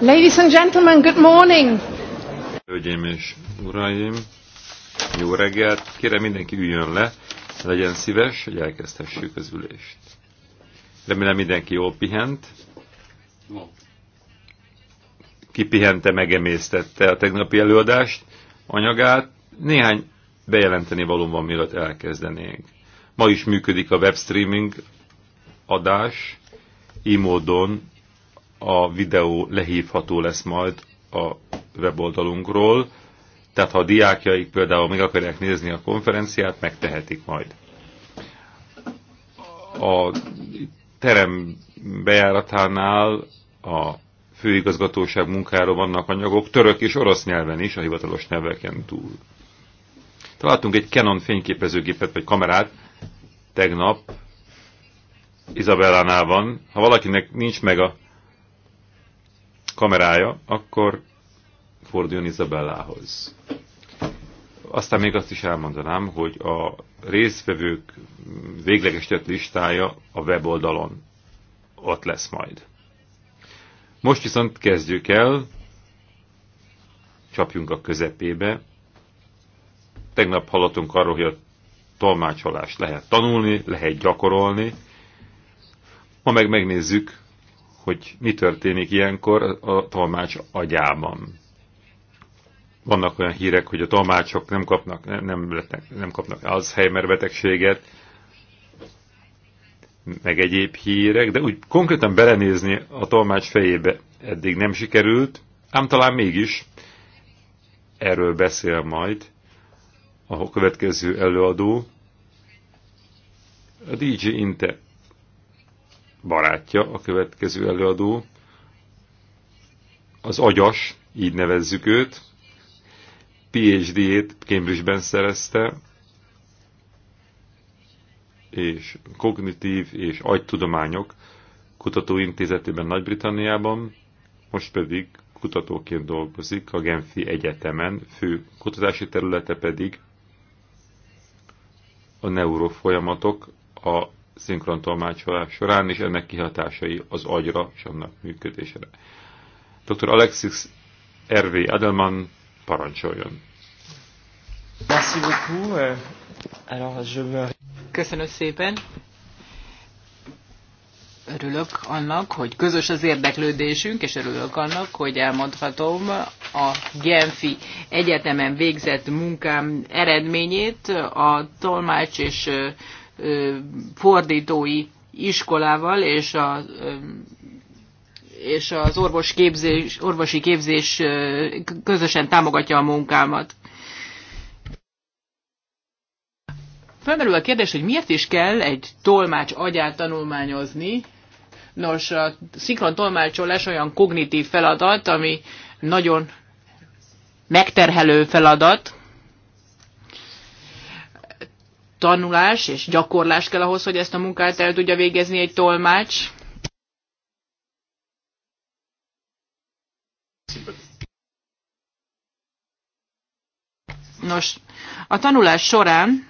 Ladies and gentlemen, good morning! Hölgyeim és uraim, jó reggelt! Kérem mindenki üljön le, legyen szíves, hogy elkezdhessük az ülést. Remélem mindenki jól pihent. Kipihente, megemésztette a tegnapi előadást, anyagát. Néhány bejelenteni való, van, mielőtt elkezdenénk. Ma is működik a webstreaming adás, így módon a videó lehívható lesz majd a weboldalunkról, tehát ha a diákjaik például meg akarják nézni a konferenciát, megtehetik majd. A terem bejáratánál a főigazgatóság munkáról vannak anyagok török és orosz nyelven is, a hivatalos nyelveken túl. Találtunk egy Canon fényképezőgépet vagy kamerát tegnap, Izabellánál van, ha valakinek nincs meg a kamerája, akkor forduljon Izabellához. Aztán még azt is elmondanám, hogy a részvevők végleges tett listája a weboldalon ott lesz majd. Most viszont kezdjük el, csapjunk a közepébe. Tegnap hallottunk arról, hogy a tolmácsolást lehet tanulni, lehet gyakorolni, Ma meg megnézzük, hogy mi történik ilyenkor a tolmács agyában. Vannak olyan hírek, hogy a tolmácsok nem kapnak, nem, nem, lettek, nem kapnak betegséget, meg egyéb hírek, de úgy konkrétan belenézni a tolmács fejébe eddig nem sikerült, ám talán mégis erről beszél majd a következő előadó, a DJ Inte barátja, a következő előadó, az agyas, így nevezzük őt, PhD-ét Cambridge-ben szerezte, és kognitív és agytudományok kutatóintézetében Nagy-Britanniában, most pedig kutatóként dolgozik a Genfi Egyetemen, fő kutatási területe pedig a neurofolyamatok, a tolmácsolás során, és ennek kihatásai az agyra és annak működésére. Dr. Alexis R.V. Adelman parancsoljon. Euh, Köszönöm szépen. Örülök annak, hogy közös az érdeklődésünk, és örülök annak, hogy elmondhatom a Genfi Egyetemen végzett munkám eredményét a tolmács és fordítói iskolával és a és az orvos képzés, orvosi képzés közösen támogatja a munkámat. Felmerül a kérdés, hogy miért is kell egy tolmács agyát tanulmányozni. Nos, a szinkron tolmácsolás olyan kognitív feladat, ami nagyon megterhelő feladat, tanulás és gyakorlás kell ahhoz, hogy ezt a munkát el tudja végezni egy tolmács. Nos, a tanulás során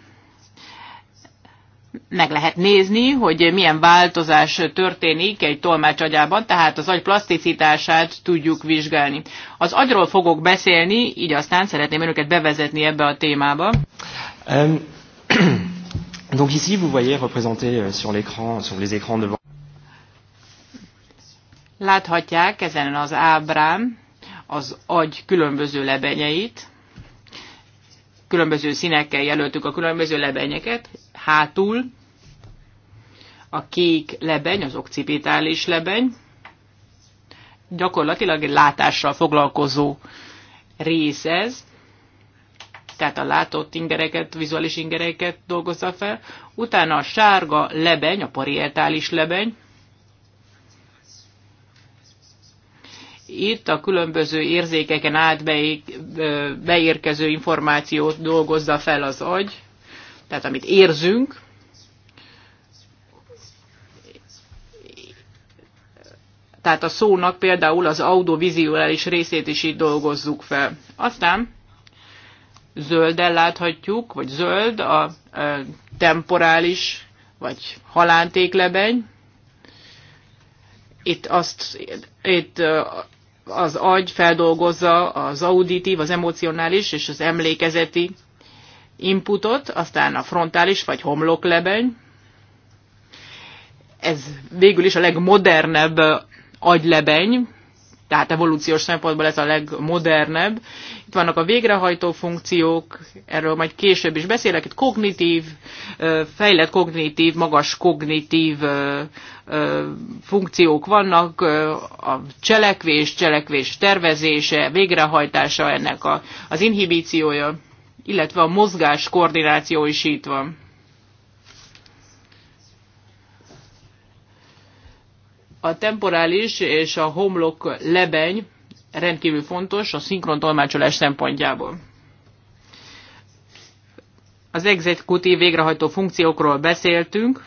meg lehet nézni, hogy milyen változás történik egy tolmács agyában, tehát az agy plaszticitását tudjuk vizsgálni. Az agyról fogok beszélni, így aztán szeretném önöket bevezetni ebbe a témába. Donc ici, vous voyez représenté euh, sur l'écran, sur les écrans devant. Láthatják ezen az ábrán az agy különböző lebenyeit. Különböző színekkel jelöltük a különböző lebenyeket. Hátul a kék lebeny, az occipitális lebeny, gyakorlatilag egy látással foglalkozó rész ez tehát a látott ingereket, vizuális ingereket dolgozza fel, utána a sárga lebeny, a parietális lebeny, itt a különböző érzékeken át beérkező információt dolgozza fel az agy, tehát amit érzünk, tehát a szónak például az audiovizuális részét is így dolgozzuk fel. Aztán zölden láthatjuk, vagy zöld a temporális, vagy halántéklebeny. Itt, azt, itt az agy feldolgozza az auditív, az emocionális és az emlékezeti inputot, aztán a frontális vagy homloklebeny. Ez végül is a legmodernebb agylebeny, tehát evolúciós szempontból ez a legmodernebb. Itt vannak a végrehajtó funkciók, erről majd később is beszélek, itt kognitív, fejlett kognitív, magas kognitív funkciók vannak, a cselekvés, cselekvés tervezése, végrehajtása ennek a, az inhibíciója, illetve a mozgás koordináció is itt van. A temporális és a homlok lebeny rendkívül fontos a szinkron tolmácsolás szempontjából. Az exekutív végrehajtó funkciókról beszéltünk,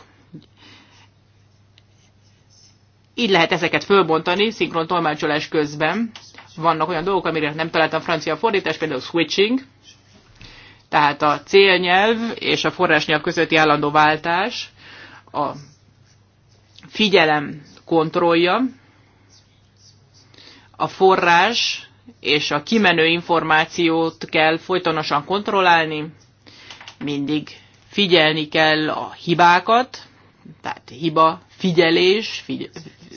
így lehet ezeket fölbontani szinkron tolmácsolás közben. Vannak olyan dolgok, amire nem találtam francia fordítást, például switching, tehát a célnyelv és a forrásnyelv közötti állandó váltás, a figyelem kontrollja, a forrás és a kimenő információt kell folytonosan kontrollálni, mindig figyelni kell a hibákat, tehát hiba figyelés, figy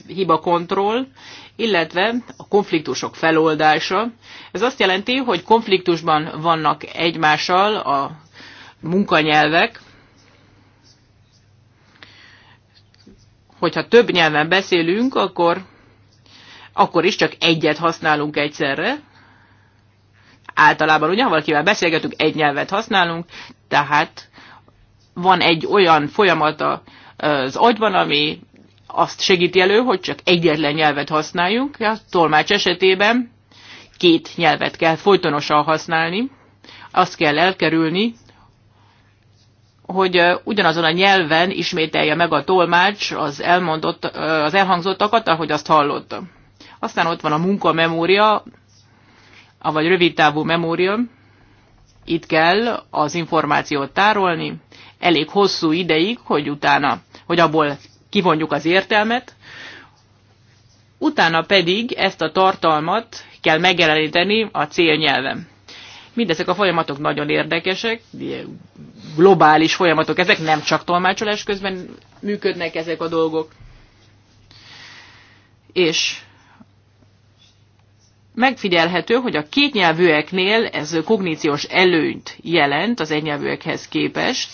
hiba kontroll, illetve a konfliktusok feloldása. Ez azt jelenti, hogy konfliktusban vannak egymással a munkanyelvek, hogyha több nyelven beszélünk, akkor, akkor is csak egyet használunk egyszerre. Általában ugye, ha valakivel beszélgetünk, egy nyelvet használunk, tehát van egy olyan folyamata az agyban, ami azt segíti elő, hogy csak egyetlen nyelvet használjunk. A tolmács esetében két nyelvet kell folytonosan használni. Azt kell elkerülni, hogy ugyanazon a nyelven ismételje meg a tolmács az, elmondott, az elhangzottakat, ahogy azt hallotta. Aztán ott van a munkamemória, vagy rövidtávú memória. Itt kell az információt tárolni, elég hosszú ideig, hogy utána, hogy abból kivonjuk az értelmet, utána pedig ezt a tartalmat kell megjeleníteni a célnyelven. Mindezek a folyamatok nagyon érdekesek, globális folyamatok, ezek nem csak tolmácsolás közben működnek ezek a dolgok. És megfigyelhető, hogy a kétnyelvűeknél ez kogníciós előnyt jelent az egynyelvűekhez képest,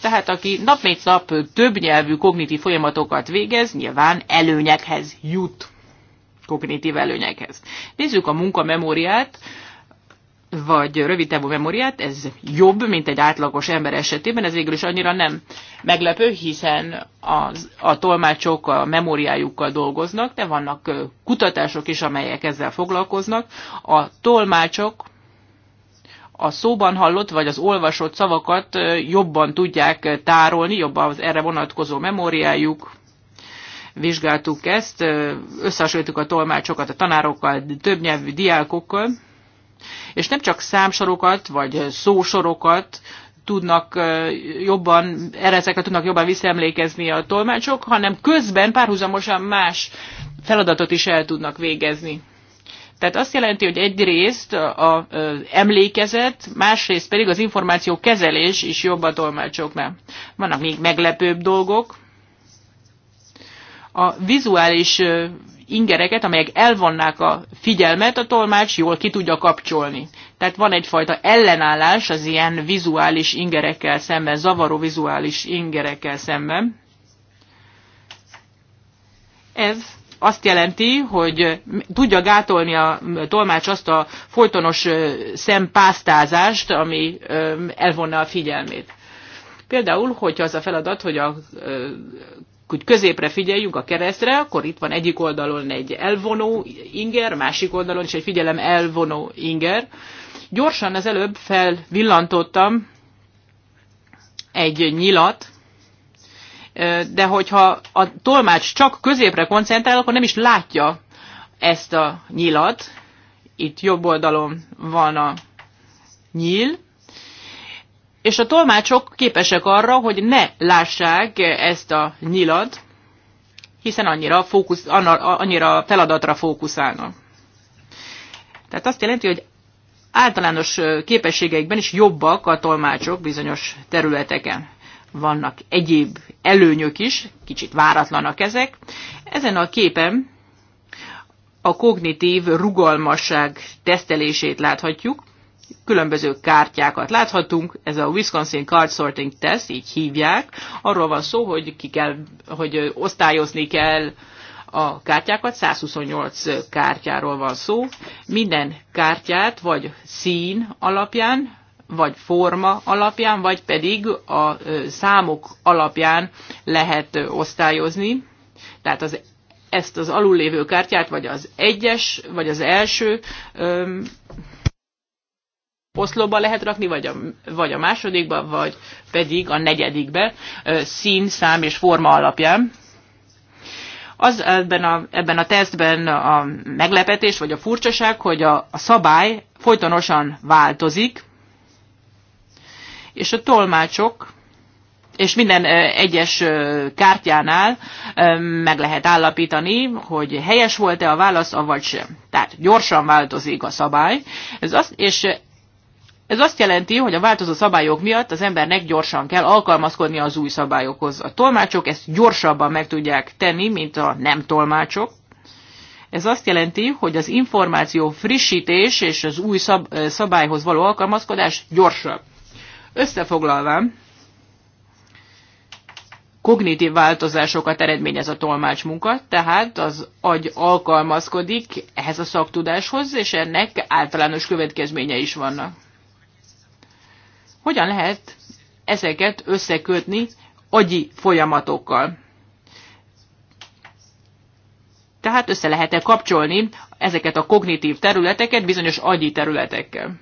tehát aki nap mint nap több nyelvű kognitív folyamatokat végez, nyilván előnyekhez jut, kognitív előnyekhez. Nézzük a munkamemóriát vagy rövid távú memóriát, ez jobb, mint egy átlagos ember esetében, ez végül is annyira nem meglepő, hiszen az, a tolmácsok a memóriájukkal dolgoznak, de vannak kutatások is, amelyek ezzel foglalkoznak. A tolmácsok a szóban hallott vagy az olvasott szavakat jobban tudják tárolni, jobban az erre vonatkozó memóriájuk, vizsgáltuk ezt, összehasonlítjuk a tolmácsokat a tanárokkal, többnyelvű diákokkal, és nem csak számsorokat vagy szósorokat tudnak jobban, erre ezekre tudnak jobban visszaemlékezni a tolmácsok, hanem közben párhuzamosan más feladatot is el tudnak végezni. Tehát azt jelenti, hogy egyrészt az emlékezet, másrészt pedig az információ kezelés is jobb a tolmácsoknál. Vannak még meglepőbb dolgok. A vizuális ingereket, amelyek elvonnák a figyelmet, a tolmács jól ki tudja kapcsolni. Tehát van egyfajta ellenállás az ilyen vizuális ingerekkel szemben, zavaró vizuális ingerekkel szemben. Ez azt jelenti, hogy tudja gátolni a tolmács azt a folytonos szempásztázást, ami elvonna a figyelmét. Például, hogyha az a feladat, hogy a hogy középre figyeljünk a keresztre, akkor itt van egyik oldalon egy elvonó inger, másik oldalon is egy figyelem elvonó inger. Gyorsan az előbb felvillantottam egy nyilat, de hogyha a tolmács csak középre koncentrál, akkor nem is látja ezt a nyilat. Itt jobb oldalon van a nyíl, és a tolmácsok képesek arra, hogy ne lássák ezt a nyilat, hiszen annyira, fókusz, annyira feladatra fókuszálnak. Tehát azt jelenti, hogy általános képességeikben is jobbak a tolmácsok bizonyos területeken. Vannak egyéb előnyök is, kicsit váratlanak ezek. Ezen a képen a kognitív rugalmasság tesztelését láthatjuk különböző kártyákat láthatunk, ez a Wisconsin Card Sorting Test, így hívják. Arról van szó, hogy, ki kell, hogy osztályozni kell a kártyákat, 128 kártyáról van szó. Minden kártyát vagy szín alapján, vagy forma alapján, vagy pedig a számok alapján lehet osztályozni. Tehát az, ezt az lévő kártyát, vagy az egyes, vagy az első öm, poszlóba lehet rakni, vagy a, vagy a másodikba, vagy pedig a negyedikbe, szín, szám és forma alapján. Az ebben a, ebben a tesztben a meglepetés, vagy a furcsaság, hogy a, a szabály folytonosan változik, és a tolmácsok és minden egyes kártyánál meg lehet állapítani, hogy helyes volt-e a válasz, vagy, sem. Tehát gyorsan változik a szabály, ez az, és ez azt jelenti, hogy a változó szabályok miatt az embernek gyorsan kell alkalmazkodni az új szabályokhoz. A tolmácsok ezt gyorsabban meg tudják tenni, mint a nem tolmácsok. Ez azt jelenti, hogy az információ frissítés és az új szab szabályhoz való alkalmazkodás gyorsabb. Összefoglalva, kognitív változásokat eredményez a tolmács munka, tehát az agy alkalmazkodik ehhez a szaktudáshoz, és ennek általános következménye is vannak. Hogyan lehet ezeket összekötni agyi folyamatokkal? Tehát össze lehet-e kapcsolni ezeket a kognitív területeket bizonyos agyi területekkel?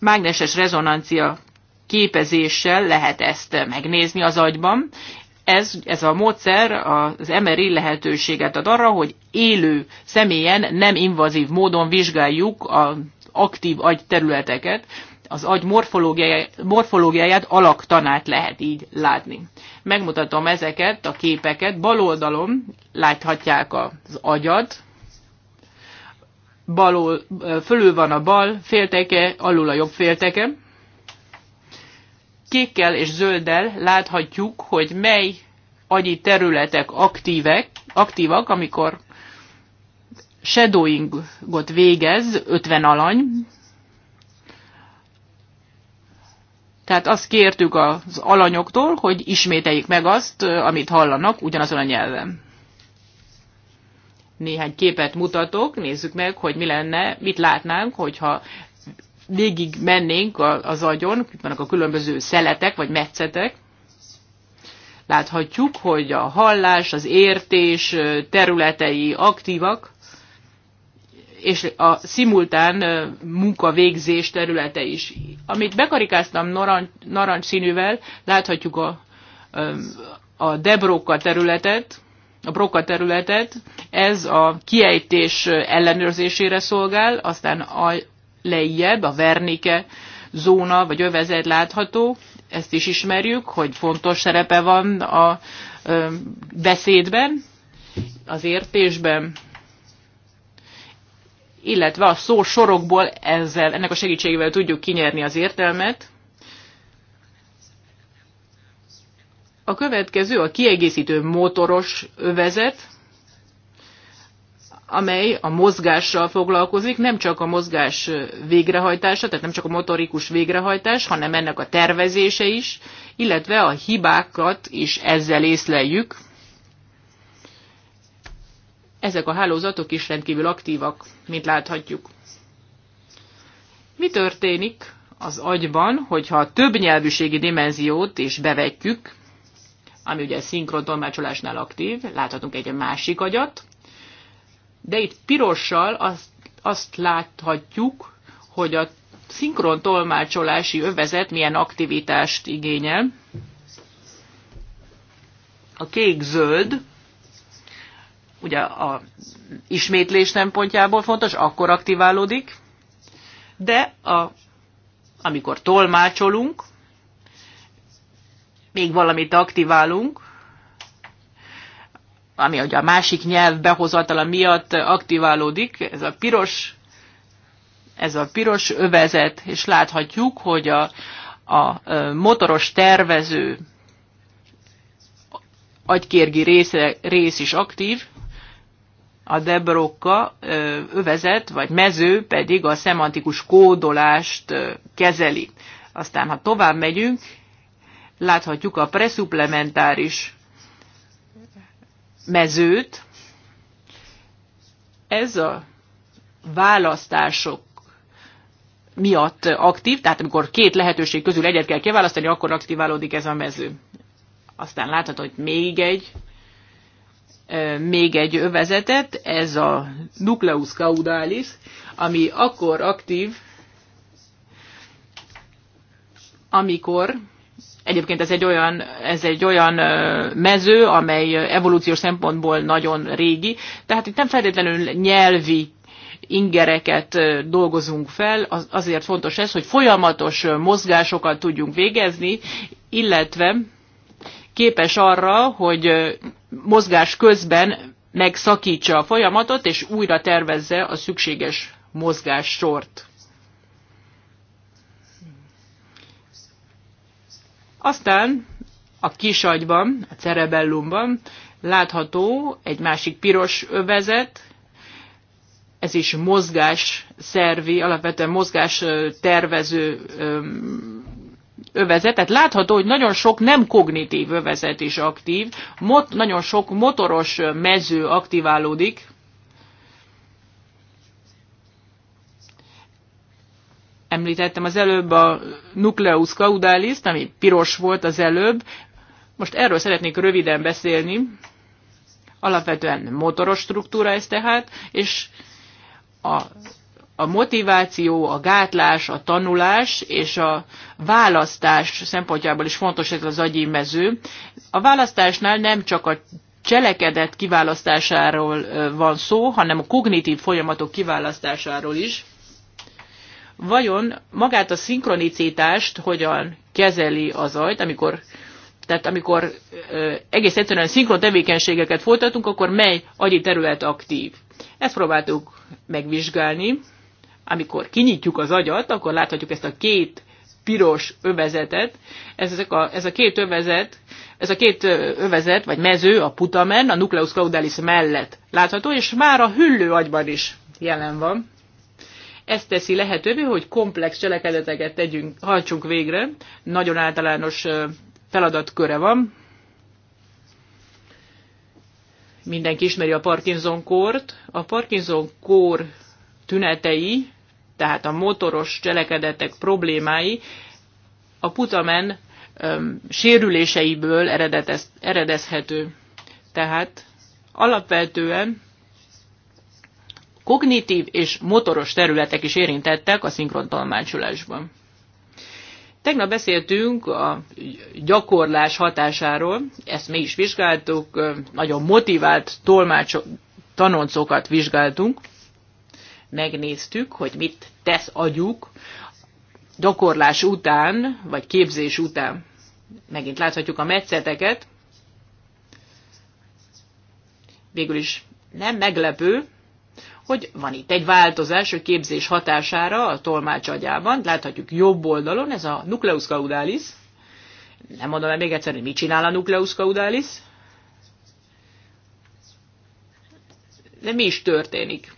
Mágneses rezonancia képezéssel lehet ezt megnézni az agyban. Ez, ez a módszer az MRI lehetőséget ad arra, hogy élő személyen nem invazív módon vizsgáljuk a aktív agyterületeket, az agy morfológiáját, morfológiáját alaktanát lehet így látni. Megmutatom ezeket a képeket. Bal oldalon láthatják az agyat, balol, fölül van a bal félteke, alul a jobb félteke. Kékkel és zölddel láthatjuk, hogy mely agyi területek aktívek, aktívak, amikor shadowingot végez, 50 alany. Tehát azt kértük az alanyoktól, hogy ismételjék meg azt, amit hallanak ugyanazon a nyelven. Néhány képet mutatok, nézzük meg, hogy mi lenne, mit látnánk, hogyha végig mennénk az agyon, itt vannak a különböző szeletek vagy metszetek, láthatjuk, hogy a hallás, az értés területei aktívak, és a szimultán munkavégzés területe is. Amit bekarikáztam narancs, narancs színűvel, láthatjuk a, a Debroka területet, a Broka területet, ez a kiejtés ellenőrzésére szolgál, aztán a lejjebb, a Vernike zóna vagy övezet látható, ezt is ismerjük, hogy fontos szerepe van a beszédben, az értésben, illetve a szó sorokból ezzel, ennek a segítségével tudjuk kinyerni az értelmet. A következő a kiegészítő motoros övezet, amely a mozgással foglalkozik, nem csak a mozgás végrehajtása, tehát nem csak a motorikus végrehajtás, hanem ennek a tervezése is, illetve a hibákat is ezzel észleljük ezek a hálózatok is rendkívül aktívak, mint láthatjuk. Mi történik az agyban, hogyha a többnyelvűségi dimenziót is bevetjük, ami ugye szinkron tolmácsolásnál aktív, láthatunk egy másik agyat, de itt pirossal azt, azt láthatjuk, hogy a szinkron tolmácsolási övezet milyen aktivitást igényel. A kék-zöld ugye a ismétlés szempontjából fontos, akkor aktiválódik, de a, amikor tolmácsolunk, még valamit aktiválunk, ami ugye a másik nyelv behozatala miatt aktiválódik, ez a piros, ez a piros övezet, és láthatjuk, hogy a, a motoros tervező agykérgi része, rész is aktív, a debrokka övezet, vagy mező pedig a szemantikus kódolást kezeli. Aztán, ha tovább megyünk, láthatjuk a preszuplementáris mezőt. Ez a választások miatt aktív, tehát amikor két lehetőség közül egyet kell kiválasztani, akkor aktiválódik ez a mező. Aztán láthatod, hogy még egy még egy övezetet, ez a nucleus caudalis, ami akkor aktív, amikor Egyébként ez egy olyan, ez egy olyan mező, amely evolúciós szempontból nagyon régi, tehát itt nem feltétlenül nyelvi ingereket dolgozunk fel, azért fontos ez, hogy folyamatos mozgásokat tudjunk végezni, illetve képes arra, hogy mozgás közben megszakítsa a folyamatot, és újra tervezze a szükséges mozgássort. Aztán a kisagyban, a cerebellumban látható egy másik piros övezet, ez is mozgás szervi, alapvetően mozgás tervező övezet, tehát látható, hogy nagyon sok nem kognitív övezet is aktív, mot, nagyon sok motoros mező aktiválódik, Említettem az előbb a nucleus caudalis, ami piros volt az előbb. Most erről szeretnék röviden beszélni. Alapvetően motoros struktúra ez tehát, és a a motiváció, a gátlás, a tanulás és a választás szempontjából is fontos ez az agyi mező. A választásnál nem csak a cselekedet kiválasztásáról van szó, hanem a kognitív folyamatok kiválasztásáról is. Vajon magát a szinkronicitást hogyan kezeli az agy, amikor tehát amikor ö, egész egyszerűen szinkron tevékenységeket folytatunk, akkor mely agyi terület aktív? Ezt próbáltuk megvizsgálni amikor kinyitjuk az agyat, akkor láthatjuk ezt a két piros övezetet. Ez, ezek a, ez a két övezet, ez a két övezet, vagy mező, a putamen, a nucleus caudalis mellett látható, és már a hüllő agyban is jelen van. Ez teszi lehetővé, hogy komplex cselekedeteket tegyünk, hajtsunk végre. Nagyon általános feladatköre van. Mindenki ismeri a Parkinson-kort. A Parkinson-kór tünetei tehát a motoros cselekedetek problémái a putamen um, sérüléseiből eredetez, eredezhető. Tehát alapvetően kognitív és motoros területek is érintettek a szinkrontolmácsolásban. Tegnap beszéltünk a gyakorlás hatásáról, ezt mi is vizsgáltuk, nagyon motivált tolmácsok, tanoncokat vizsgáltunk, megnéztük, hogy mit tesz agyuk gyakorlás után, vagy képzés után. Megint láthatjuk a metszeteket. Végül is nem meglepő, hogy van itt egy változás a képzés hatására a tolmács agyában. Láthatjuk jobb oldalon, ez a nucleus caudalis. Nem mondom el még egyszer, hogy mit csinál a nucleus caudalis. De mi is történik?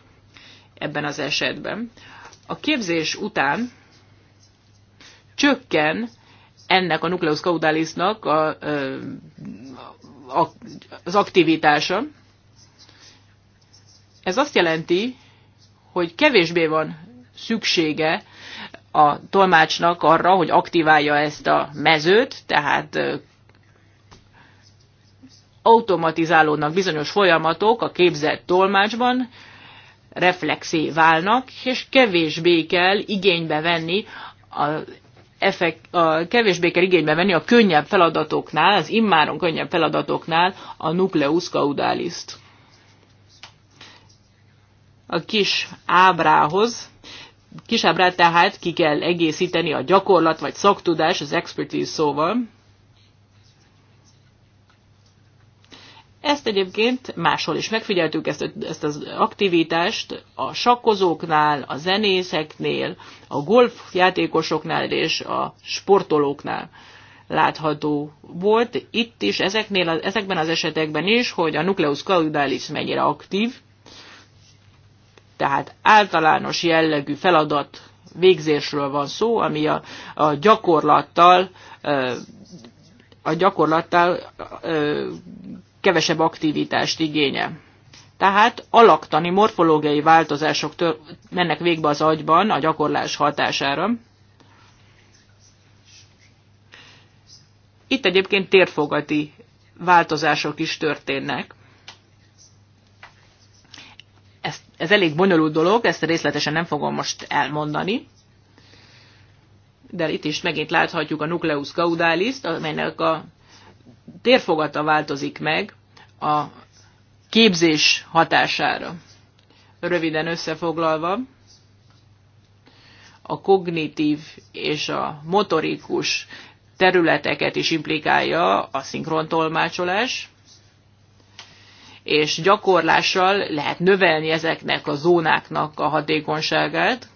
ebben az esetben. A képzés után csökken ennek a nucleus caudalisnak a, a, az aktivitása. Ez azt jelenti, hogy kevésbé van szüksége a tolmácsnak arra, hogy aktiválja ezt a mezőt, tehát automatizálódnak bizonyos folyamatok a képzett tolmácsban, reflexé válnak, és kevésbé kell igénybe venni a effekt, a, kevésbé kell igénybe venni a könnyebb feladatoknál, az immáron könnyebb feladatoknál a nukleus caudaliszt. A kis ábrához, kis ábrát tehát ki kell egészíteni a gyakorlat vagy szaktudás az expertise szóval, Ezt egyébként máshol is megfigyeltük, ezt, ezt az aktivitást a sakkozóknál, a zenészeknél, a golfjátékosoknál és a sportolóknál látható volt. Itt is ezeknél, ezekben az esetekben is, hogy a nucleus caudalis mennyire aktív, tehát általános jellegű feladat végzésről van szó, ami a, a gyakorlattal a gyakorlattal kevesebb aktivitást igényel. Tehát alaktani morfológiai változások tör- mennek végbe az agyban a gyakorlás hatására. Itt egyébként térfogati változások is történnek. Ez, ez elég bonyolult dolog, ezt részletesen nem fogom most elmondani, de itt is megint láthatjuk a nucleus caudalis, amelynek a térfogata változik meg a képzés hatására. Röviden összefoglalva, a kognitív és a motorikus területeket is implikálja a szinkrontolmácsolás, és gyakorlással lehet növelni ezeknek a zónáknak a hatékonyságát.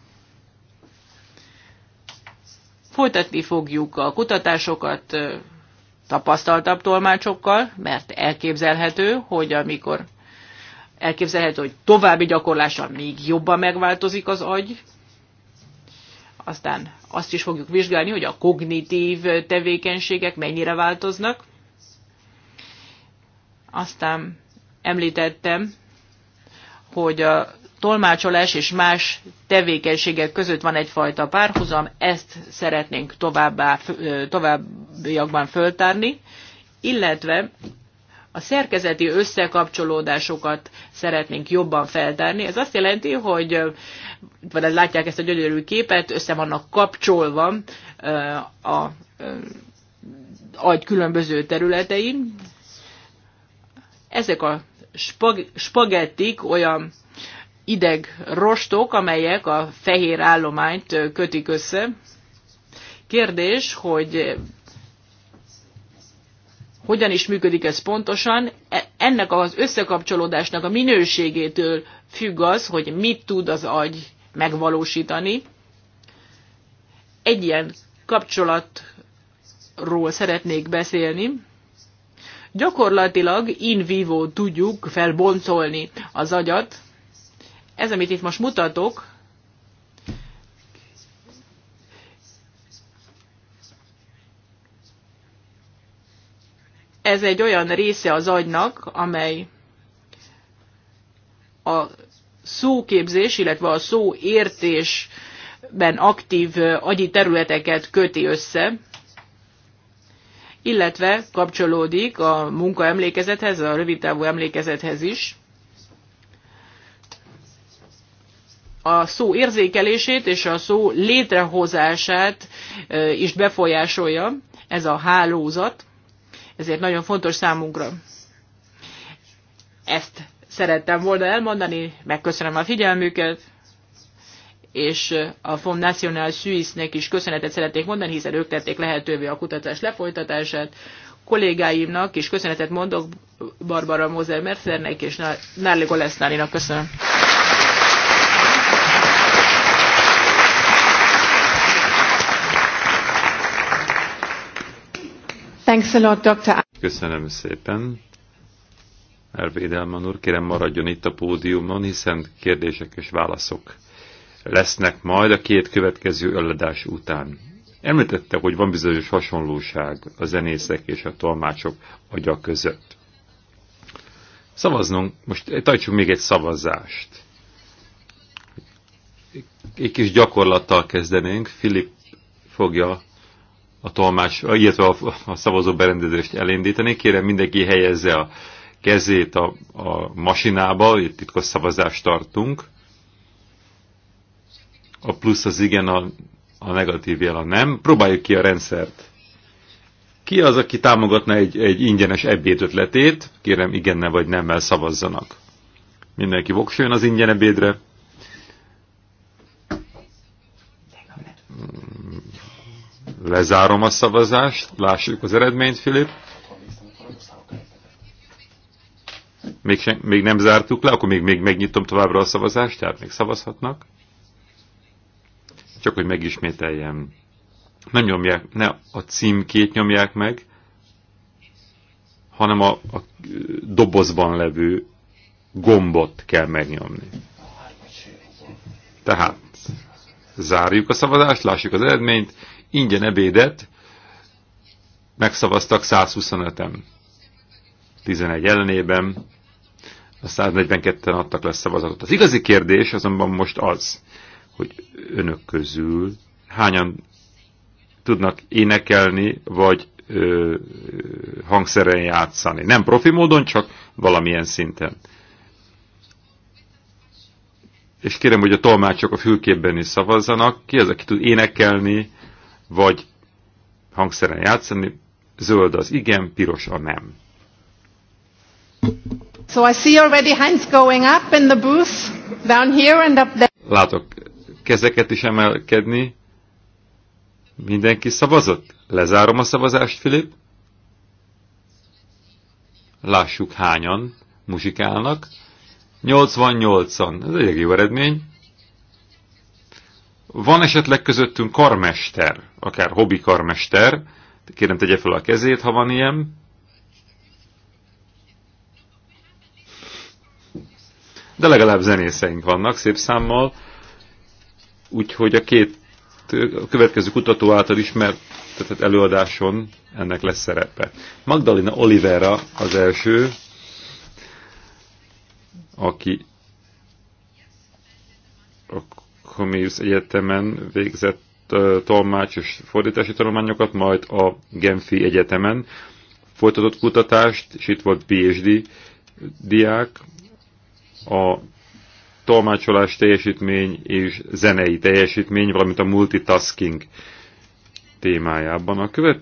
Folytatni fogjuk a kutatásokat, tapasztaltabb tolmácsokkal, mert elképzelhető, hogy amikor elképzelhető, hogy további gyakorlással még jobban megváltozik az agy, aztán azt is fogjuk vizsgálni, hogy a kognitív tevékenységek mennyire változnak. Aztán említettem, hogy a tolmácsolás és más tevékenységek között van egyfajta párhuzam, ezt szeretnénk továbbá, továbbiakban föltárni, illetve a szerkezeti összekapcsolódásokat szeretnénk jobban feltárni. Ez azt jelenti, hogy vagy látják ezt a gyönyörű képet, össze vannak kapcsolva a agy különböző területein. Ezek a spag- spagettik olyan ideg rostok, amelyek a fehér állományt kötik össze. Kérdés, hogy hogyan is működik ez pontosan. E, ennek az összekapcsolódásnak a minőségétől függ az, hogy mit tud az agy megvalósítani. Egy ilyen kapcsolatról szeretnék beszélni. Gyakorlatilag in vivo tudjuk felboncolni az agyat, ez, amit itt most mutatok, ez egy olyan része az agynak, amely a szóképzés, illetve a szóértésben aktív agyi területeket köti össze, illetve kapcsolódik a munkaemlékezethez, a rövidtávú emlékezethez is. a szó érzékelését és a szó létrehozását is befolyásolja ez a hálózat, ezért nagyon fontos számunkra. Ezt szerettem volna elmondani, megköszönöm a figyelmüket, és a Fond National Suisse-nek is köszönetet szeretnék mondani, hiszen ők tették lehetővé a kutatás lefolytatását. Kollégáimnak is köszönetet mondok, Barbara Moser-Mercernek és Nárli Golesználinak köszönöm. Thanks a lot, Dr. Köszönöm szépen. Elvédelman úr, kérem maradjon itt a pódiumon, hiszen kérdések és válaszok lesznek majd a két következő előadás után. Említette, hogy van bizonyos hasonlóság a zenészek és a tolmácsok agya között. Szavaznunk, most tartsunk még egy szavazást. Egy kis gyakorlattal kezdenénk. Filip fogja a tolmács, illetve a, a szavazó berendezést elindítani. Kérem mindenki helyezze a kezét a, a masinába, itt titkos szavazást tartunk. A plusz az igen, a, a negatív jel a nem. Próbáljuk ki a rendszert. Ki az, aki támogatna egy, egy ingyenes ebéd ötletét? Kérem, igenne vagy nemmel szavazzanak. Mindenki voksoljon az ingyen ebédre. Lezárom a szavazást, lássuk az eredményt, Filip. Még, sem, még nem zártuk le, akkor még, még megnyitom továbbra a szavazást, tehát még szavazhatnak. Csak hogy megismételjem. Nem nyomják, ne a címkét nyomják meg, hanem a, a dobozban levő gombot kell megnyomni. Tehát zárjuk a szavazást, lássuk az eredményt ingyen ebédet, megszavaztak 125-en. 11 ellenében, a 142-en adtak le szavazatot. Az igazi kérdés azonban most az, hogy önök közül hányan tudnak énekelni, vagy ö, hangszeren játszani. Nem profi módon, csak valamilyen szinten. És kérem, hogy a tolmácsok a fülkében is szavazzanak. Ki az, aki tud énekelni, vagy hangszeren játszani, zöld az igen, piros a nem. So I see already hands going up in the booth, down here and up there. Látok kezeket is emelkedni. Mindenki szavazott? Lezárom a szavazást, Filip. Lássuk hányan muzsikálnak. 88-an, ez egy jó eredmény. Van esetleg közöttünk karmester akár hobbikarmester, kérem tegye fel a kezét, ha van ilyen. De legalább zenészeink vannak szép számmal, úgyhogy a két a következő kutató által mert tehát előadáson ennek lesz szerepe. Magdalena Olivera az első, aki a Comius Egyetemen végzett tolmács és fordítási tanulmányokat, majd a Genfi Egyetemen folytatott kutatást, és itt volt PhD diák, a tolmácsolás teljesítmény és zenei teljesítmény, valamint a multitasking témájában. A követ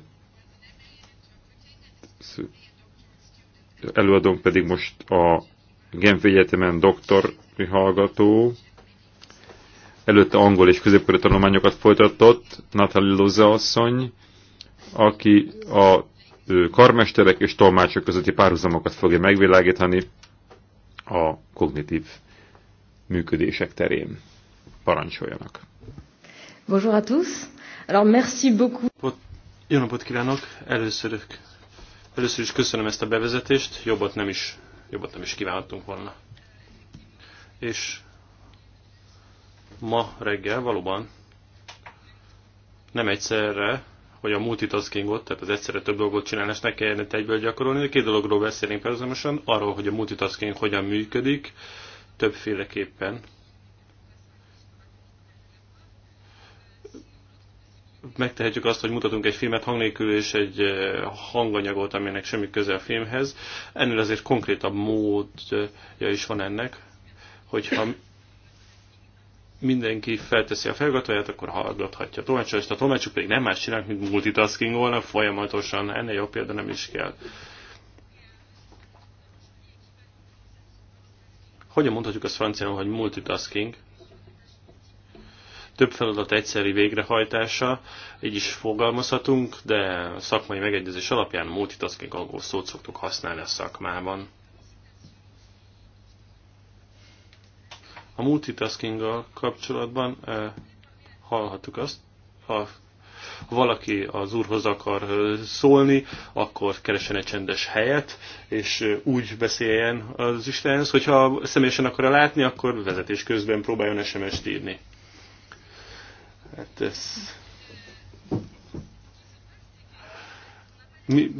előadónk pedig most a Genfi Egyetemen doktori hallgató, előtte angol és középkori tanulmányokat folytatott Nathalie Loza asszony, aki a karmesterek és tolmácsok közötti párhuzamokat fogja megvilágítani a kognitív működések terén. Parancsoljanak! Bonjour à tous! Alors merci beaucoup! Jó napot kívánok! Először, először is köszönöm ezt a bevezetést, jobbat nem is, jobbat nem is kívánhatunk volna. És ma reggel valóban nem egyszerre, hogy a multitaskingot, tehát az egyszerre több dolgot csinálás ne kelljen egyből gyakorolni, de két dologról beszélünk párhuzamosan, arról, hogy a multitasking hogyan működik, többféleképpen. Megtehetjük azt, hogy mutatunk egy filmet hang nélkül és egy eh, hanganyagot, aminek semmi köze a filmhez. Ennél azért konkrétabb módja is van ennek, hogyha mindenki felteszi a felgatóját, akkor hallgathatja a tolmácsot, és a tolmácsok pedig nem más csinálnak, mint multitaskingolnak folyamatosan, ennél jobb példa nem is kell. Hogyan mondhatjuk azt franciául, hogy multitasking? Több feladat egyszerű végrehajtása, így is fogalmazhatunk, de szakmai megegyezés alapján multitasking angol szót szoktuk használni a szakmában. A multitaskinggal kapcsolatban eh, hallhattuk azt, ha valaki az úrhoz akar eh, szólni, akkor keresen egy csendes helyet, és eh, úgy beszéljen az Istenhez, hogyha személyesen akarja látni, akkor vezetés közben próbáljon SMS-t írni. Hát ez... Mi...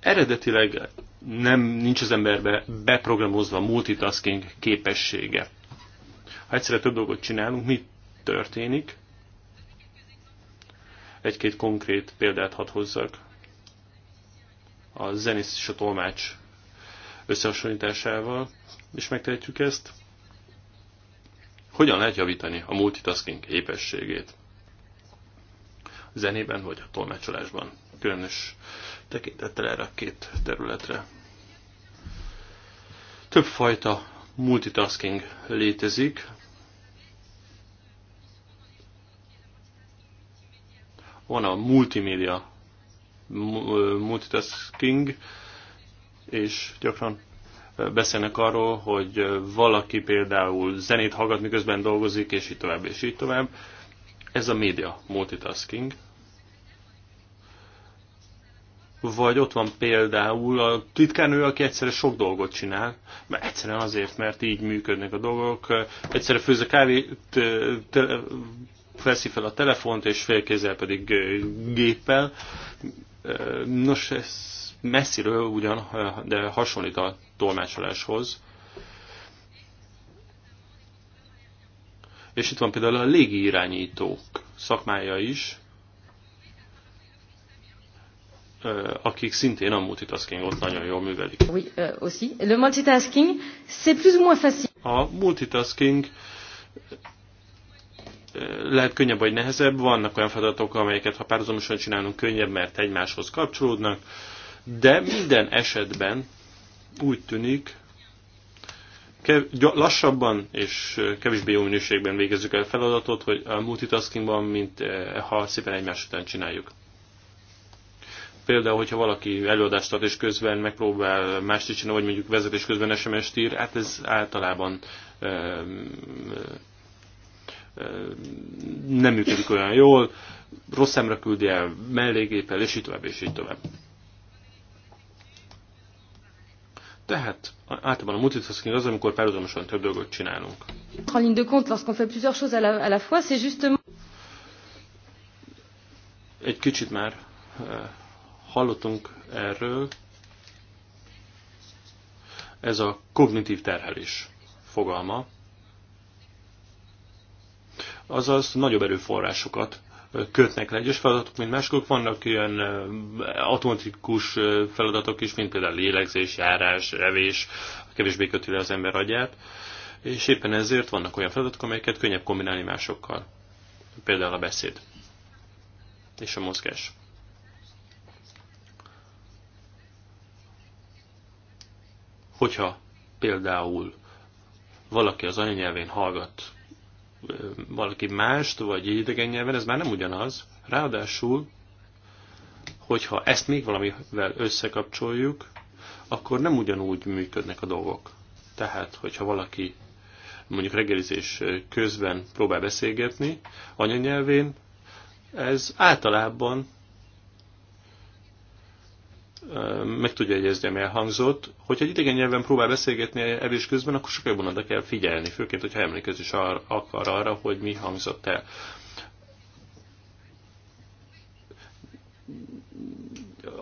Eredetileg nem nincs az emberbe beprogramozva multitasking képessége. Ha egyszerre több dolgot csinálunk, mi történik? Egy-két konkrét példát hadd hozzak. A zenész és a tolmács összehasonlításával is megtehetjük ezt. Hogyan lehet javítani a multitasking képességét? A zenében vagy a tolmácsolásban különös tekintettel erre a két területre. Többfajta multitasking létezik. Van a multimédia multitasking, és gyakran beszélnek arról, hogy valaki például zenét hallgat, miközben dolgozik, és így tovább, és így tovább. Ez a média multitasking. Vagy ott van például a titkárnő, aki egyszerre sok dolgot csinál, mert egyszerűen azért, mert így működnek a dolgok. Egyszerre főz a kávét, veszi fel a telefont, és félkézzel pedig géppel. Nos, ez messziről ugyan, de hasonlít a tolmácsoláshoz. És itt van például a légi irányítók szakmája is akik szintén a multitaskingot nagyon jól művelik. Oui, aussi. Le multitasking, c'est plus ou moins facile. A multitasking lehet könnyebb vagy nehezebb, vannak olyan feladatok, amelyeket ha párhuzamosan csinálunk, könnyebb, mert egymáshoz kapcsolódnak, de minden esetben úgy tűnik, lassabban és kevésbé jó minőségben végezzük el feladatot, hogy a multitaskingban, mint ha szépen egymás után csináljuk. Például, hogyha valaki előadást ad és közben megpróbál mást is csinálni, vagy mondjuk vezetés közben SMS-t ír, hát ez általában ö, ö, nem működik olyan jól, rossz szemre küldi el, mellégéppel, és így tovább, és így tovább. Tehát általában a multitasking az, amikor párhuzamosan több dolgot csinálunk. En ligne de compte, Egy kicsit már Hallottunk erről, ez a kognitív terhelés fogalma, azaz nagyobb erőforrásokat kötnek le. Egyes feladatok, mint mások, vannak ilyen automatikus feladatok is, mint például lélegzés, járás, revés, kevésbé köti le az ember agyát, és éppen ezért vannak olyan feladatok, amelyeket könnyebb kombinálni másokkal. Például a beszéd és a mozgás. Hogyha például valaki az anyanyelvén hallgat valaki mást, vagy egy idegen nyelven, ez már nem ugyanaz. Ráadásul, hogyha ezt még valamivel összekapcsoljuk, akkor nem ugyanúgy működnek a dolgok. Tehát, hogyha valaki mondjuk reggelizés közben próbál beszélgetni anyanyelvén, ez általában meg tudja jegyezni, ami elhangzott. Hogyha egy idegen nyelven próbál beszélgetni evés közben, akkor sokkal jobban oda kell figyelni, főként, hogyha emlékezni is ar- akar arra, hogy mi hangzott el.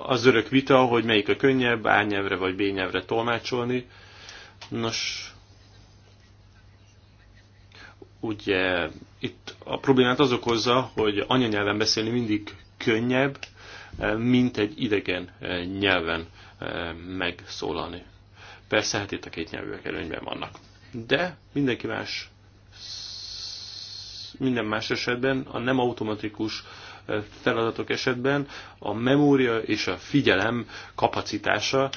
Az örök vita, hogy melyik a könnyebb, A nyelvre vagy B nyelvre tolmácsolni. Nos, ugye itt a problémát az okozza, hogy anyanyelven beszélni mindig könnyebb, mint egy idegen eh, nyelven eh, megszólalni. Persze, hát itt a két nyelvűek előnyben vannak. De mindenki más, minden más esetben a nem automatikus eh, feladatok esetben a memória és a figyelem kapacitása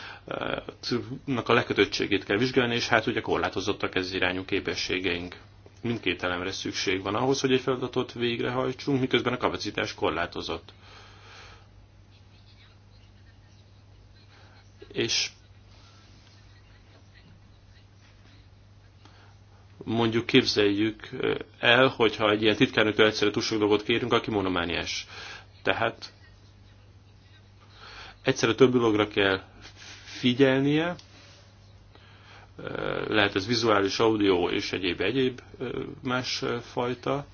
a lekötöttségét kell vizsgálni, és hát ugye korlátozottak ez irányú képességeink. Mindkét elemre szükség van ahhoz, hogy egy feladatot végrehajtsunk, miközben a kapacitás korlátozott. és mondjuk képzeljük eh, el, hogyha egy ilyen titkárnőtől egyszerre túl sok dolgot kérünk, aki monomániás. Tehát egyszerre több dologra kell figyelnie, eh, lehet ez vizuális, audio és egyéb egyéb eh, más fajta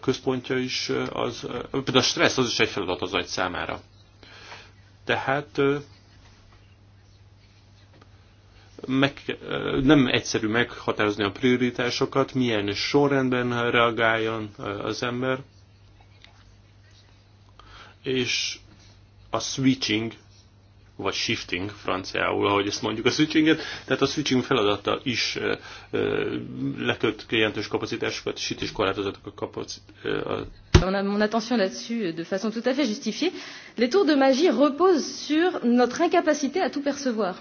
központja is, az, például a stressz az is egy feladat az agy számára. Tehát meg, nem egyszerű meghatározni a prioritásokat, milyen sorrendben reagáljon az ember, és a switching, vagy shifting franciául, ahogy ezt mondjuk a switchinget, tehát a switching feladata is leköt jelentős kapacitásokat, és itt is korlátozatok a kapacitásokat. Mon attention là-dessus euh, de façon tout à fait justifiée. Les tours de magie reposent sur notre incapacité à tout percevoir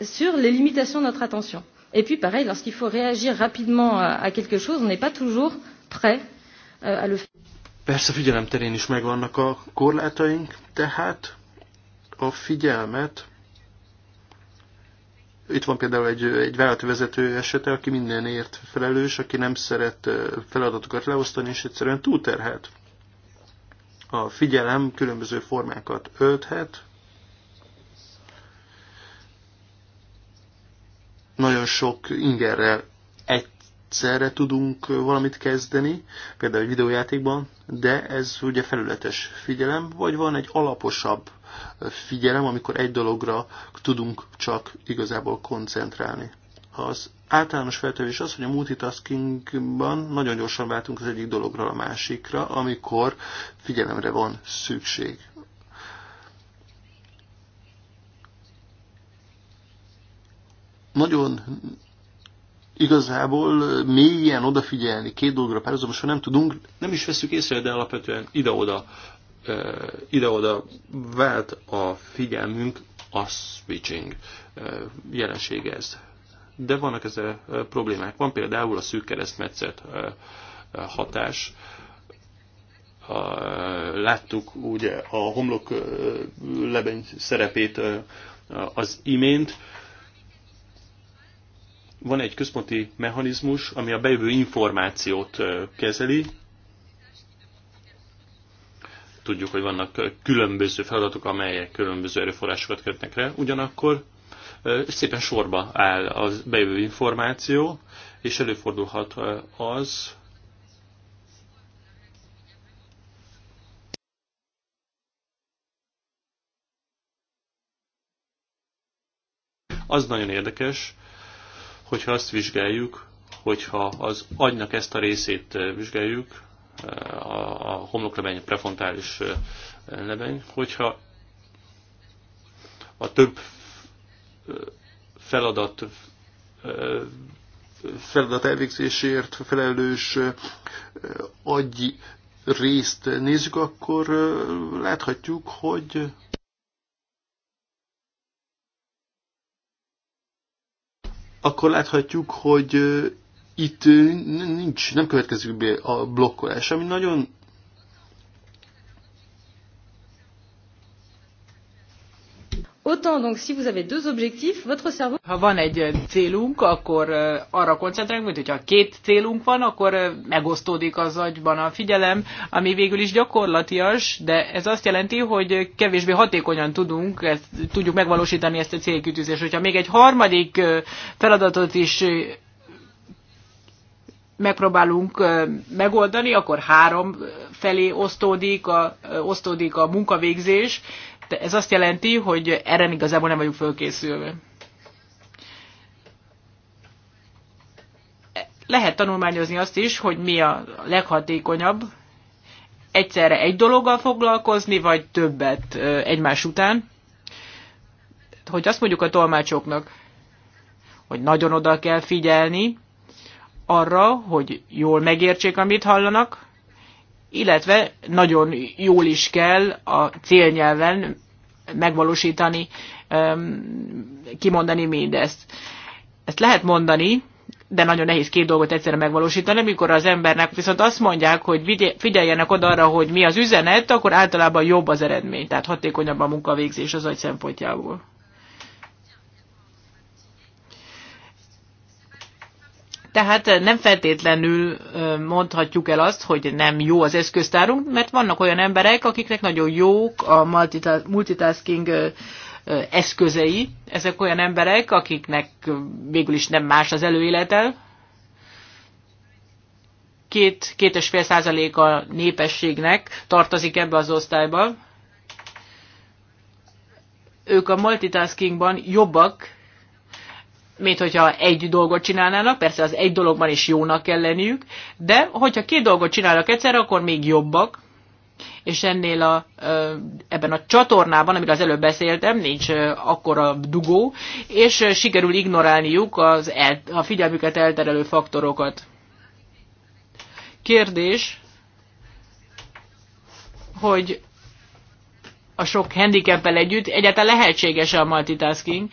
sur les limitations de notre attention. Et puis, pareil, lorsqu'il faut réagir rapidement euh, à quelque chose, on n'est pas toujours prêt euh, à le faire. Persze figyelem terén is megvannak a korlátaink, tehát a figyelmet. Itt van például egy, egy vállalati vezető esete, aki mindenért felelős, aki nem szeret feladatokat leosztani, és egyszerűen túlterhet. A figyelem különböző formákat ölthet, nagyon sok ingerrel egyszerre tudunk valamit kezdeni, például egy videójátékban, de ez ugye felületes figyelem, vagy van egy alaposabb figyelem, amikor egy dologra tudunk csak igazából koncentrálni. Az általános feltevés az, hogy a multitaskingban nagyon gyorsan váltunk az egyik dologra a másikra, amikor figyelemre van szükség. nagyon igazából mélyen odafigyelni két dologra párhuzamosan nem tudunk, nem is veszük észre, de alapvetően ide-oda ide-oda vált a figyelmünk a switching jelensége ez. De vannak ezzel problémák. Van például a szűk keresztmetszet hatás. Láttuk ugye a homlok lebeny szerepét az imént, van egy központi mechanizmus, ami a bejövő információt kezeli. Tudjuk, hogy vannak különböző feladatok, amelyek különböző erőforrásokat kötnek rá. Ugyanakkor szépen sorba áll az bejövő információ, és előfordulhat az, az nagyon érdekes, hogyha azt vizsgáljuk, hogyha az agynak ezt a részét vizsgáljuk, a, a prefrontális lebeny, hogyha a több feladat feladat elvégzésért felelős agyi részt nézzük, akkor láthatjuk, hogy akkor láthatjuk, hogy itt nincs, nem következik be a blokkolás, ami nagyon Autant donc si vous avez deux objectifs, votre cerveau... Ha van egy célunk, akkor arra koncentrálunk, mint hogyha két célunk van, akkor megosztódik az agyban a figyelem, ami végül is gyakorlatias, de ez azt jelenti, hogy kevésbé hatékonyan tudunk, ezt, tudjuk megvalósítani ezt a célkütőzést. Hogyha még egy harmadik feladatot is megpróbálunk megoldani, akkor három felé osztódik a, osztódik a munkavégzés, ez azt jelenti, hogy erre igazából nem vagyunk fölkészülve. Lehet tanulmányozni azt is, hogy mi a leghatékonyabb, egyszerre egy dologgal foglalkozni, vagy többet egymás után. Hogy azt mondjuk a tolmácsoknak, hogy nagyon oda kell figyelni arra, hogy jól megértsék, amit hallanak, illetve nagyon jól is kell a célnyelven megvalósítani, kimondani mindezt. Ezt lehet mondani, de nagyon nehéz két dolgot egyszerre megvalósítani. Amikor az embernek viszont azt mondják, hogy figyeljenek oda arra, hogy mi az üzenet, akkor általában jobb az eredmény, tehát hatékonyabb a munkavégzés az agy szempontjából. Tehát nem feltétlenül mondhatjuk el azt, hogy nem jó az eszköztárunk, mert vannak olyan emberek, akiknek nagyon jók a multitasking eszközei. Ezek olyan emberek, akiknek végül is nem más az előéletel. Két, két és fél százalék a népességnek tartozik ebbe az osztályba. Ők a multitaskingban jobbak, mint hogyha egy dolgot csinálnának, persze az egy dologban is jónak kell lenniük, de hogyha két dolgot csinálnak egyszer, akkor még jobbak, és ennél a, ebben a csatornában, amiről az előbb beszéltem, nincs akkora dugó, és sikerül ignorálniuk az el, a figyelmüket elterelő faktorokat. Kérdés, hogy a sok handicap együtt egyáltalán lehetséges-e a multitasking,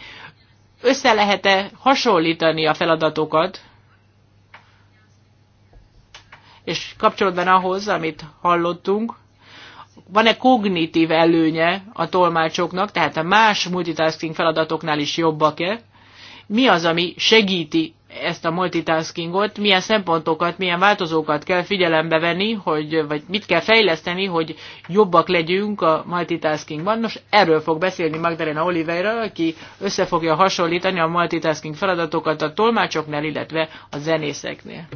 össze lehet-e hasonlítani a feladatokat, és kapcsolatban ahhoz, amit hallottunk, van-e kognitív előnye a tolmácsoknak, tehát a más multitasking feladatoknál is jobbak-e, mi az, ami segíti ezt a multitaskingot, milyen szempontokat, milyen változókat kell figyelembe venni, hogy, vagy mit kell fejleszteni, hogy jobbak legyünk a multitaskingban. Nos, erről fog beszélni Magdalena Oliveira, aki össze fogja hasonlítani a multitasking feladatokat a tolmácsoknál, illetve a zenészeknél.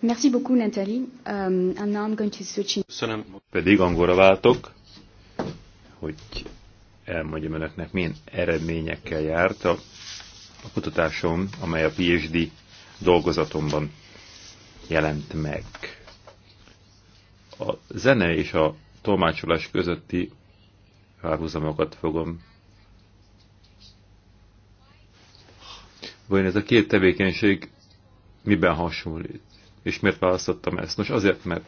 Merci beaucoup, Nathalie. Um, and now I'm going to switch in. Köszönöm. Pedig angolra váltok hogy elmondjam önöknek, milyen eredményekkel járt a, a kutatásom, amely a PhD dolgozatomban jelent meg. A zene és a tolmácsolás közötti párhuzamokat fogom. Vajon ez a két tevékenység miben hasonlít? És miért választottam ezt? Nos, azért, mert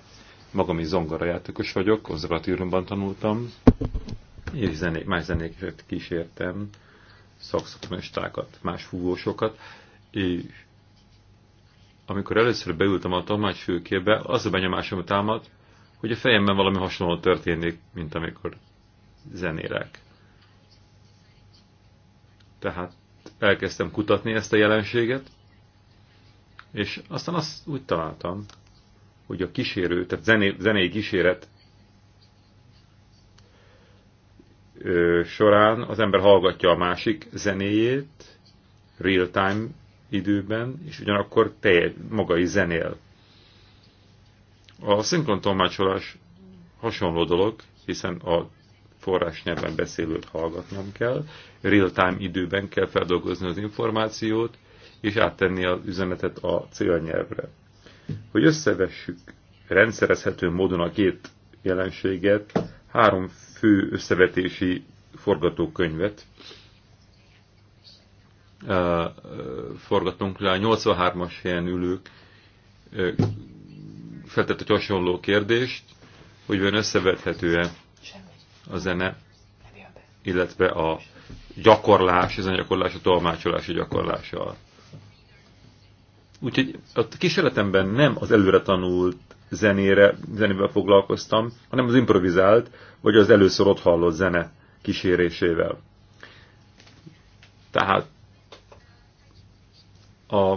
magam is zongorajátékos vagyok, konzervatíriumban tanultam, és zené, zenék, más zenéket kísértem, szakszakmestákat, más fúvósokat, és amikor először beültem a tanácsfülkébe, az a benyomásom támad, hogy a fejemben valami hasonló történik, mint amikor zenélek. Tehát elkezdtem kutatni ezt a jelenséget, és aztán azt úgy találtam, hogy a kísérő, tehát zené, zenei kíséret során az ember hallgatja a másik zenéjét real-time időben, és ugyanakkor teljes maga is zenél. A szinkron tolmácsolás hasonló dolog, hiszen a forrás nyelven beszélőt hallgatnom kell, real-time időben kell feldolgozni az információt, és áttenni az üzenetet a célnyelvre. Hogy összevessük rendszerezhető módon a két jelenséget, három fő összevetési forgatókönyvet uh, forgatunk le. A 83-as helyen ülők uh, feltett egy hasonló kérdést, hogy ön összevethető-e a zene, illetve a gyakorlás, a gyakorlás, a tolmácsolás a gyakorlása. Úgyhogy a kísérletemben nem az előre tanult zenére, zenével foglalkoztam, hanem az improvizált, vagy az először ott hallott zene kísérésével. Tehát a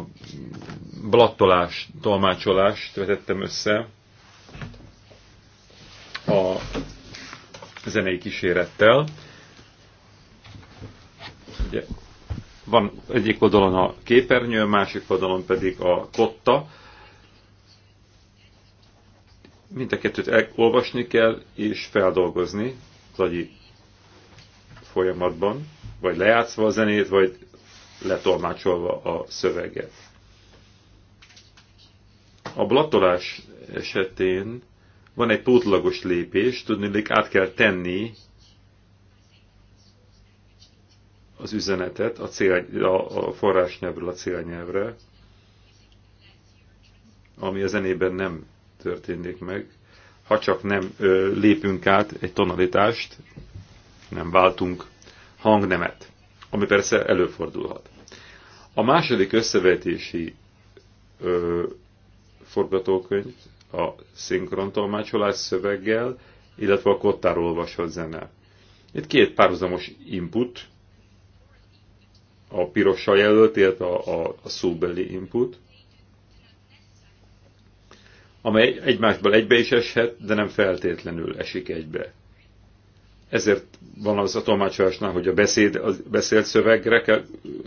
blattolás, tolmácsolást vetettem össze a zenei kísérettel. Ugye, van egyik oldalon a képernyő, másik oldalon pedig a kotta, mind a kettőt olvasni kell és feldolgozni az agyi folyamatban, vagy lejátszva a zenét, vagy letolmácsolva a szöveget. A blattolás esetén van egy pótlagos lépés, tudni hogy át kell tenni az üzenetet a, cél, a, a forrásnyelvről a célnyelvre, ami a zenében nem történik meg, ha csak nem ö, lépünk át egy tonalitást, nem váltunk hangnemet, ami persze előfordulhat. A második összevetési ö, forgatókönyv a szinkrontolmácsolás szöveggel, illetve a kottáról olvasott zene. Itt két párhuzamos input, a pirossal jelölt, illetve a, a, a szóbeli input, amely egymásból egybe is eshet, de nem feltétlenül esik egybe. Ezért van az a tolmácsolásnál, hogy a, beszéd, a beszélt szövegre kell,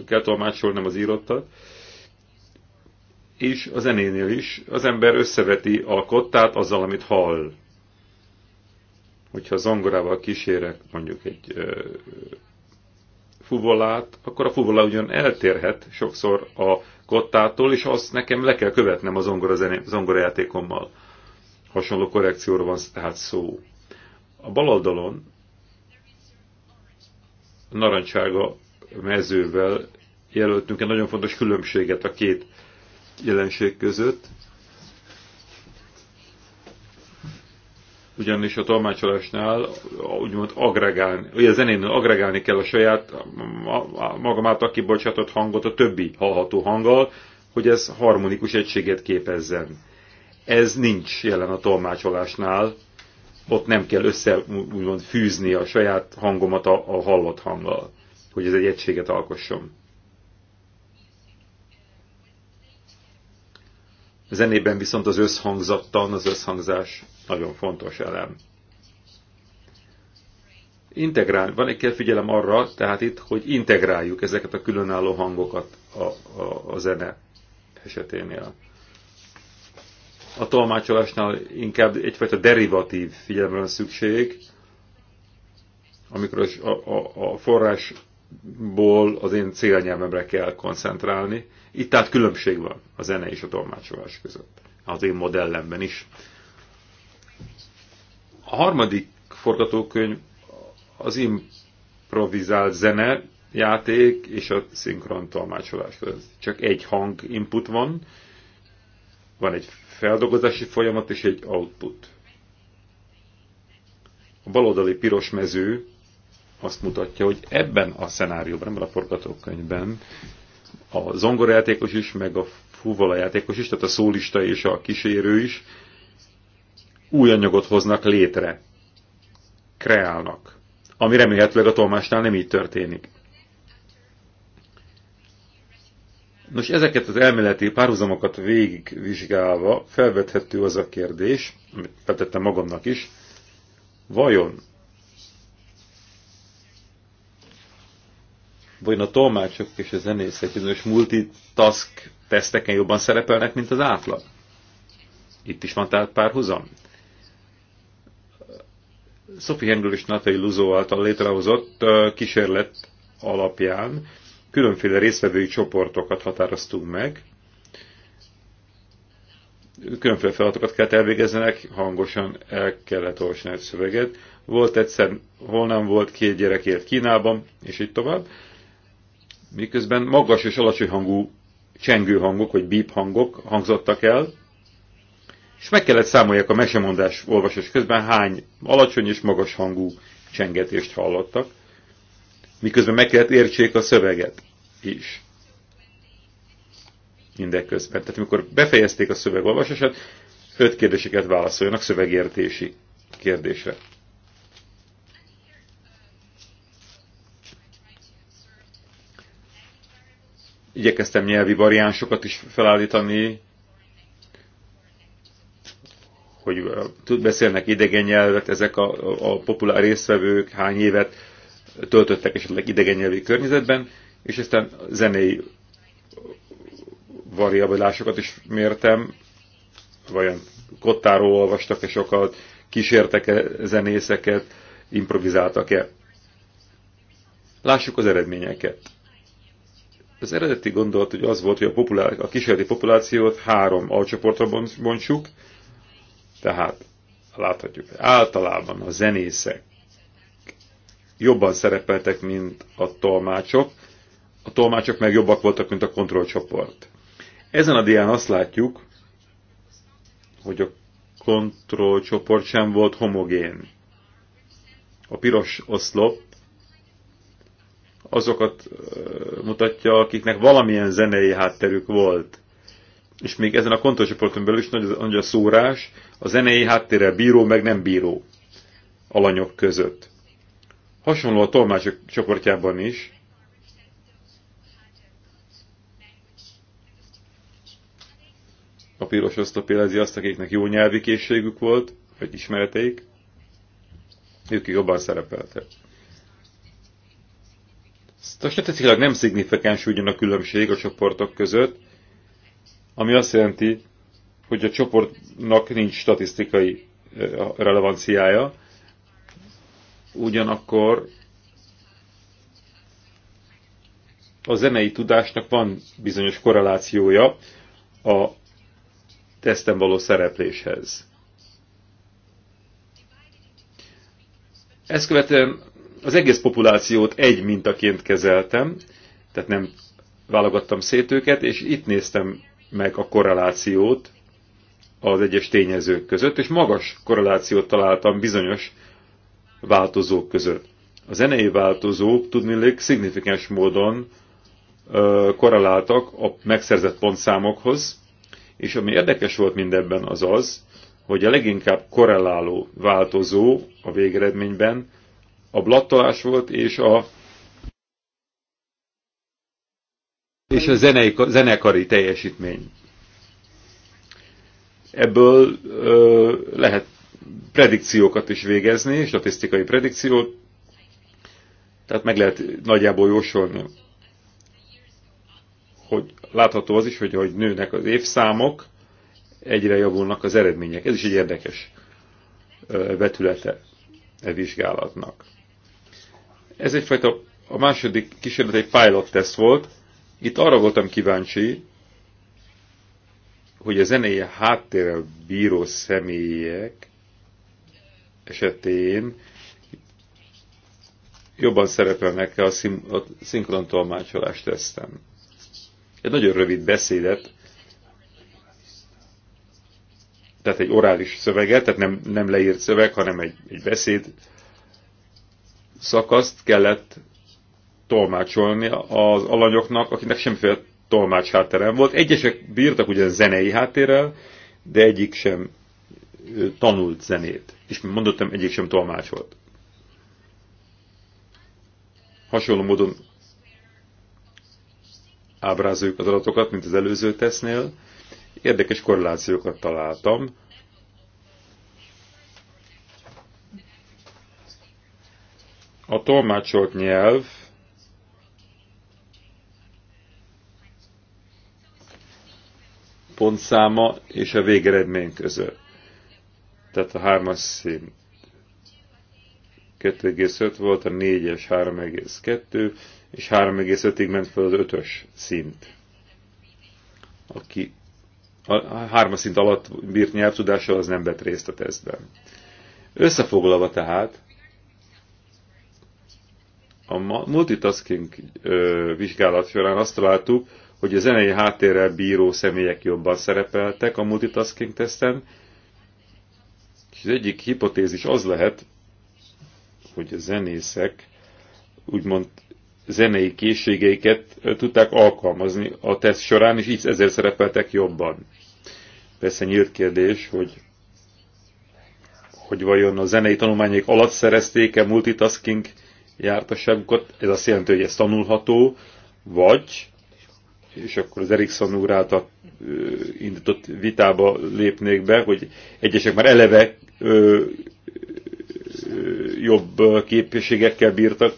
kell tolmácsolni, nem az írottat. És a zenénél is az ember összeveti a kottát azzal, amit hall. Hogyha zongorával kísérek mondjuk egy ö, fuvolát, akkor a fuvola ugyan eltérhet sokszor a kottától, és azt nekem le kell követnem a zongora zené, zongorajátékommal. Hasonló korrekcióra van tehát szó. A bal oldalon narancsága mezővel jelöltünk egy nagyon fontos különbséget a két jelenség között. ugyanis a tolmácsolásnál úgymond agregálni, ugye a zenénél agregálni kell a saját magam által kibocsátott hangot a többi hallható hanggal, hogy ez harmonikus egységet képezzen. Ez nincs jelen a tolmácsolásnál, ott nem kell össze úgymond fűzni a saját hangomat a, a hallott hanggal, hogy ez egy egységet alkosson. A zenében viszont az összhangzattan, az összhangzás nagyon fontos elem. Integrál, van egy kell figyelem arra, tehát itt, hogy integráljuk ezeket a különálló hangokat a, a, a zene eseténél. A tolmácsolásnál inkább egyfajta derivatív figyelemre van szükség, amikor a, a, a forrásból az én célnyelvemre kell koncentrálni, itt tehát különbség van a zene és a tolmácsolás között. Az én modellemben is. A harmadik forgatókönyv az improvizált zene, játék és a szinkron tolmácsolás között. Csak egy hang input van, van egy feldolgozási folyamat és egy output. A baloldali piros mező azt mutatja, hogy ebben a szenárióban, ebben a forgatókönyvben a zongorajátékos is, meg a fúvalajátékos is, tehát a szólista és a kísérő is új anyagot hoznak létre, kreálnak, ami remélhetőleg a tolmásnál nem így történik. Nos, ezeket az elméleti párhuzamokat végigvizsgálva felvethető az a kérdés, amit feltettem magamnak is, vajon vagy a tolmácsok és a zenészek bizonyos multitask teszteken jobban szerepelnek, mint az átlag? Itt is van tehát párhuzam. Sophie Hengel és Nathalie Luzó által létrehozott kísérlet alapján különféle részvevői csoportokat határoztunk meg. Különféle feladatokat kellett elvégezzenek, hangosan el kellett olvasni egy szöveget. Volt egyszer, hol nem volt, két gyerekért Kínában, és így tovább miközben magas és alacsony hangú csengő hangok, vagy bíp hangok hangzottak el, és meg kellett számolják a mesemondás olvasás közben hány alacsony és magas hangú csengetést hallottak, miközben meg kellett értsék a szöveget is. Mindeközben. Tehát amikor befejezték a szövegolvasását, öt kérdéseket válaszoljanak szövegértési kérdésre. Igyekeztem nyelvi variánsokat is felállítani, hogy beszélnek idegen nyelvet ezek a, a populár részvevők hány évet töltöttek esetleg idegen nyelvi környezetben, és aztán zenei variabilásokat is mértem, vajon kottáról olvastak-e sokat, kísértek-e zenészeket, improvizáltak-e. Lássuk az eredményeket. Az eredeti gondolat hogy az volt, hogy a, populá a kísérleti populációt három alcsoportra bontsuk, tehát láthatjuk, általában a zenészek jobban szerepeltek, mint a tolmácsok, a tolmácsok meg jobbak voltak, mint a kontrollcsoport. Ezen a dián azt látjuk, hogy a kontrollcsoport sem volt homogén. A piros oszlop azokat mutatja, akiknek valamilyen zenei hátterük volt. És még ezen a kontorcsoporton belül is nagy, a szórás, a zenei háttérrel bíró, meg nem bíró alanyok között. Hasonló a tolmások csoportjában is, a piros osztop élezi azt, akiknek jó nyelvi készségük volt, vagy ismereteik, ők jobban szerepeltek. Statisztikailag nem szignifikáns ugyan a különbség a csoportok között, ami azt jelenti, hogy a csoportnak nincs statisztikai relevanciája, ugyanakkor a zenei tudásnak van bizonyos korrelációja a teszten való szerepléshez. Ezt követően az egész populációt egy mintaként kezeltem, tehát nem válogattam szét őket, és itt néztem meg a korrelációt az egyes tényezők között, és magas korrelációt találtam bizonyos változók között. A zenei változók tudnélék szignifikáns módon ö, korreláltak a megszerzett pontszámokhoz, és ami érdekes volt mindebben az az, hogy a leginkább korreláló változó a végeredményben a blattalás volt, és a és a zenei, zenekari teljesítmény. Ebből ö, lehet predikciókat is végezni, statisztikai predikciót, tehát meg lehet nagyjából jósolni, hogy látható az is, hogy ahogy nőnek az évszámok, egyre javulnak az eredmények. Ez is egy érdekes vetülete e vizsgálatnak. Ez egyfajta a második kísérlet egy pilot test volt. Itt arra voltam kíváncsi, hogy a zenei háttérrel bíró személyek esetén jobban szerepelnek a, szim, a szinkron tolmácsolás tesztem. Egy nagyon rövid beszédet, tehát egy orális szöveget, tehát nem, nem leírt szöveg, hanem egy, egy beszéd szakaszt kellett tolmácsolni az alanyoknak, akinek semmiféle tolmács hátterem volt. Egyesek bírtak ugye zenei háttérrel, de egyik sem tanult zenét. És mint mondottam, egyik sem tolmácsolt. Hasonló módon ábrázoljuk az adatokat, mint az előző tesznél. Érdekes korrelációkat találtam a tolmácsolt nyelv pontszáma és a végeredmény között. Tehát a hármas szín 2,5 volt, a 4-es 3,2, és 3,5-ig ment fel az 5-ös szint. Aki a hármas szint alatt bírt nyelvtudással, az nem vett részt a tesztben. Összefoglalva tehát, a multitasking vizsgálat során azt találtuk, hogy a zenei háttérrel bíró személyek jobban szerepeltek a multitasking teszten, és az egyik hipotézis az lehet, hogy a zenészek úgymond zenei készségeiket tudták alkalmazni a teszt során, és így ezért szerepeltek jobban. Persze nyílt kérdés, hogy hogy vajon a zenei tanulmányok alatt szerezték-e multitasking jártasságokat, ez azt jelenti, hogy ez tanulható, vagy, és akkor az Erikson úr által indított vitába lépnék be, hogy egyesek már eleve ö, jobb képességekkel bírtak.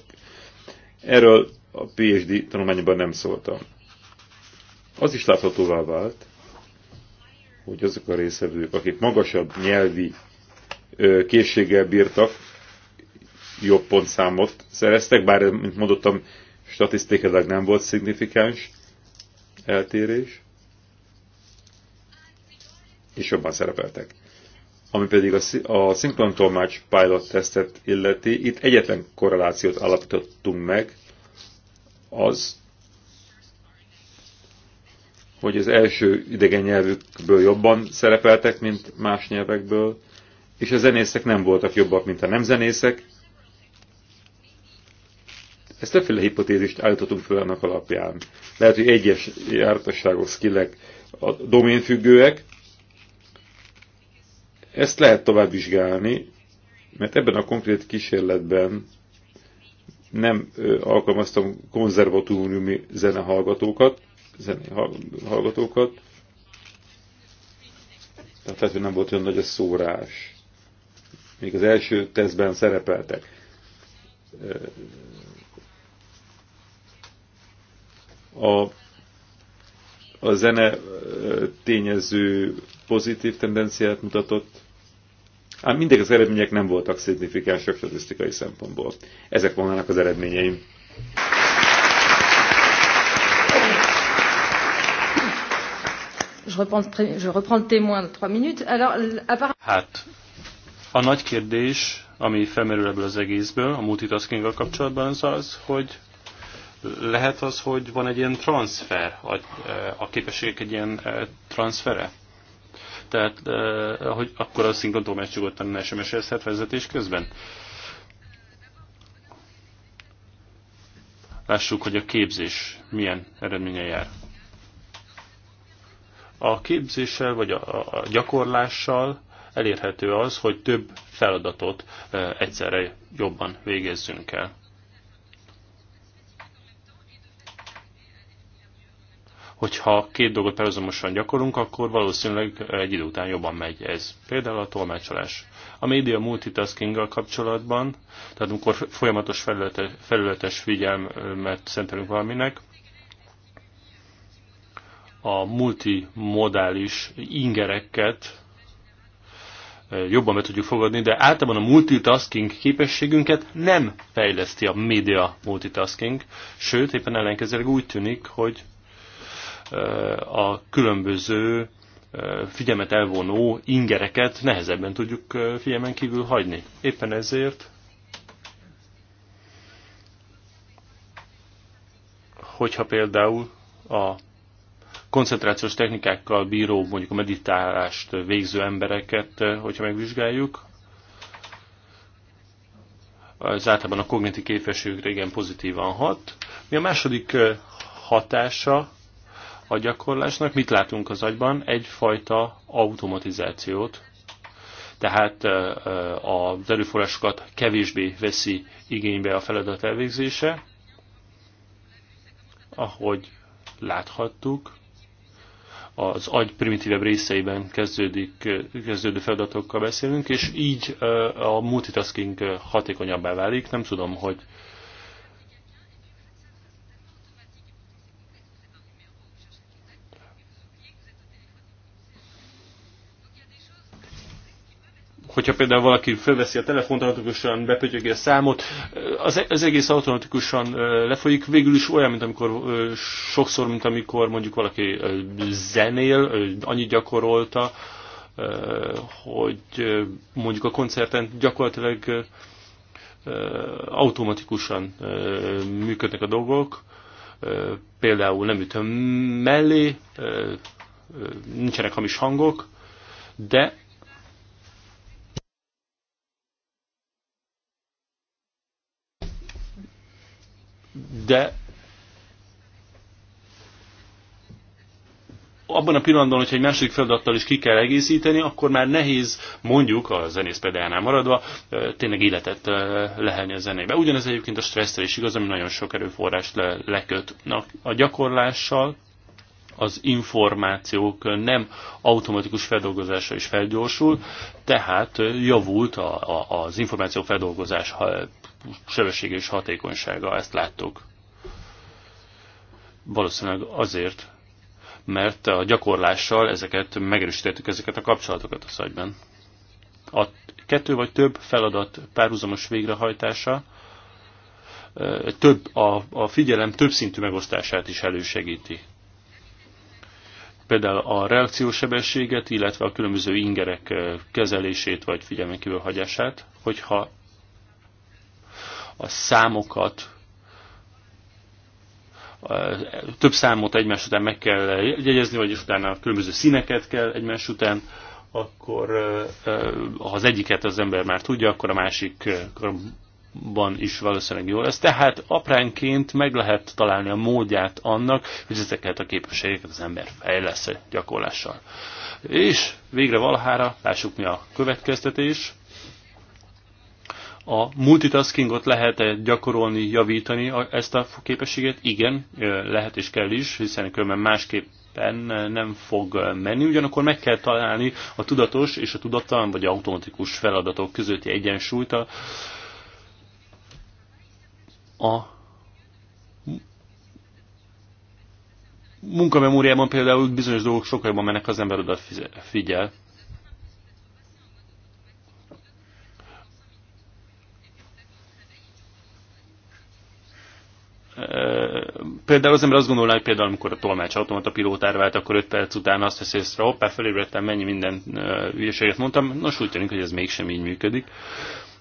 Erről a PhD tanulmányban nem szóltam. Az is láthatóvá vált, hogy azok a részevők, akik magasabb nyelvi készséggel bírtak, jobb pontszámot szereztek, bár, mint mondottam, statisztikailag nem volt szignifikáns eltérés, és jobban szerepeltek. Ami pedig a, a szinkron tolmács pilot tesztet illeti, itt egyetlen korrelációt alapítottunk meg, az, hogy az első idegen nyelvükből jobban szerepeltek, mint más nyelvekből, és a zenészek nem voltak jobbak, mint a nem zenészek, ezt többféle hipotézist állítottunk föl annak alapján. Lehet, hogy egyes jártasságos skillek a doménfüggőek. Ezt lehet tovább vizsgálni, mert ebben a konkrét kísérletben nem alkalmaztam konzervatóriumi zenehallgatókat, zenehallgatókat, tehát lehet, hogy nem volt olyan nagy a szórás. Még az első tesztben szerepeltek a, a zene tényező pozitív tendenciát mutatott, ám mindig az eredmények nem voltak szignifikánsak statisztikai szempontból. Ezek volnának az eredményeim. Hát, a nagy kérdés, ami felmerül ebből az egészből, a multitasking kapcsolatban az az, hogy lehet az, hogy van egy ilyen transfer, a, eh, a képességek egy ilyen eh, transfere? Tehát, eh, hogy akkor a szinkrontolmást nyugodtan SMS-ezhet vezetés közben? Lássuk, hogy a képzés milyen eredménye jár. A képzéssel vagy a, a gyakorlással elérhető az, hogy több feladatot egyszerre jobban végezzünk el Hogyha két dolgot párhuzamosan gyakorlunk, akkor valószínűleg egy idő után jobban megy ez. Például a tolmácsolás. A média multitasking kapcsolatban, tehát amikor folyamatos felülete, felületes figyelmet szentelünk valaminek, a multimodális ingereket eh, jobban be tudjuk fogadni, de általában a multitasking képességünket nem fejleszti a média multitasking, sőt, éppen ellenkezőleg úgy tűnik, hogy a különböző figyelmet elvonó ingereket nehezebben tudjuk figyelmen kívül hagyni. Éppen ezért, hogyha például a koncentrációs technikákkal bíró, mondjuk a meditálást végző embereket, hogyha megvizsgáljuk, az általában a kognitív képességükre igen pozitívan hat. Mi a második hatása agyakorlásnak. Mit látunk az agyban? Egyfajta automatizációt, tehát az erőforrásokat kevésbé veszi igénybe a feladat elvégzése, ahogy láthattuk, az agy primitívebb részeiben kezdődik, kezdődő feladatokkal beszélünk, és így a multitasking hatékonyabbá válik. Nem tudom, hogy hogyha például valaki felveszi a telefont, automatikusan bepötyögi a számot, az, e-, az egész automatikusan lefolyik, végül is olyan, mint amikor sokszor, mint amikor mondjuk valaki zenél, annyit gyakorolta, hogy mondjuk a koncerten gyakorlatilag automatikusan működnek a dolgok, például nem ütöm mellé, nincsenek hamis hangok, de de abban a pillanatban, hogyha egy második feladattal is ki kell egészíteni, akkor már nehéz mondjuk a zenész példájánál maradva tényleg életet lehelni a zenébe. Ugyanez egyébként a stresszre is igaz, ami nagyon sok erőforrást le, leköt. Na, a gyakorlással az információk nem automatikus feldolgozása is felgyorsul, tehát javult a, a, az információ feldolgozás sebessége és hatékonysága, ezt láttuk. Valószínűleg azért, mert a gyakorlással ezeket megerősítettük, ezeket a kapcsolatokat a szagyban. A kettő vagy több feladat párhuzamos végrehajtása több, a, a figyelem szintű megosztását is elősegíti. Például a reakciósebességet, illetve a különböző ingerek kezelését vagy figyelmen kívül hagyását, hogyha a számokat, több számot egymás után meg kell jegyezni, vagyis utána a különböző színeket kell egymás után, akkor ha az egyiket az ember már tudja, akkor a másikban is valószínűleg jó lesz. Tehát apránként meg lehet találni a módját annak, hogy ezeket a képességeket az ember fejlesz gyakorlással. És végre valahára, lássuk mi a következtetés. A multitaskingot lehet -e gyakorolni, javítani ezt a képességet? Igen, lehet és kell is, hiszen különben másképp nem fog menni, ugyanakkor meg kell találni a tudatos és a tudattalan vagy automatikus feladatok közötti egyensúlyt a, a munkamemóriában például bizonyos dolgok sokkal jobban mennek, az ember figyel, például az ember azt gondolná, hogy például amikor a tolmács automata pilótára vált, akkor 5 perc után azt veszi észre, hoppá, felébredtem, mennyi minden ügyeséget mondtam. Nos, úgy tűnik, hogy ez mégsem így működik.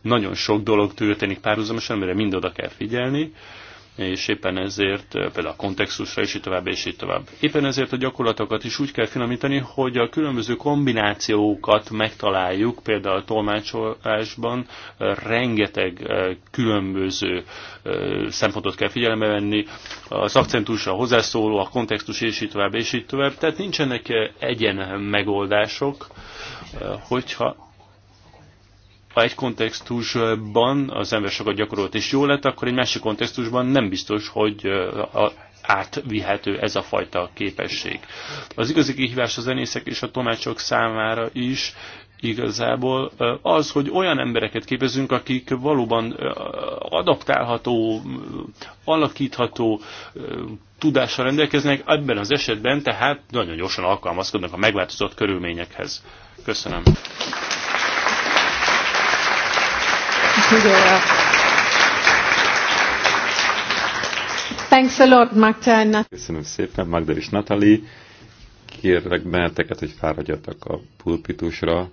Nagyon sok dolog történik párhuzamosan, amire mind oda kell figyelni. Ö, és éppen ezért például a kontextusra, és így tovább, és így tovább. Éppen ezért a gyakorlatokat is úgy kell finomítani, hogy a különböző kombinációkat megtaláljuk, például a tolmácsolásban rengeteg különböző szempontot kell figyelembe venni, az akcentus, a hozzászóló, a kontextus, és így tovább, és így tovább. Tehát nincsenek egyen megoldások, hogyha ha egy kontextusban az ember sokat gyakorolt és jó lett, akkor egy másik kontextusban nem biztos, hogy átvihető ez a fajta képesség. Az igazi kihívás a zenészek és a tomácsok számára is igazából az, hogy olyan embereket képezünk, akik valóban adaptálható, alakítható tudással rendelkeznek, ebben az esetben tehát nagyon gyorsan alkalmazkodnak a megváltozott körülményekhez. Köszönöm. Thanks a lot, Magda. Köszönöm szépen, Magda és Natali. Kérlek benneteket, hogy fáradjatok a pulpitusra.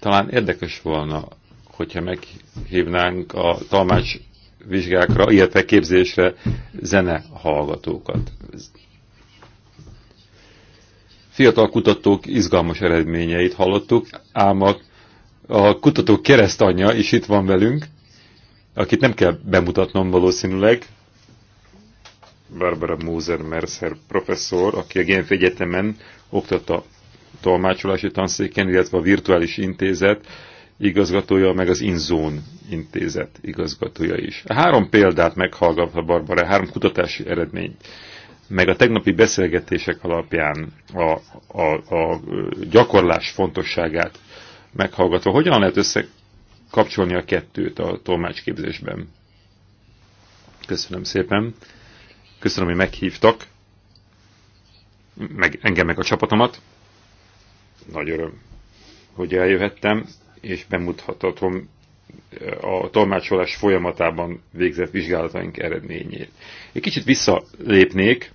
Talán érdekes volna, hogyha meghívnánk a talmács vizsgákra, illetve képzésre zene hallgatókat. Fiatal kutatók izgalmas eredményeit hallottuk, a a kutató keresztanyja is itt van velünk, akit nem kell bemutatnom valószínűleg, Barbara Moser-Mercer professzor, aki a Genf Egyetemen oktatta tolmácsolási tanszéken, illetve a Virtuális Intézet igazgatója, meg az Inzón Intézet igazgatója is. Három példát meghallgatva Barbara, három kutatási eredményt, meg a tegnapi beszélgetések alapján a, a, a gyakorlás fontosságát meghallgatva. Hogyan lehet összekapcsolni a kettőt a tolmácsképzésben? Köszönöm szépen. Köszönöm, hogy meghívtak. Meg, engem meg a csapatomat. Nagy öröm, hogy eljöhettem, és bemutathatom eh, a tolmácsolás folyamatában végzett vizsgálataink eredményét. Egy kicsit visszalépnék,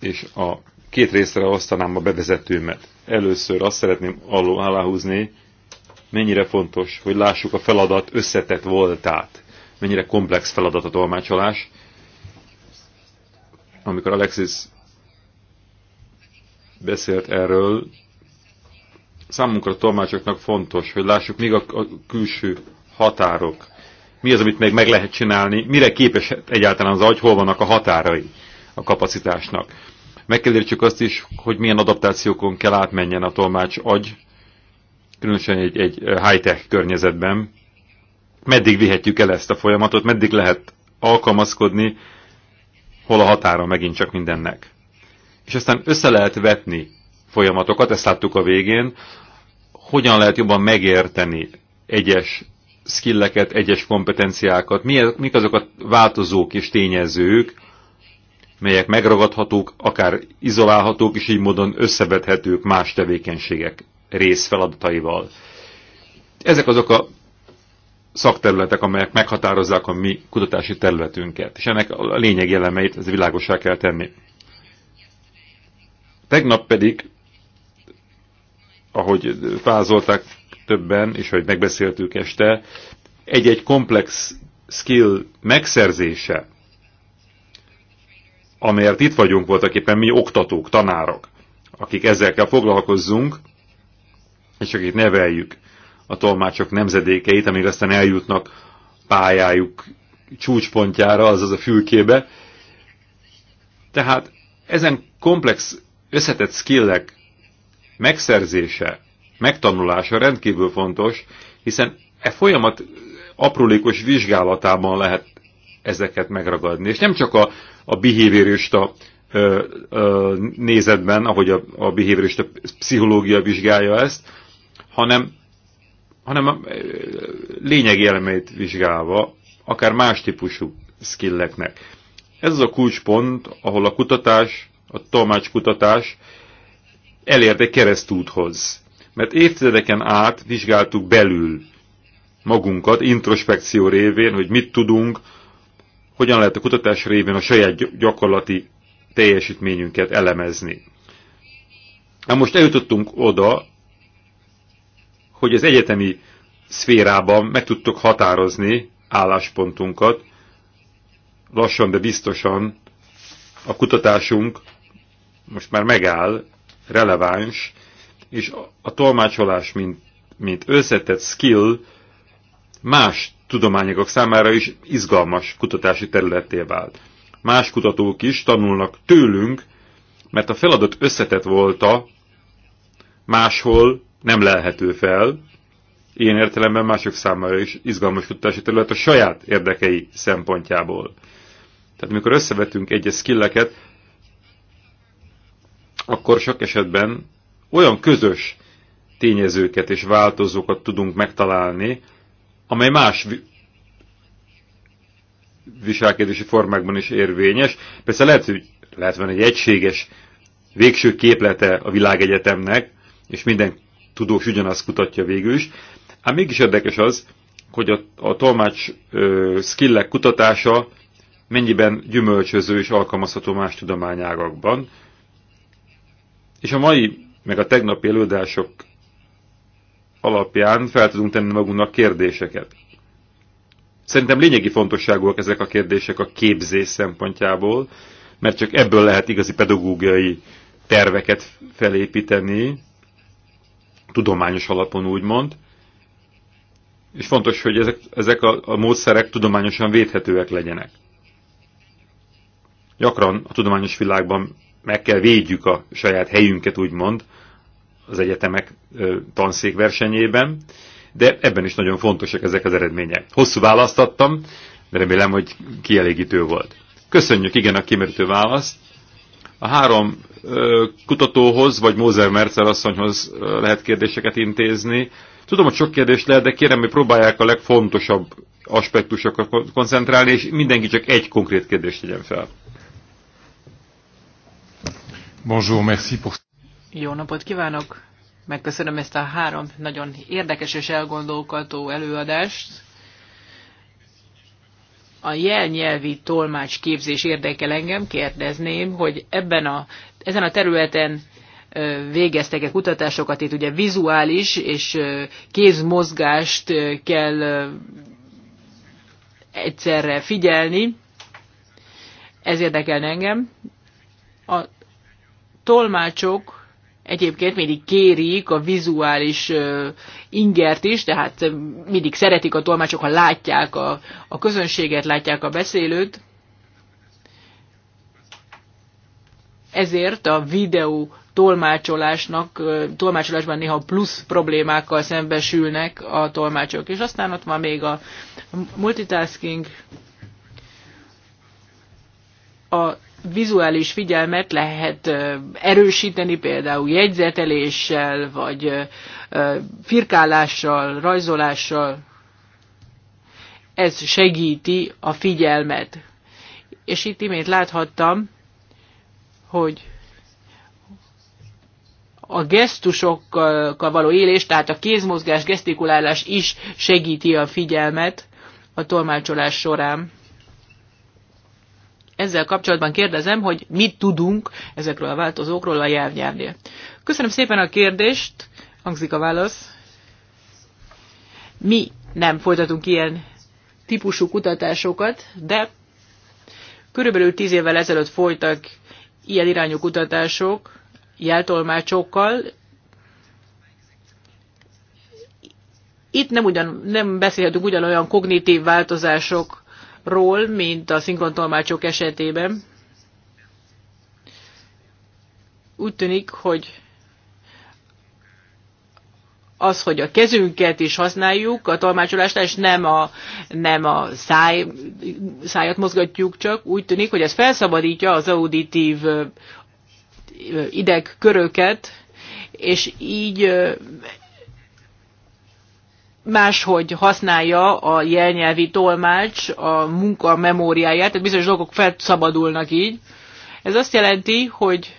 és a két részre osztanám a bevezetőmet. Először azt szeretném aláhúzni, mennyire fontos, hogy lássuk a feladat összetett voltát, mennyire komplex feladat a tolmácsolás. Amikor Alexis beszélt erről, számunkra a tolmácsoknak fontos, hogy lássuk még a, külső határok. Mi az, amit még meg lehet csinálni, mire képes egyáltalán az agy, hol vannak a határai a kapacitásnak. Meg kell értsük azt is, hogy milyen adaptációkon kell átmenjen a tolmács agy, különösen egy, egy high-tech környezetben. Meddig vihetjük el ezt a folyamatot, meddig lehet alkalmazkodni, hol a határa megint csak mindennek. És aztán össze lehet vetni folyamatokat, ezt láttuk a végén, hogyan lehet jobban megérteni egyes skilleket, egyes kompetenciákat, mik azok a változók és tényezők, melyek megragadhatók, akár izolálhatók, és így módon összevethetők más tevékenységek részfeladataival. Ezek azok a szakterületek, amelyek meghatározzák a mi kutatási területünket, és ennek a lényeg elemeit ez világosá kell tenni. Tegnap pedig, ahogy fázolták többen, és ahogy megbeszéltük este, egy-egy komplex skill megszerzése amelyet itt vagyunk voltak éppen mi oktatók, tanárok, akik ezzel kell foglalkozzunk, és akik neveljük a tolmácsok nemzedékeit, amíg aztán eljutnak pályájuk csúcspontjára, azaz a fülkébe. Tehát ezen komplex összetett skillek megszerzése, megtanulása rendkívül fontos, hiszen e folyamat aprólékos vizsgálatában lehet ezeket megragadni. És nem csak a a behaviorista nézetben, ahogy a, a behaviorista pszichológia vizsgálja ezt, hanem, hanem a lényegi elemeit vizsgálva, akár más típusú skilleknek. Ez az a kulcspont, ahol a kutatás, a tolmácskutatás kutatás elérte keresztúthoz. Mert évtizedeken át vizsgáltuk belül magunkat, introspekció révén, hogy mit tudunk, hogyan lehet a kutatás révén a saját gyakorlati teljesítményünket elemezni. Na most eljutottunk oda, hogy az egyetemi szférában meg tudtuk határozni álláspontunkat, lassan, de biztosan a kutatásunk most már megáll, releváns, és a tolmácsolás, mint, mint összetett skill más tudományok számára is izgalmas kutatási területté vált. Más kutatók is tanulnak tőlünk, mert a feladat összetett volta, máshol nem lehető fel, ilyen értelemben mások számára is izgalmas kutatási terület a saját érdekei szempontjából. Tehát mikor összevetünk egyes skilleket, akkor sok esetben olyan közös tényezőket és változókat tudunk megtalálni, amely más viselkedési formákban is érvényes. Persze lehet, hogy lehet van egy egységes végső képlete a világegyetemnek, és minden tudós ugyanazt kutatja végül is. Ám mégis érdekes az, hogy a, a tolmács ö, skillek kutatása mennyiben gyümölcsöző és alkalmazható más tudományágakban. És a mai, meg a tegnapi előadások alapján fel tudunk tenni magunknak kérdéseket. Szerintem lényegi fontosságúak ezek a kérdések a képzés szempontjából, mert csak ebből lehet igazi pedagógiai terveket felépíteni, tudományos alapon úgymond, és fontos, hogy ezek, ezek a, a módszerek tudományosan védhetőek legyenek. Gyakran a tudományos világban meg kell védjük a saját helyünket, úgymond, az egyetemek tanszékversenyében, de ebben is nagyon fontosak ezek az eredmények. Hosszú választattam, de remélem, hogy kielégítő volt. Köszönjük igen a kimértő választ. A három kutatóhoz, vagy Mózer Mercer asszonyhoz lehet kérdéseket intézni. Tudom, hogy sok kérdés lehet, de kérem, hogy próbálják a legfontosabb aspektusokat koncentrálni, és mindenki csak egy konkrét kérdést tegyen fel. Bonjour, merci pour... Jó napot kívánok! Megköszönöm ezt a három nagyon érdekes és elgondolkodó előadást. A jelnyelvi tolmács képzés érdekel engem, kérdezném, hogy ebben a, ezen a területen végeztek-e kutatásokat, itt ugye vizuális és kézmozgást kell egyszerre figyelni, ez érdekel engem. A tolmácsok Egyébként mindig kérik a vizuális ingert is, tehát mindig szeretik a tolmácsok, ha látják a, a közönséget, látják a beszélőt. Ezért a videó tolmácsolásnak, tolmácsolásban néha plusz problémákkal szembesülnek a tolmácsok. És aztán ott van még a multitasking, a vizuális figyelmet lehet erősíteni, például jegyzeteléssel, vagy firkálással, rajzolással. Ez segíti a figyelmet. És itt imént láthattam, hogy a gesztusokkal való élés, tehát a kézmozgás, gesztikulálás is segíti a figyelmet a tolmácsolás során ezzel kapcsolatban kérdezem, hogy mit tudunk ezekről a változókról a jelvnyelvnél. Köszönöm szépen a kérdést, hangzik a válasz. Mi nem folytatunk ilyen típusú kutatásokat, de körülbelül tíz évvel ezelőtt folytak ilyen irányú kutatások jeltolmácsokkal. Itt nem, ugyan, nem beszélhetünk ugyanolyan kognitív változások ról, mint a szinkrontolmácsok esetében. Úgy tűnik, hogy az, hogy a kezünket is használjuk a tolmácsolásnál, és nem a, nem a száj, szájat mozgatjuk csak, úgy tűnik, hogy ez felszabadítja az auditív idegköröket, és így máshogy használja a jelnyelvi tolmács a munka memóriáját, tehát bizonyos dolgok felszabadulnak így. Ez azt jelenti, hogy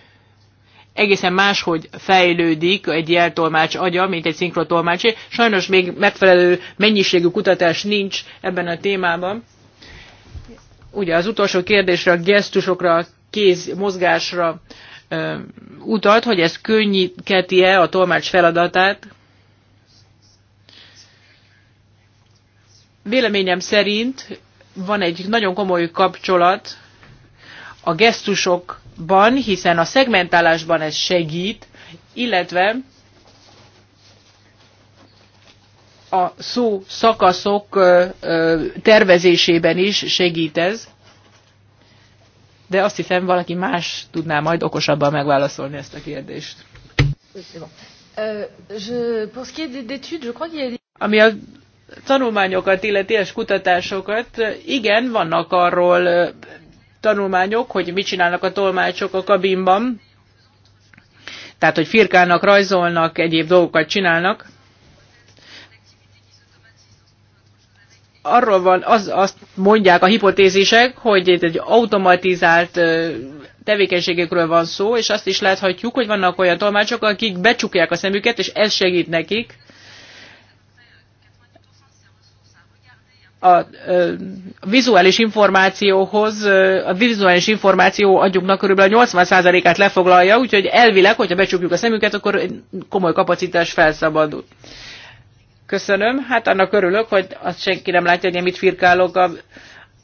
egészen máshogy fejlődik egy jeltolmács agya, mint egy szinkrotolmácsé. Sajnos még megfelelő mennyiségű kutatás nincs ebben a témában. Ugye az utolsó kérdésre, a gesztusokra, a kéz mozgásra ö, utalt, hogy ez könnyíteti e a tolmács feladatát. Véleményem szerint van egy nagyon komoly kapcsolat a gesztusokban, hiszen a szegmentálásban ez segít, illetve a szó szakaszok tervezésében is segít ez, de azt hiszem valaki más tudná majd okosabban megválaszolni ezt a kérdést. Ami a tanulmányokat, illeti és kutatásokat, igen, vannak arról tanulmányok, hogy mit csinálnak a tolmácsok a kabinban, tehát, hogy firkálnak, rajzolnak, egyéb dolgokat csinálnak. Arról van, az, azt mondják a hipotézisek, hogy egy automatizált tevékenységekről van szó, és azt is láthatjuk, hogy vannak olyan tolmácsok, akik becsukják a szemüket, és ez segít nekik, a vizuális információhoz, a vizuális információ agyunknak kb. 80%-át lefoglalja, úgyhogy elvileg, hogyha becsukjuk a szemüket, akkor egy komoly kapacitás felszabadul. Köszönöm. Hát annak örülök, hogy azt senki nem látja, hogy én mit firkálok a,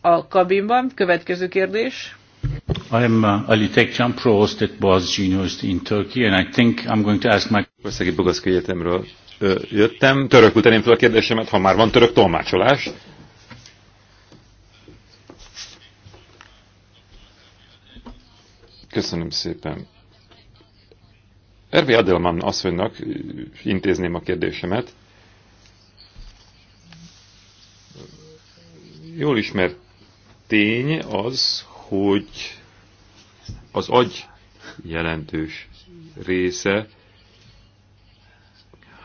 a kabinban. Következő kérdés. am uh, Ali Tekcan, provost at Boğaziçi University in Turkey, and I think I'm going to ask my... Országi Egyetemről jöttem. Török én fel a kérdésemet, ha már van török tolmácsolás. Köszönöm szépen. Ervi Adelman asszonynak intézném a kérdésemet. Jól ismert tény az, hogy az agy jelentős része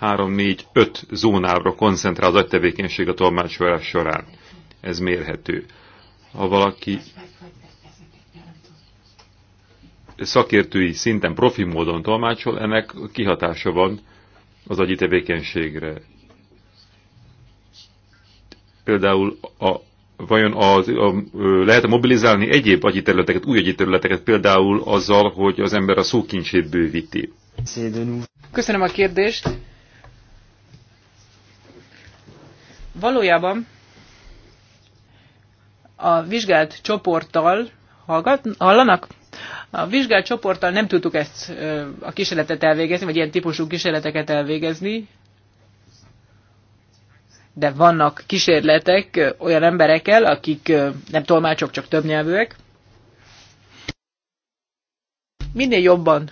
3-4-5 zónára koncentrál az agytevékenység a tolmácsolás során. Ez mérhető. Ha valaki szakértői szinten profi módon tolmácsol, ennek kihatása van az agyi tevékenységre. Például a, vajon a, a, lehet mobilizálni egyéb agyi területeket, új agyi területeket, például azzal, hogy az ember a szókincsét bővíti? Köszönöm a kérdést. Valójában a vizsgált csoporttal hallgat, hallanak? A vizsgált csoporttal nem tudtuk ezt a kísérletet elvégezni, vagy ilyen típusú kísérleteket elvégezni, de vannak kísérletek olyan emberekkel, akik nem tolmácsok, csak többnyelvűek. Minél jobban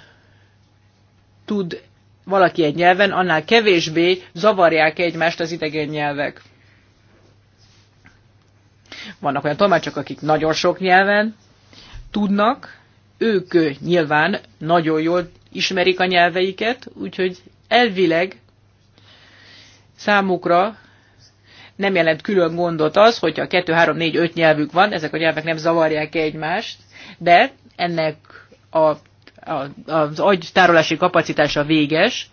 tud valaki egy nyelven, annál kevésbé zavarják egymást az idegen nyelvek. Vannak olyan tolmácsok, akik nagyon sok nyelven tudnak, ők nyilván nagyon jól ismerik a nyelveiket, úgyhogy elvileg számukra nem jelent külön gondot az, hogyha 2, 3, 4, 5 nyelvük van, ezek a nyelvek nem zavarják -e egymást, de ennek a, a, az agy tárolási kapacitása véges,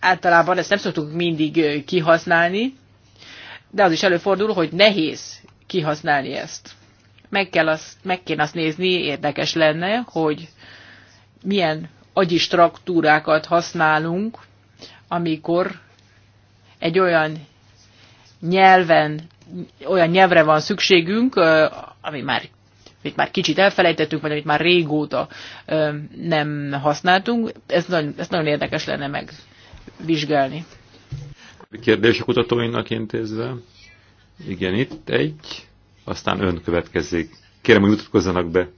általában ezt nem szoktuk mindig kihasználni, de az is előfordul, hogy nehéz kihasználni ezt. Meg, kell azt, meg kéne azt nézni, érdekes lenne, hogy milyen agyi struktúrákat használunk, amikor egy olyan nyelven, olyan nyelvre van szükségünk, ami már amit már kicsit elfelejtettünk, vagy amit már régóta ö, nem használtunk. Ez nagyon, ez nagyon érdekes lenne megvizsgálni. Kérdés a kutatóinak intézve. Igen, itt egy, aztán ön következik. Kérem, hogy mutatkozzanak be.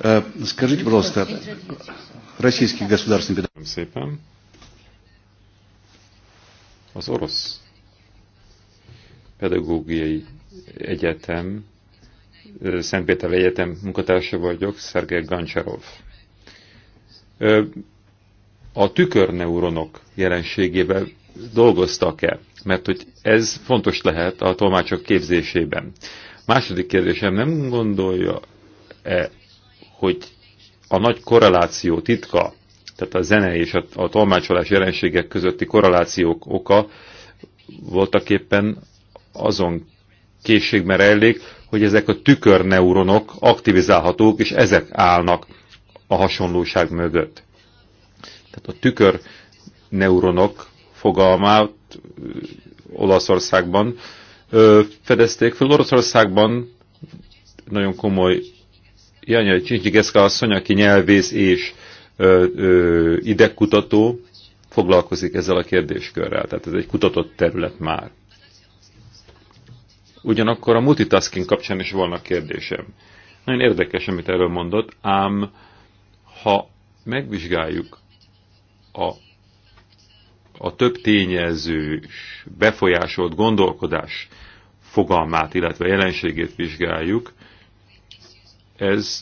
Eh, Köszönöm Szépen. Az orosz pedagógiai egyetem, eh, Szentpéter Egyetem munkatársa vagyok, Szergej Gancsarov. Eh, a tükörneuronok jelenségével dolgoztak-e? mert hogy ez fontos lehet a tolmácsok képzésében. Második kérdésem, nem gondolja-e, hogy a nagy korreláció titka, tehát a zene és a, a tolmácsolás jelenségek közötti korrelációk oka voltak éppen azon készségben rejlik, hogy ezek a tükörneuronok aktivizálhatók, és ezek állnak a hasonlóság mögött. Tehát a tükörneuronok fogalmát Olaszországban fedezték fel. Oroszországban nagyon komoly Janja Csincsigeszka asszony, aki nyelvész és ö, ö, idegkutató, foglalkozik ezzel a kérdéskörrel. Tehát ez egy kutatott terület már. Ugyanakkor a multitasking kapcsán is volna kérdésem. Nagyon érdekes, amit erről mondott, ám ha megvizsgáljuk a a több tényező befolyásolt gondolkodás fogalmát, illetve jelenségét vizsgáljuk, ez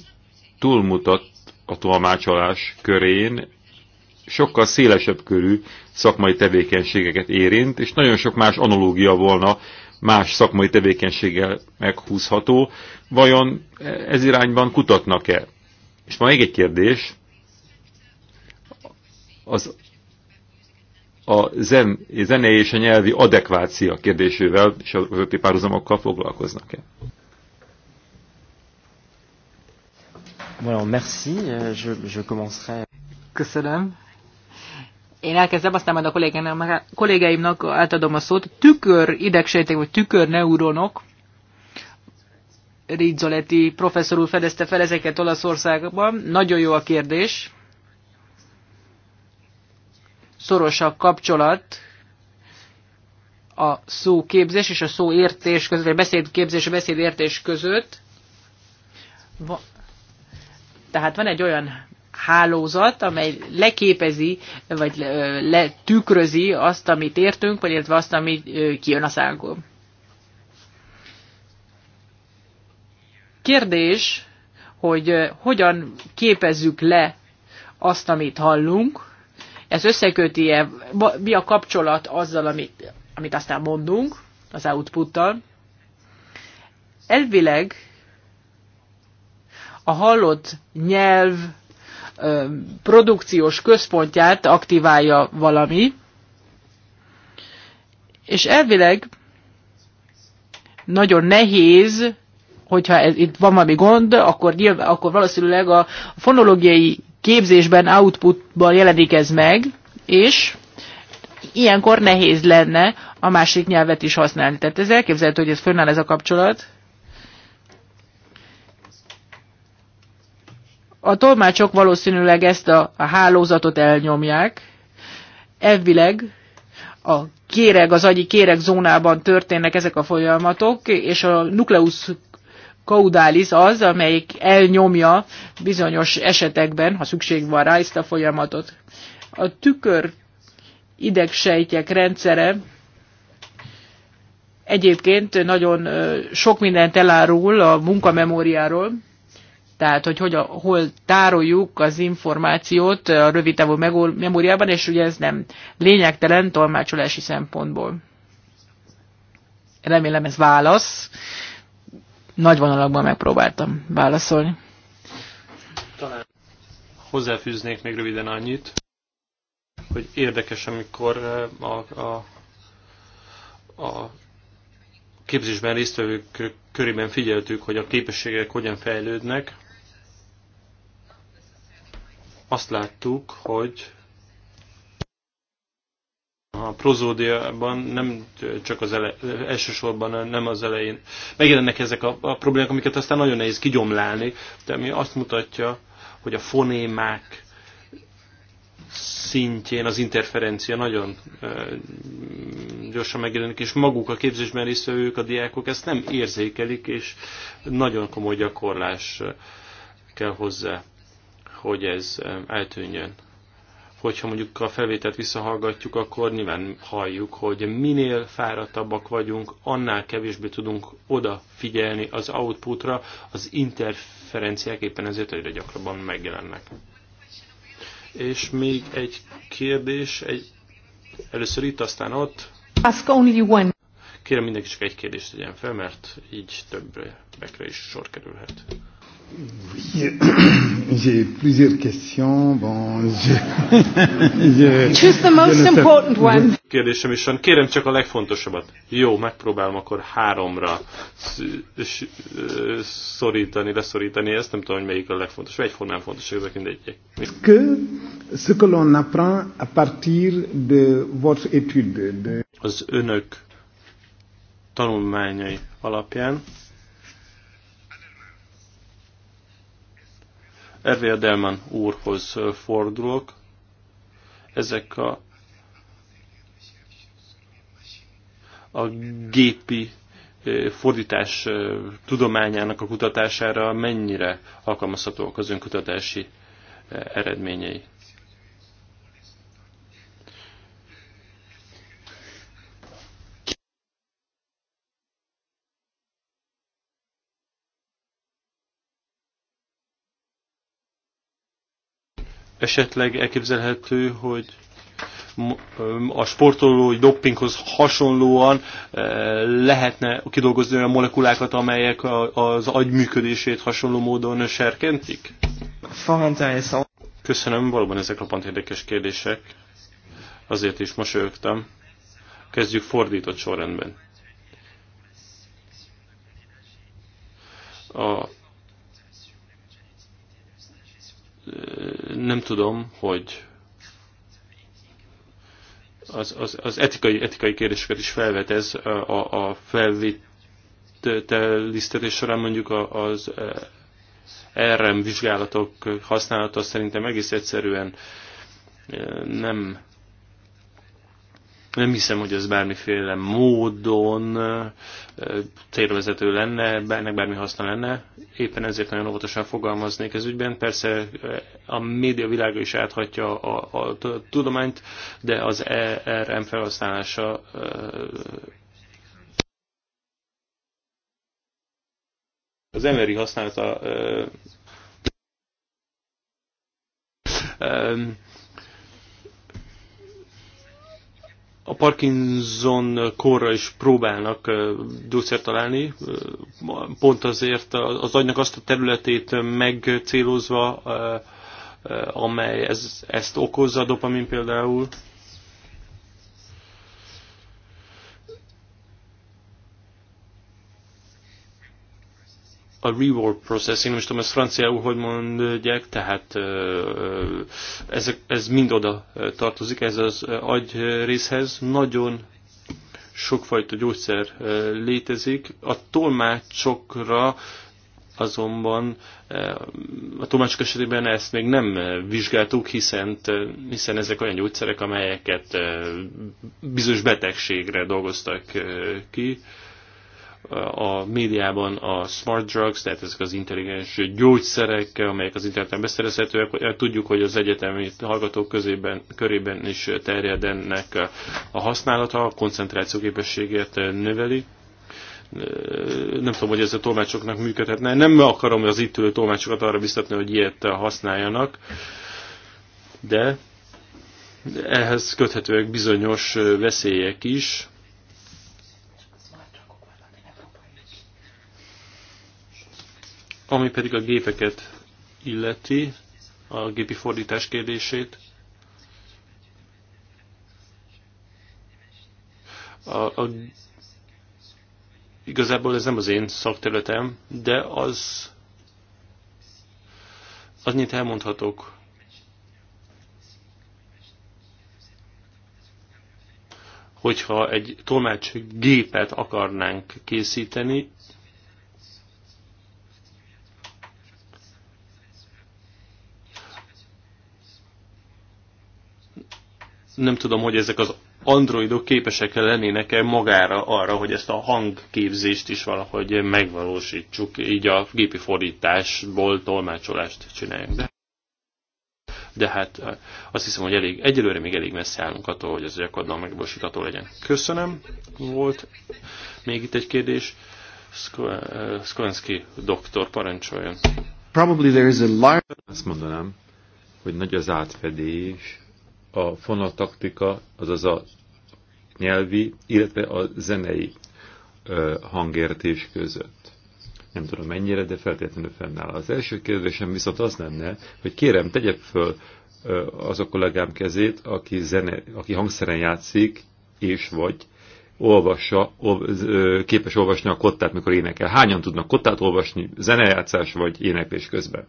túlmutat a tolmácsolás körén, sokkal szélesebb körű szakmai tevékenységeket érint, és nagyon sok más analógia volna más szakmai tevékenységgel meghúzható. Vajon ez irányban kutatnak-e? És van még egy kérdés. Az a zen, zene és a nyelvi adekvácia kérdésével és a vöpi párhuzamokkal foglalkoznak-e? Bueno, merci. Euh, je, je commencerai. Köszönöm. Én elkezdem, aztán majd a kollégáimnak átadom a szót. Tükör idegsejtek, vagy tükör neuronok. Rizzoletti professzor úr fedezte fel ezeket Olaszországban. Nagyon jó a kérdés szorosabb kapcsolat a szóképzés és a szóértés között, vagy beszédképzés és beszédértés között. Tehát van egy olyan hálózat, amely leképezi, vagy letükrözi azt, amit értünk, vagy illetve azt, ami kijön a szánkból. Kérdés, hogy hogyan képezzük le azt, amit hallunk, ez összeköti-e, mi a kapcsolat azzal, amit, amit aztán mondunk, az outputtal. Elvileg a hallott nyelv produkciós központját aktiválja valami, és elvileg nagyon nehéz, hogyha ez, itt van valami gond, akkor, nyilván, akkor valószínűleg a fonológiai képzésben, outputban jelenik ez meg, és ilyenkor nehéz lenne a másik nyelvet is használni. Tehát ez elképzelhető, hogy ez fönnáll ez a kapcsolat. A tolmácsok valószínűleg ezt a, a hálózatot elnyomják. Elvileg a kéreg, az agyi kéreg zónában történnek ezek a folyamatok, és a nukleusz kaudális az, amelyik elnyomja bizonyos esetekben, ha szükség van rá, ezt a folyamatot. A tükör idegsejtjek rendszere egyébként nagyon sok mindent elárul a munkamemóriáról, tehát hogy, hogy a, hol tároljuk az információt a rövid távú memóriában, és ugye ez nem lényegtelen tolmácsolási szempontból. Remélem ez válasz nagy vonalakban megpróbáltam válaszolni. Talán hozzáfűznék még röviden annyit, hogy érdekes, amikor eh, a, a, a képzésben résztvevők körében figyeltük, hogy a képességek hogyan fejlődnek. Azt láttuk, hogy a prozódiában nem csak az ele, elsősorban nem az elején megjelennek ezek a, a problémák, amiket aztán nagyon nehéz kigyomlálni, de ami azt mutatja, hogy a fonémák szintjén az interferencia nagyon gyorsan megjelenik, és maguk a képzésben résztvevők, a diákok ezt nem érzékelik, és nagyon komoly gyakorlás kell hozzá, hogy ez eltűnjön hogyha mondjuk a felvételt visszahallgatjuk, akkor nyilván halljuk, hogy minél fáradtabbak vagyunk, annál kevésbé tudunk odafigyelni az outputra, az interferenciák éppen ezért egyre gyakrabban megjelennek. És még egy kérdés, egy... először itt, aztán ott. Ask only one. Kérem mindenki csak egy kérdést tegyen fel, mert így többre is sor kerülhet. Euh, j'ai plusieurs questions. Bon, je, je, Choose the most je important one. Kérdésem is van. Kérem csak a legfontosabbat. Jó, megpróbálom akkor háromra szorítani, leszorítani. Ezt nem tudom, hogy melyik a legfontosabb. Egyformán fontosak ezek mindegyik. Que ce que l'on apprend à partir de votre étude. De... Az önök tanulmányai alapján Ervé úrhoz fordulok. Ezek a, a gépi fordítás tudományának a kutatására mennyire alkalmazhatóak az önkutatási eredményei. Esetleg elképzelhető, hogy a sportolói doppinghoz hasonlóan eh, lehetne kidolgozni olyan molekulákat, amelyek az agy működését hasonló módon serkentik? Köszönöm, valóban ezek roppant érdekes kérdések. Azért is mosolyogtam. Kezdjük fordított sorrendben. A nem tudom, hogy az, az, az etikai, etikai kérdéseket is felvet ez a, a felvételisztetés során mondjuk az e, RM vizsgálatok használata szerintem egész egyszerűen e, nem nem hiszem, hogy ez bármiféle módon célvezető lenne, ennek bármi haszna lenne. Éppen ezért nagyon óvatosan fogalmaznék ez ügyben. Persze a média világa is áthatja a, a, tudományt, de az ERM felhasználása az emberi használata a Parkinson korra is próbálnak gyógyszert találni, pont azért az agynak azt a területét megcélozva, amely ez, ezt okozza, a dopamin például, a reward processing, most tudom ezt franciául hogy mondják, tehát ez, ez mind oda tartozik, ez az agy részhez. Nagyon sokfajta gyógyszer létezik. A tolmácsokra azonban a tolmácsok esetében ezt még nem vizsgáltuk, hiszen, hiszen ezek olyan gyógyszerek, amelyeket bizonyos betegségre dolgoztak ki a médiában a smart drugs, tehát ezek az intelligens gyógyszerek, amelyek az interneten beszerezhetőek. Tudjuk, hogy az egyetemi hallgatók közében, körében is terjed ennek a használata, a koncentrációképességét növeli. Nem tudom, hogy ez a tolmácsoknak működhetne. Nem akarom az itt ülő tolmácsokat arra biztatni, hogy ilyet használjanak, de ehhez köthetőek bizonyos veszélyek is, Ami pedig a gépeket illeti, a gépi fordítás kérdését, a, a, igazából ez nem az én szakterületem, de az annyit elmondhatok, hogyha egy tolmács gépet akarnánk készíteni, nem tudom, hogy ezek az androidok képesek lennének-e magára arra, hogy ezt a hangképzést is valahogy megvalósítsuk, így a gépi fordításból tolmácsolást csináljunk. De, de hát eh, azt hiszem, hogy elég, egyelőre még elég messze állunk attól, hogy ez gyakorlatilag megvalósítható legyen. Köszönöm. Volt még itt egy kérdés. Eh, Skolenski doktor, parancsoljon. Probably there is a large... Azt mondanám, hogy nagy az átfedés a fonotaktika, azaz a nyelvi, illetve a zenei hangértés között. Nem tudom mennyire, de feltétlenül fennáll. Az első kérdésem viszont az lenne, hogy kérem, tegyek föl a kollégám kezét, aki, zene, aki hangszeren játszik, és vagy olvassa, ol, képes olvasni a kottát, mikor énekel. Hányan tudnak kottát olvasni zenejátszás vagy éneklés közben?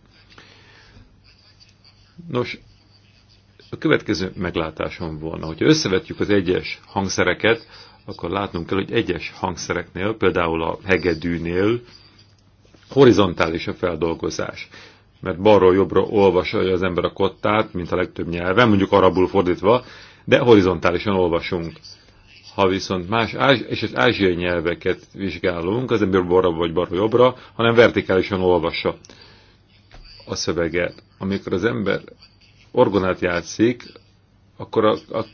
Nos, a következő meglátásom volna, hogyha összevetjük az egyes hangszereket, akkor látnunk kell, hogy egyes hangszereknél, például a hegedűnél horizontális a feldolgozás. Mert balról jobbra olvasolja az ember a kottát, mint a legtöbb nyelven, mondjuk arabul fordítva, de horizontálisan olvasunk. Ha viszont más, és az ázsiai nyelveket vizsgálunk, az ember balra vagy balra jobbra, hanem vertikálisan olvassa a szöveget. Amikor az ember orgonát játszik, akkor a, a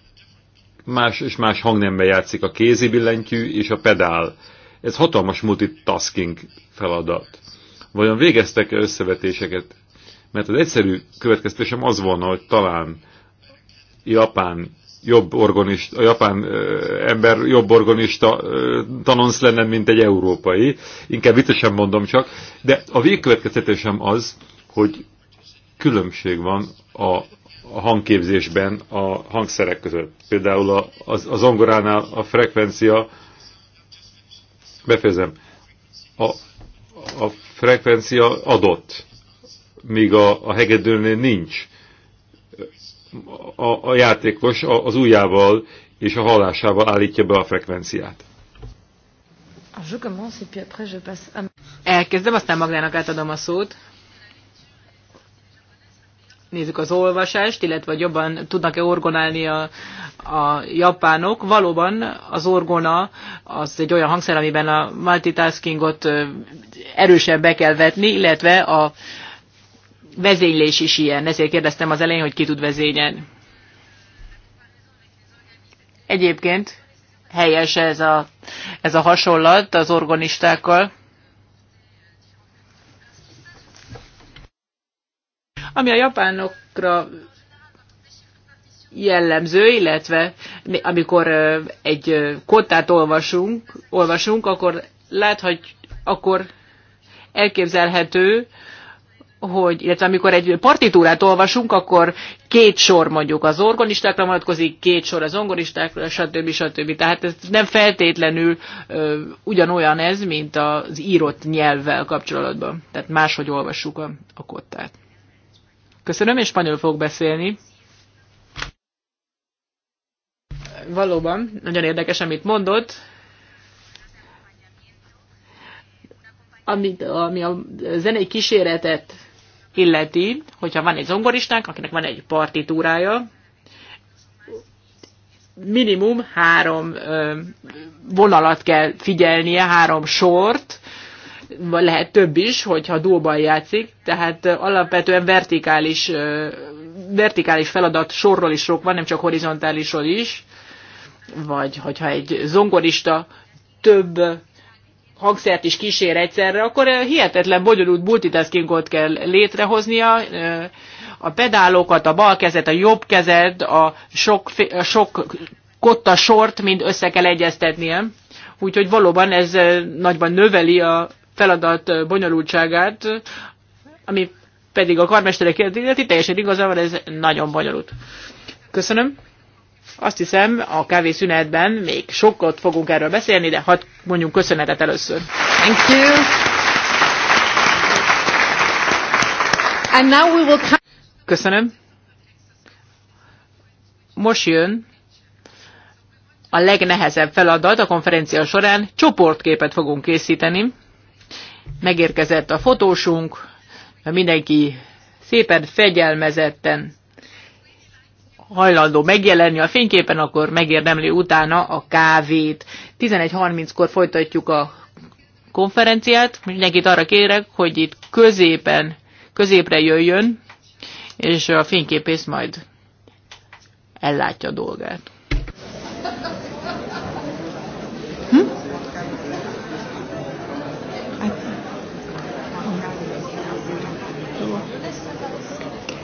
más és más hangnemben játszik a kézi billentyű és a pedál. Ez hatalmas multitasking feladat. Vajon végeztek-e összevetéseket? Mert az egyszerű következtésem az volna, hogy talán Japán jobb orgonista, a japán ö, ember jobb orgonista ö, tanonsz lenne, mint egy európai. Inkább viccesen mondom csak. De a végkövetkeztetésem az, hogy különbség van a a hangképzésben a hangszerek között. Például az, az zongoránál a frekvencia, befejezem, a, a frekvencia adott, míg a, a hegedőnél nincs. A, a játékos az ujjával és a hallásával állítja be a frekvenciát. Ah, Elkezdem, aztán Magdának átadom a szót nézzük az olvasást, illetve jobban tudnak-e orgonálni a, a japánok. Valóban az orgona az egy olyan hangszer, amiben a multitaskingot erősen be kell vetni, illetve a vezénylés is ilyen. Ezért kérdeztem az elején, hogy ki tud vezényelni. Egyébként helyes ez a, ez a hasonlat az orgonistákkal. ami a japánokra jellemző, illetve amikor egy kottát olvasunk, olvasunk akkor láthat, akkor elképzelhető, hogy, illetve amikor egy partitúrát olvasunk, akkor két sor mondjuk az orgonistákra vonatkozik, két sor az ongoristákra, stb. stb. Tehát ez nem feltétlenül ö, ugyanolyan ez, mint az írott nyelvvel kapcsolatban. Tehát máshogy olvassuk a, a kottát. Köszönöm, és spanyol fog beszélni. Valóban, nagyon érdekes, amit mondott. Amit, ami a zenei kíséretet illeti, hogyha van egy zongoristánk, akinek van egy partitúrája, minimum három vonalat kell figyelnie, három sort, vagy lehet több is, hogyha dóban játszik, tehát alapvetően vertikális, vertikális feladat sorról is sok van, nem csak horizontálisról is, vagy hogyha egy zongorista több hangszert is kísér egyszerre, akkor hihetetlen bonyolult multitaskingot kell létrehoznia, a pedálokat, a bal kezet, a jobb kezet, a sok, a sok kotta sort mind össze kell egyeztetnie. Úgyhogy valóban ez nagyban növeli a feladat bonyolultságát, ami pedig a karmesterek illeti, teljesen van, ez nagyon bonyolult. Köszönöm. Azt hiszem, a kávészünetben még sokat fogunk erről beszélni, de hadd mondjunk köszönetet először. Thank you. And now we will come... Köszönöm. Most jön a legnehezebb feladat a konferencia során, csoportképet fogunk készíteni megérkezett a fotósunk, mindenki szépen fegyelmezetten hajlandó megjelenni a fényképen, akkor megérdemli utána a kávét. 11.30-kor folytatjuk a konferenciát. Mindenkit arra kérek, hogy itt középen, középre jöjjön, és a fényképész majd ellátja a dolgát. Hm?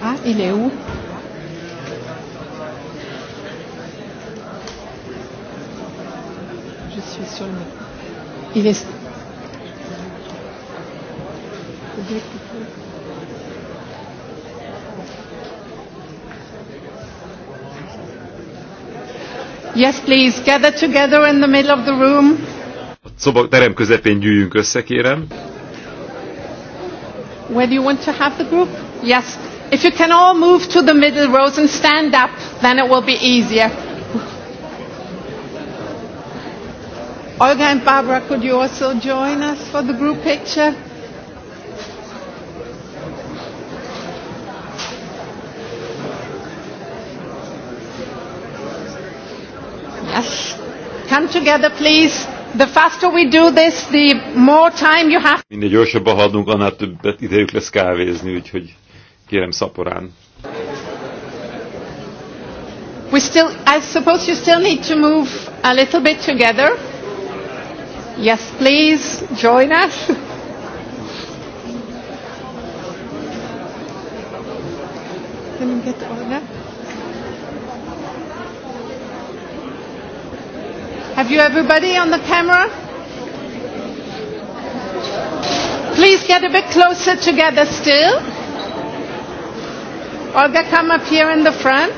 Ah, il est où Je suis sur le. Il est. Yes, please, gather together in the middle of the room. A szoba terem közepén gyűjünk össze, kérem. Where do you want to have the group? Yes, If you can all move to the middle rows and stand up, then it will be easier. Olga and Barbara, could you also join us for the group picture? Yes. Come together, please. The faster we do this, the more time you have. Minél gyorsabban haladunk, annál többet idejük lesz kávézni, úgyhogy Kérem szaporán. We still, I suppose you still need to move a little bit together. Yes, please join us. Can you get order? Have you everybody on the camera? Please get a bit closer together still. Olga, come up here in the front.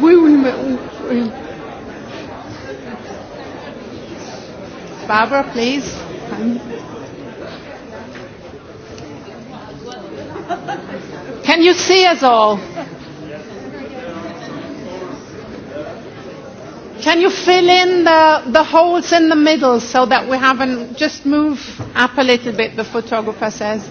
Oui, oui, oui. Barbara, please. Can you see us all? Can you fill in the, the holes in the middle so that we haven't just move up a little bit, the photographer says.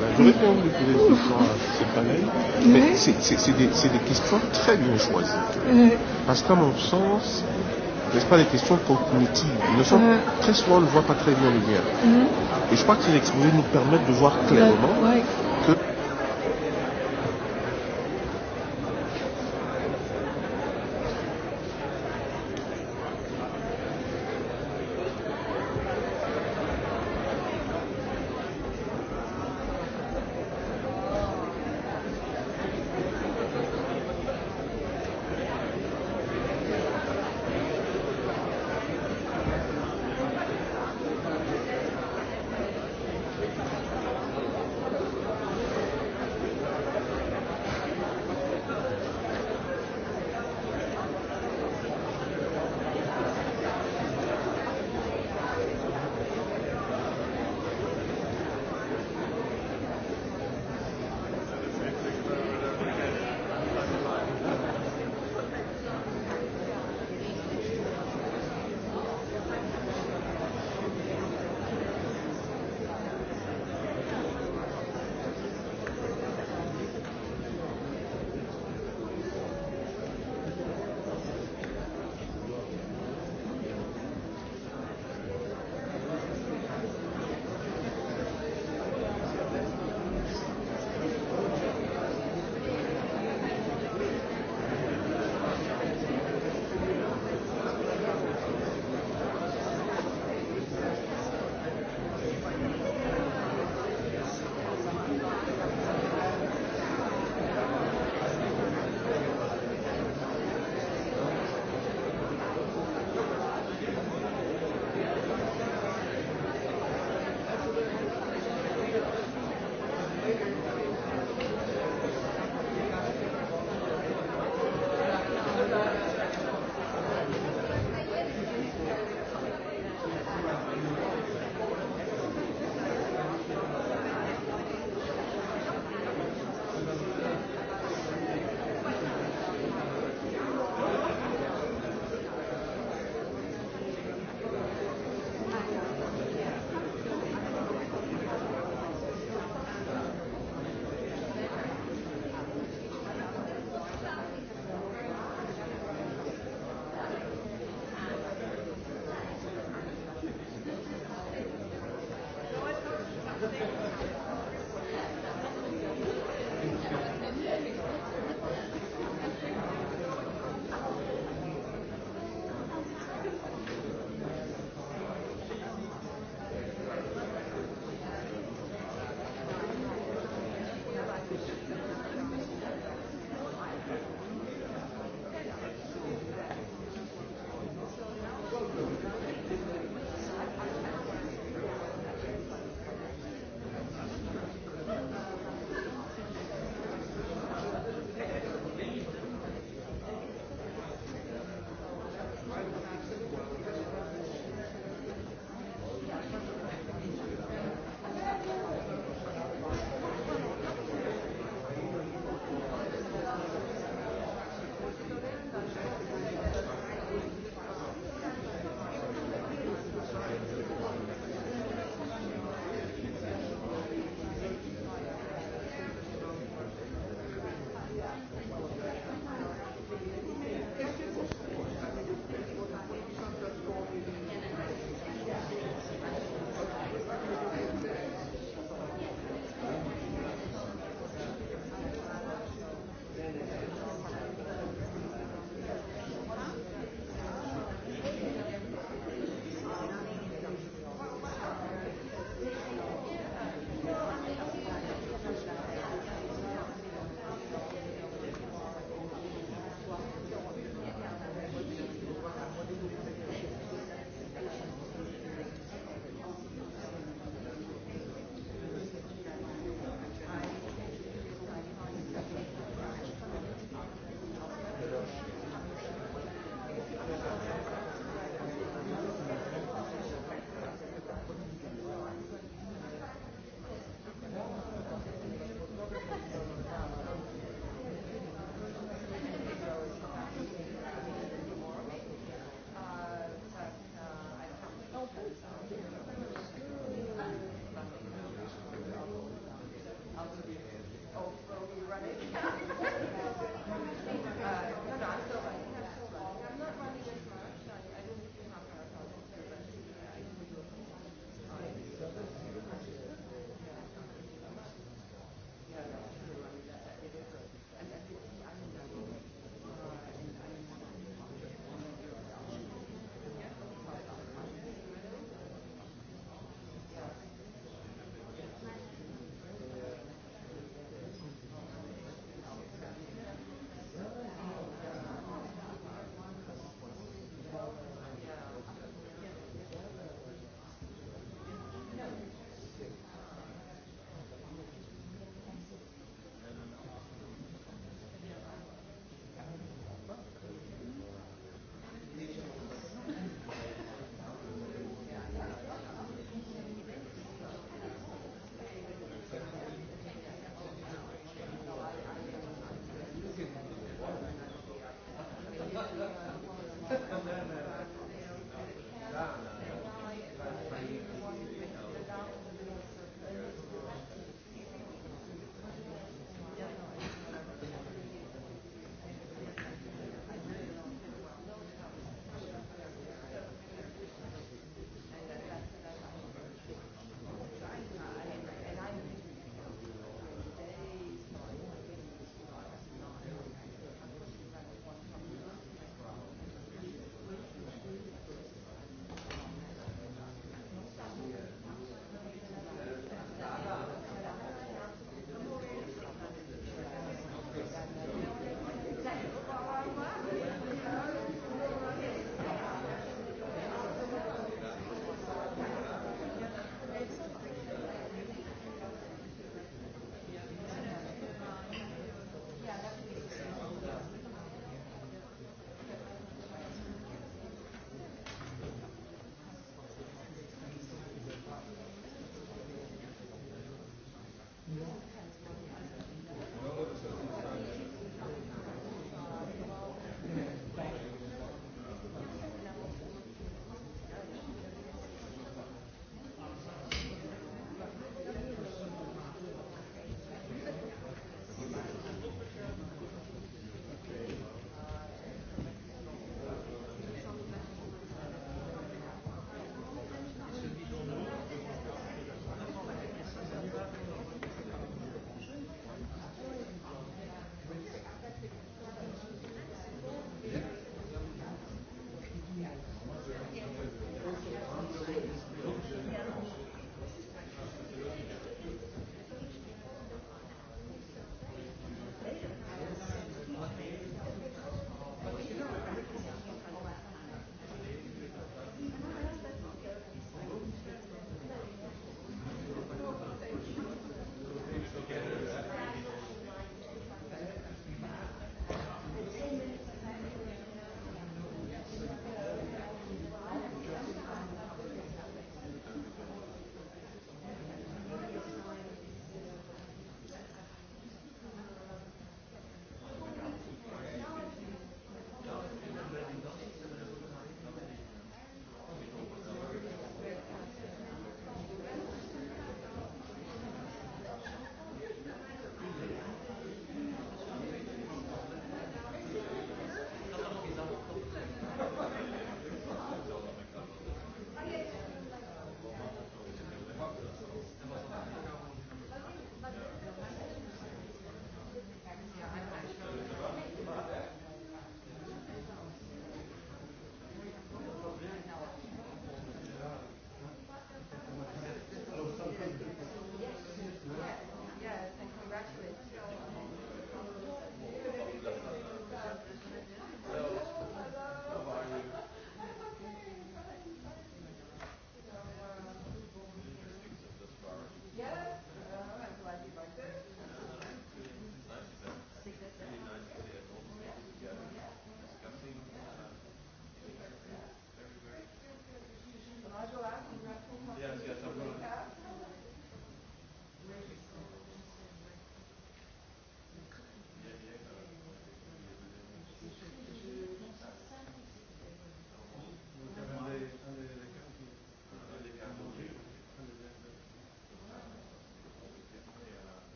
Mais c'est des, des questions très bien choisies. Euh, Parce qu'à mon sens, n'est-ce pas, des questions cognitives. Ne sont, euh. très souvent, on ne voit pas très bien les liens. Mm-hmm. Et je crois que ces exposés nous permettent de voir clairement que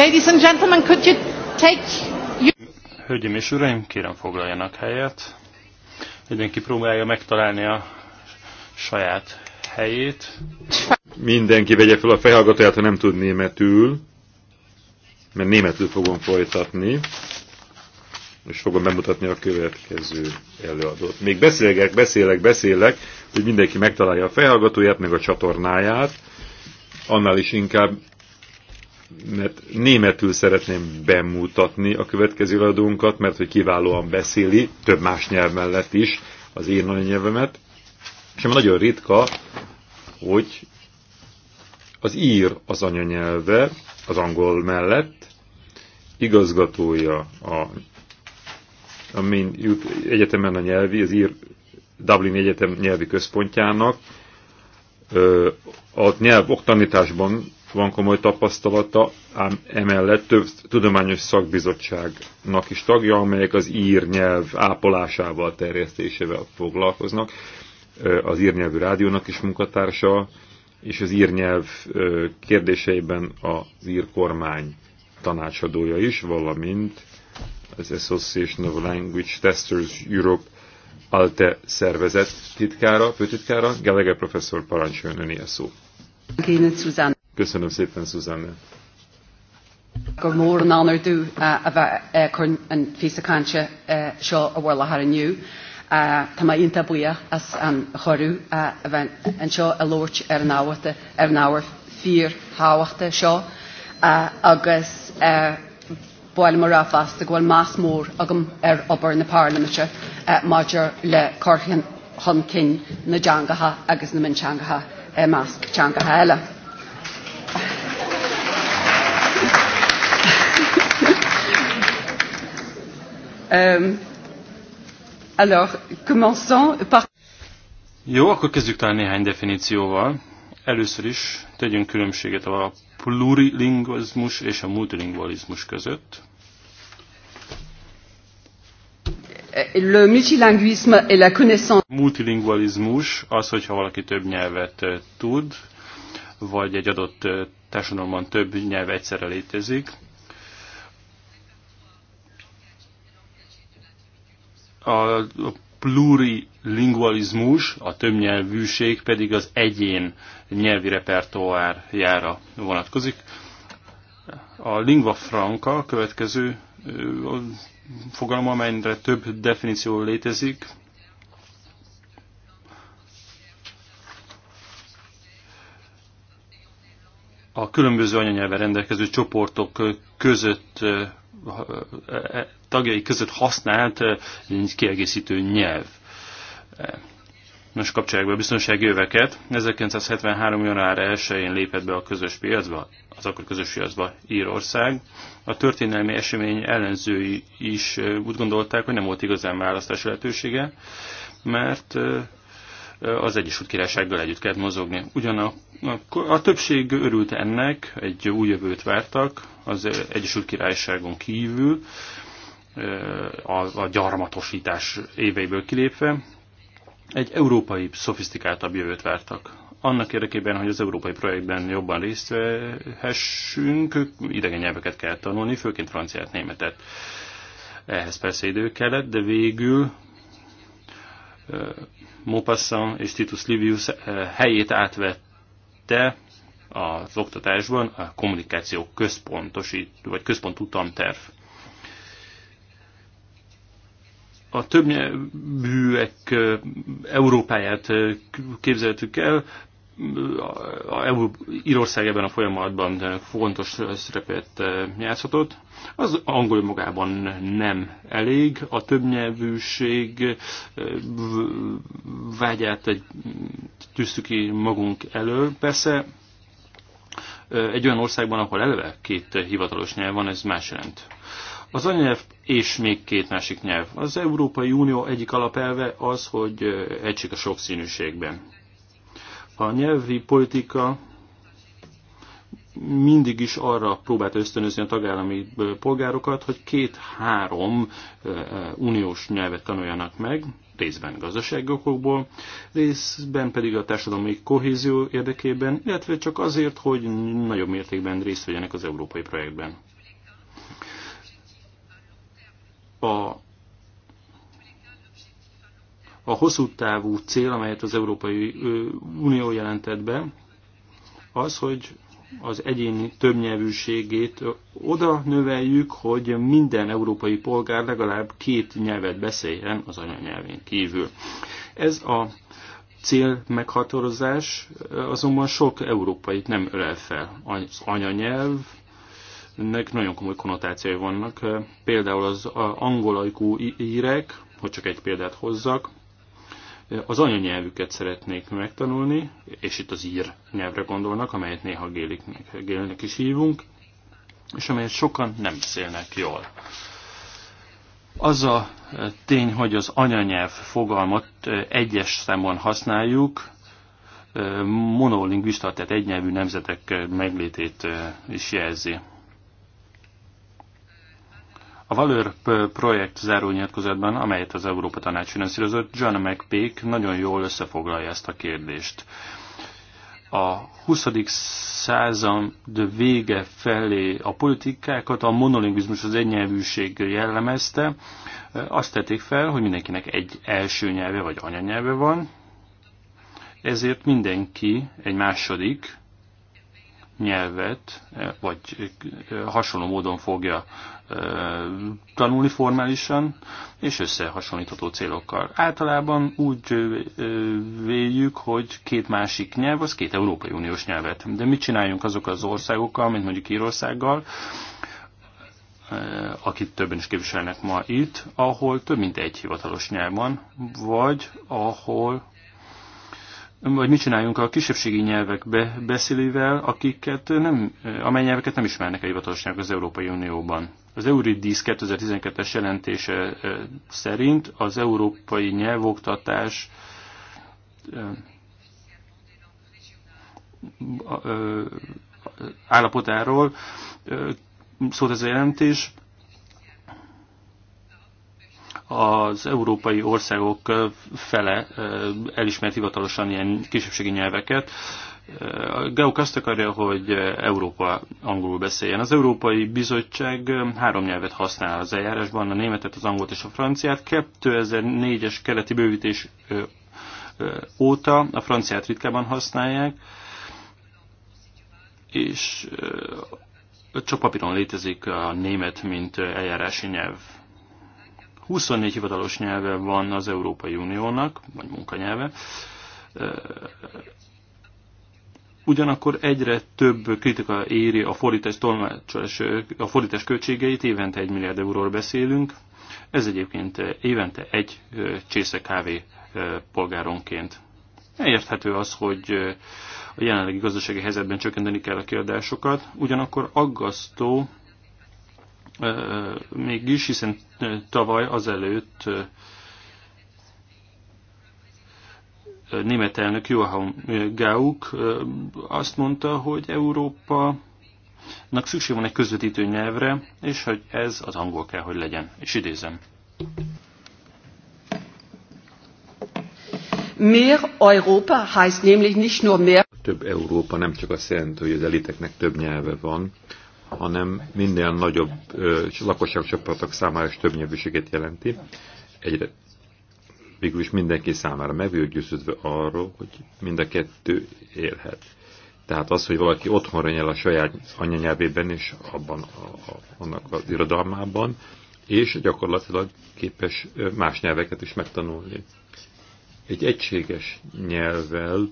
Ladies and gentlemen, could you take... Hölgyeim és uraim, kérem foglaljanak helyet. Mindenki próbálja megtalálni a saját helyét. Mindenki vegye fel a fejhallgatóját, ha nem tud németül, mert németül fogom folytatni, és fogom bemutatni a következő előadót. Még beszélgek, beszélek, beszélek, hogy mindenki megtalálja a fejhallgatóját, meg a csatornáját, annál is inkább, mert németül szeretném bemutatni a következő előadónkat, mert hogy kiválóan beszéli, több más nyelv mellett is az én anyanyelvemet, és nagyon ritka, hogy az ír az anyanyelve, az angol mellett, igazgatója a, a Main Egyetemen a nyelvi, az ír Dublin Egyetem nyelvi központjának, a nyelv oktanításban van komoly tapasztalata, ám emellett több tudományos szakbizottságnak is tagja, amelyek az ír nyelv ápolásával, terjesztésével foglalkoznak. Az írnyelvű rádiónak is munkatársa, és az írnyelv kérdéseiben az ír kormány tanácsadója is, valamint az Association of Language Testers Europe ALTE szervezet titkára, főtitkára, Gallagher professzor parancsoljon a szó. Köszönöm szépen, Szuzanne. Go mór an anar dú a bheith eh, chun an físacáse eh, seo a bhharla har aniu. Eh, tá má inta buia as an chorú a bheith an seo a lóirt ar an ar an fír háhachta seo agus bhil mar ráfasta bhfuil más mór agam ar obair na pálamete maidir le corthain chun cin na deangatha agus na minseangatha másc teangatha eile. Euh, Jó, akkor kezdjük talán néhány definícióval. Először is tegyünk különbséget a plurilingvizmus és a multilingualizmus között. Le multilinguisme et la connaissance. Multilingualizmus az, hogyha valaki több nyelvet tud, vagy egy adott társadalomban több nyelv egyszerre létezik. A plurilingualizmus, a többnyelvűség pedig az egyén nyelvi repertoárjára vonatkozik. A lingua franca következő fogalma, amelyre több definíció létezik, a különböző anyanyelven rendelkező csoportok között, e, e, tagjai között használt kiegészítő nyelv. Nos, e, kapcsolják be a biztonsági öveket. 1973. január 1-én lépett be a közös piacba, az akkor közös piacba Írország. A történelmi esemény ellenzői is úgy gondolták, hogy nem volt igazán választás lehetősége, mert az Egyesült Királysággal együtt kellett mozogni. Ugyanakkor a többség örült ennek, egy új jövőt vártak az Egyesült Királyságon kívül, a, a gyarmatosítás éveiből kilépve. Egy európai, szofisztikáltabb jövőt vártak. Annak érdekében, hogy az európai projektben jobban részt vehessünk, idegen nyelveket kell tanulni, főként franciát, németet. Ehhez persze idő kellett, de végül Mopassan és Titus Livius helyét átvett de az oktatásban a kommunikáció központosít, vagy központú tanterv. A több nyelvűek Európáját képzeltük el, a Írország ebben a folyamatban fontos szerepet eh, játszhatott. Az angol magában nem elég, a többnyelvűség eh, vágyát egy, tűztük ki magunk elől. Persze eh, egy olyan országban, ahol eleve két hivatalos nyelv van, ez más jelent. Az anyanyelv és még két másik nyelv. Az Európai Unió egyik alapelve az, hogy egység a sokszínűségben a nyelvi politika mindig is arra próbált ösztönözni a tagállami polgárokat, hogy két-három uniós nyelvet tanuljanak meg, részben gazdasági okokból, részben pedig a társadalmi kohézió érdekében, illetve csak azért, hogy nagyobb mértékben részt vegyenek az európai projektben. A a hosszú távú cél, amelyet az Európai Unió jelentett be, az, hogy az egyéni többnyelvűségét oda növeljük, hogy minden európai polgár legalább két nyelvet beszéljen az anyanyelvén kívül. Ez a cél meghatározás azonban sok európait nem ölel fel. Az anyanyelv, ennek nagyon komoly konnotációi vannak. Például az angolajkú írek, hogy csak egy példát hozzak, az anyanyelvüket szeretnék megtanulni, és itt az ír nyelvre gondolnak, amelyet néha géliknek, gélnek is hívunk, és amelyet sokan nem beszélnek jól. Az a e, tény, hogy az anyanyelv fogalmat e, egyes számon használjuk, e, monolingvista, tehát egynyelvű nemzetek meglétét is jelzi. A Valor projekt nyilatkozatban, amelyet az Európa Tanács finanszírozott, John McPeak nagyon jól összefoglalja ezt a kérdést. A 20. század vége felé a politikákat a monolingvizmus, az egynyelvűség jellemezte. Azt tették fel, hogy mindenkinek egy első nyelve vagy anyanyelve van, ezért mindenki egy második nyelvet, vagy eh, hasonló módon fogja tanulni formálisan, és összehasonlítható célokkal. Általában úgy véljük, hogy két másik nyelv, az két Európai Uniós nyelvet. De mit csináljunk azok az országokkal, mint mondjuk Írországgal, akit többen is képviselnek ma itt, ahol több mint egy hivatalos nyelv van, vagy ahol vagy mit csináljunk a kisebbségi nyelvek be, beszélővel, akiket nem, eh, amely nyelveket nem ismernek a hivatalos nyelvek az Európai Unióban. Az Euridis 2012-es jelentése eh, szerint az európai nyelvoktatás eh, állapotáról szólt ez a jelentés, az európai országok fele elismert hivatalosan ilyen kisebbségi nyelveket. Geuk azt akarja, hogy Európa angolul beszéljen. Az Európai Bizottság három nyelvet használ az eljárásban, a németet, az angolt és a franciát. 2004-es keleti bővítés óta a franciát ritkában használják, és csak papíron létezik a német, mint eljárási nyelv. 24 hivatalos nyelve van az Európai Uniónak, vagy munkanyelve. Ugyanakkor egyre több kritika éri a fordítás, tolmácsos, a fordítás költségeit, évente 1 milliárd euróról beszélünk. Ez egyébként évente egy csésze kávé polgáronként. Érthető az, hogy a jelenlegi gazdasági helyzetben csökkenteni kell a kiadásokat, ugyanakkor aggasztó, mégis, hiszen tavaly azelőtt német elnök Joachim Gauck azt mondta, hogy Európa nak szükség van egy közvetítő nyelvre, és hogy ez az angol kell, hogy legyen. És idézem. Mér Európa heißt nämlich nicht nur mehr. Több Európa nem csak azt jelenti, hogy az eliteknek több nyelve van, hanem minden nagyobb lakosságcsoportok számára is nyelvűséget jelenti. Egyre végül is mindenki számára meg arról, hogy mind a kettő élhet. Tehát az, hogy valaki otthon nyel a saját anyanyelvében és abban a, a, annak az irodalmában, és gyakorlatilag képes más nyelveket is megtanulni. Egy egységes nyelvvel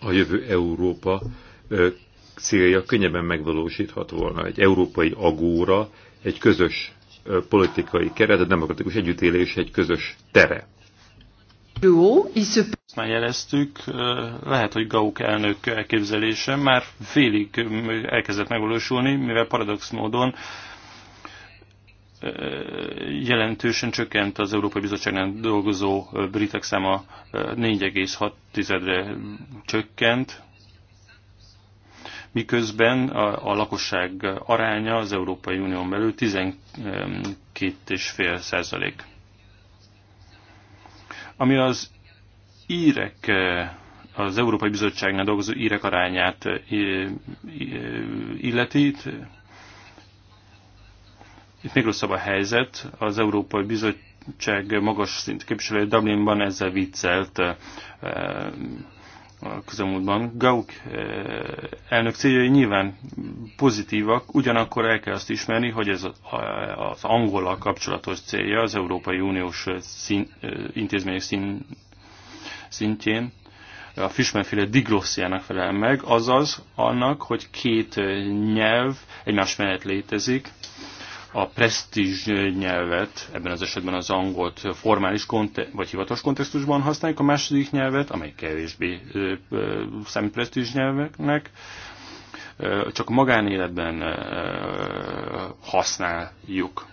a jövő Európa célja könnyebben megvalósíthat volna. Egy európai agóra, egy közös politikai keret, a demokratikus együttélés egy közös tere. Ezt már jeleztük, lehet, hogy Gauk elnök elképzelése már félig elkezdett megvalósulni, mivel paradox módon jelentősen csökkent az Európai Bizottságnál dolgozó britek száma 4,6-re csökkent, miközben a, a lakosság aránya az Európai Unión belül 12,5 százalék. Ami az írek, az Európai Bizottságnál dolgozó írek arányát illeti, itt még rosszabb a helyzet, az Európai Bizottság magas szint képviselője Dublinban ezzel viccelt a közelmúltban. Gauk eh, elnök céljai nyilván pozitívak, ugyanakkor el kell azt ismerni, hogy ez az angolal kapcsolatos célja az Európai Uniós eh, szín, eh, intézmények szín, szintjén a Fishman-féle diglossziának felel meg, azaz annak, hogy két nyelv egymás mellett létezik, a presztízs nyelvet, ebben az esetben az angolt formális vagy hivatalos kontextusban használjuk, a második nyelvet, amely kevésbé számít presztízs nyelveknek, csak a magánéletben használjuk.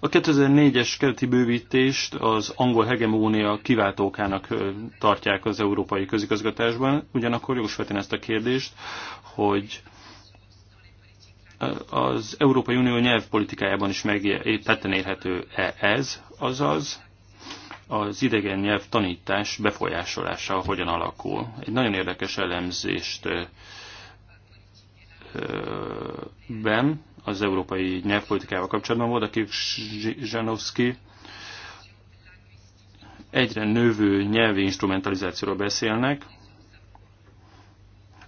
A 2004-es keleti bővítést az angol hegemónia kiváltókának tartják az európai közigazgatásban, ugyanakkor jogos ezt a kérdést, hogy az Európai Unió nyelvpolitikájában is meg, tetten érhető -e ez, azaz az idegen nyelv tanítás befolyásolása hogyan alakul. Egy nagyon érdekes elemzést ben az európai nyelvpolitikával kapcsolatban volt, aki Zsanovszki egyre növő nyelvi instrumentalizációról beszélnek,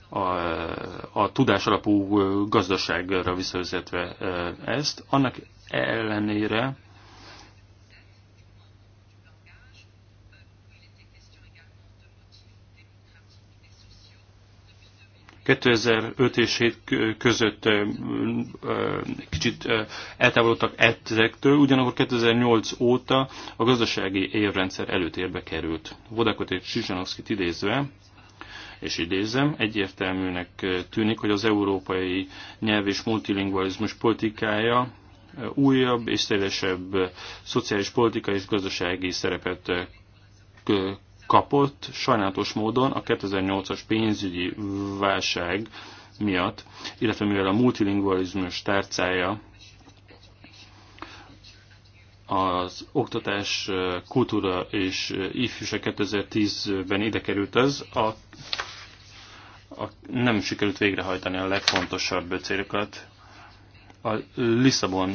a, a tudás alapú gazdaságra visszavezetve ezt. Annak ellenére ...2005 és 7 között kicsit eltávolodtak ettektől, ugyanakkor 2008 óta a gazdasági évrendszer előtérbe került. Vodakot és Zsizsanovszkit idézve, és idézem, egyértelműnek tűnik, hogy az európai nyelv és multilingualizmus politikája újabb és szélesebb szociális, politikai és gazdasági szerepet kapott, sajnálatos módon a 2008-as pénzügyi válság miatt, illetve mivel a multilingualizmus tárcája az oktatás, kultúra és ifjúság 2010-ben ide került az, a a, nem sikerült végrehajtani a legfontosabb célokat. A Lisszabon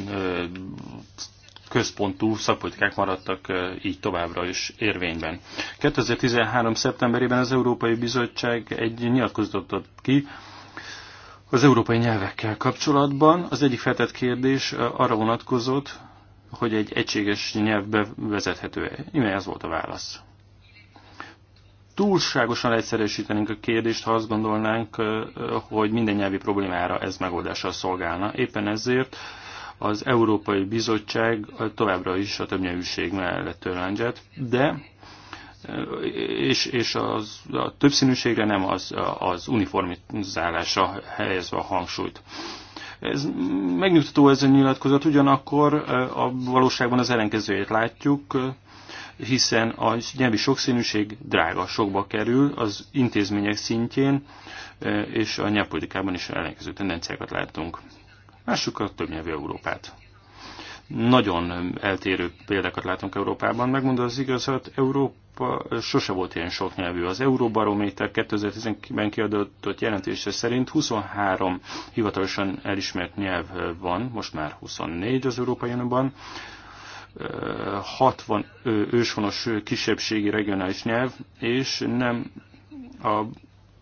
központú szakpolitikák maradtak így továbbra is érvényben. 2013. szeptemberében az Európai Bizottság egy nyilatkozatot adott ki, az európai nyelvekkel kapcsolatban az egyik feltett kérdés arra vonatkozott, hogy egy egységes nyelv bevezethető-e. Ime ez volt a válasz túlságosan egyszerűsítenénk a kérdést, ha azt gondolnánk, hogy minden nyelvi problémára ez megoldással szolgálna. Éppen ezért az Európai Bizottság továbbra is a többnyelvűség mellett törlendzett, de és, és az, a többszínűségre nem az, az uniformizálásra helyezve a hangsúlyt. Ez megnyugtató ez a nyilatkozat, ugyanakkor a valóságban az ellenkezőjét látjuk, hiszen a nyelvi sokszínűség drága, sokba kerül az intézmények szintjén, e, és a nyelvpolitikában is ellenkező tendenciákat látunk. Lássuk a többnyelvű Európát. Nagyon eltérő példákat látunk Európában. Megmondom az igazat, Európa sose volt ilyen sok nyelvű. Az Euróbarométer 2010-ben kiadott jelentése szerint 23 hivatalosan elismert nyelv van, most már 24 az Európai Unióban. 60 őshonos kisebbségi regionális nyelv, és nem a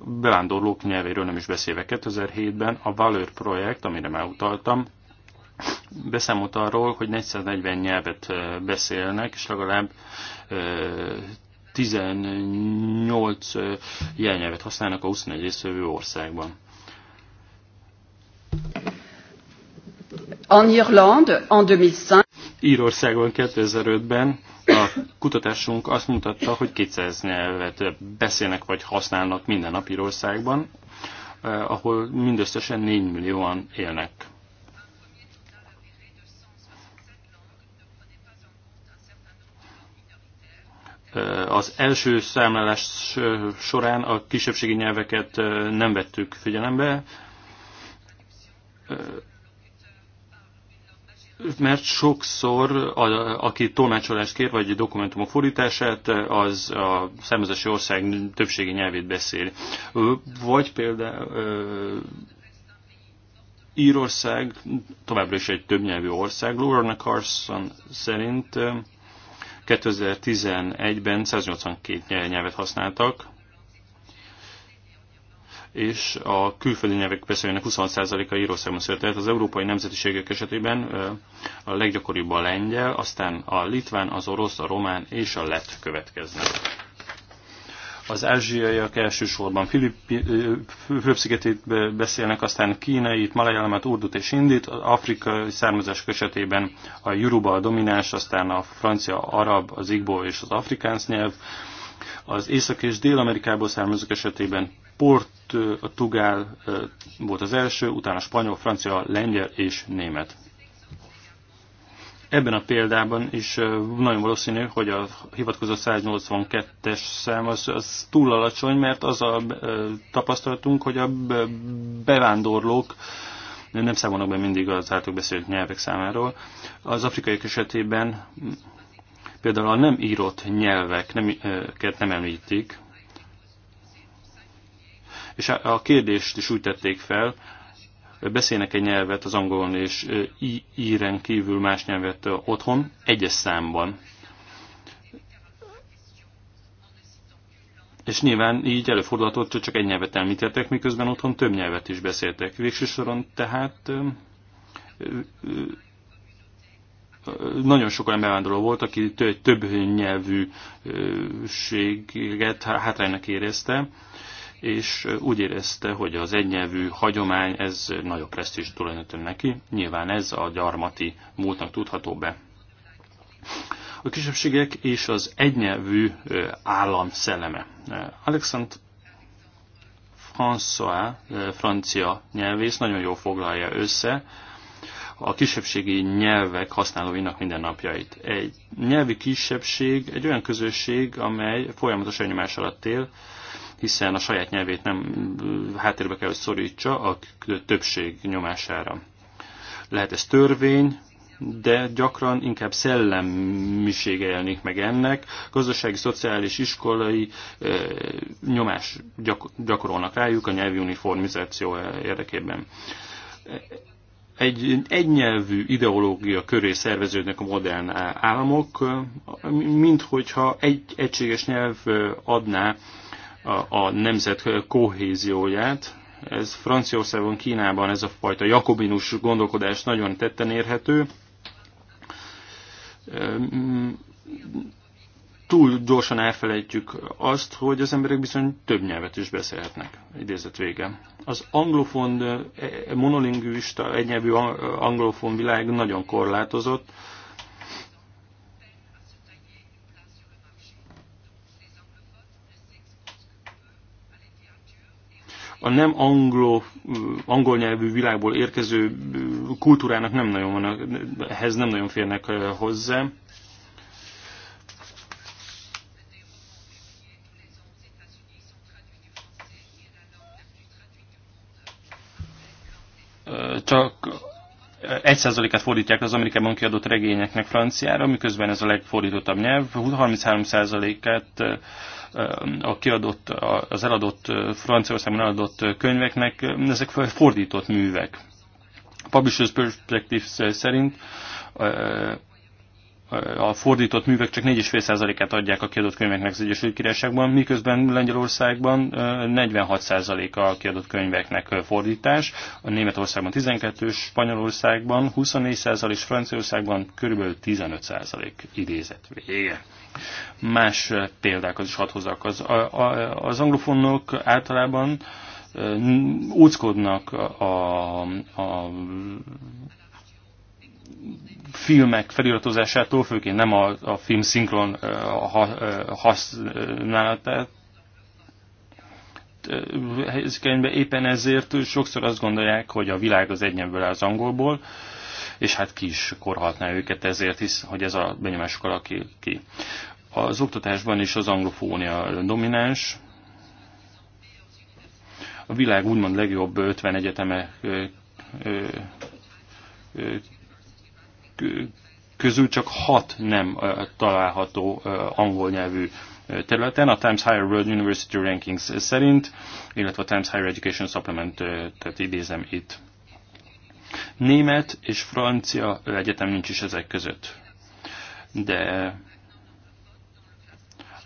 bevándorlók nyelvéről nem is beszélve. 2007-ben a Valor projekt, amire már utaltam, beszámolt arról, hogy 440 nyelvet beszélnek, és legalább 18 jelnyelvet használnak a 21 részvevő országban. En Irlande, en 2005, Írországon 2005-ben a kutatásunk azt mutatta, hogy 200 nyelvet beszélnek vagy használnak minden nap Írországban, eh, ahol mindösszesen 4 millióan élnek. Eh, az első számlálás során a kisebbségi nyelveket eh, nem vettük figyelembe, mert sokszor, a, aki tolmácsolást kér, vagy dokumentumok fordítását, az a szemezési ország többségi nyelvét beszél. Vagy például Írország továbbra is egy többnyelvű ország. Lorna Carson szerint 2011-ben 182 nyelvet használtak, és a külföldi nyelvek beszélőnek 20%-a Írországban született. Az európai nemzetiségek esetében a leggyakoribb a lengyel, aztán a litván, az orosz, a román és a lett következnek. Az ázsiaiak elsősorban Fülöp-szigetét beszélnek, aztán kínait, malajalmat, urdut és indit, az afrikai származások esetében a juruba a domináns, aztán a francia, arab, az igbo és az afrikáns nyelv, az Észak- és Dél-Amerikából származók esetében Port a Tugál volt az első, utána spanyol, francia, lengyel és német. Ebben a példában is nagyon valószínű, hogy a hivatkozott 182-es szám az, az túl alacsony, mert az a tapasztalatunk, hogy a bevándorlók nem számolnak be mindig az általuk beszélt nyelvek számáról. Az afrikai esetében például a nem írott nyelveket nem említik, és a kérdést is úgy tették fel, beszélnek egy nyelvet az angolon és íren kívül más nyelvet otthon, egyes számban. És nyilván így előfordulhatott, hogy csak egy nyelvet említettek, miközben otthon több nyelvet is beszéltek. Végső soron tehát nagyon sok olyan bevándorló volt, aki több nyelvűséget hátránynak érezte, és úgy érezte, hogy az egynyelvű hagyomány, ez nagyobb presztízs tulajdonítani neki. Nyilván ez a gyarmati múltnak tudható be. A kisebbségek és az egynyelvű állam szelleme. Alexandre François, francia nyelvész, nagyon jól foglalja össze a kisebbségi nyelvek használóinak mindennapjait. Egy nyelvi kisebbség egy olyan közösség, amely folyamatos elnyomás alatt él, hiszen a saját nyelvét nem háttérbe kell, hogy szorítsa a többség nyomására. Lehet ez törvény, de gyakran inkább szellemisége jelenik meg ennek. Gazdasági, szociális, iskolai e, nyomás gyakor gyakorolnak rájuk a nyelvi uniformizáció érdekében. Egy egynyelvű ideológia köré szerveződnek a modern államok, minthogyha egy egységes nyelv adná a, a nemzet kohézióját. Ez franciaországon Kínában ez a fajta jakobinus gondolkodás nagyon tetten érhető. Túl gyorsan elfelejtjük azt, hogy az emberek bizony több nyelvet is beszélhetnek. Idézet vége. Az anglofon, eh, monolingvista, egynyelvű anglofon világ nagyon korlátozott a nem anglo, angol nyelvű világból érkező kultúrának nem nagyon van, ehhez nem nagyon férnek hozzá. Csak 1%-át fordítják az Amerikában kiadott regényeknek franciára, miközben ez a legfordítottabb nyelv, 33%-át a kiadott, az eladott, Franciaországban eladott könyveknek, ezek fordított művek. Publishers Perspectives szerint a fordított művek csak 4,5%-át adják a kiadott könyveknek az Egyesült Királyságban, miközben Lengyelországban 46% a kiadott könyveknek fordítás, a Németországban 12, Spanyolországban 24% és Franciaországban kb. 15% idézet vége. Más példákat is hadd hozzak. Az, az anglofonok általában óckodnak a, a filmek feliratozásától, főként nem a, a film szinkron használatát, helyezkedésben éppen ezért sokszor azt gondolják, hogy a világ az egyenből az angolból, és hát ki is korhatná őket ezért, hisz, hogy ez a benyomásuk alakul ki. Az oktatásban is az anglofónia domináns, a világ úgymond legjobb 50 egyeteme közül csak hat nem található angol nyelvű területen. A Times Higher World University Rankings szerint, illetve a Times Higher Education Supplement, tehát idézem itt. Német és francia egyetem nincs is ezek között. De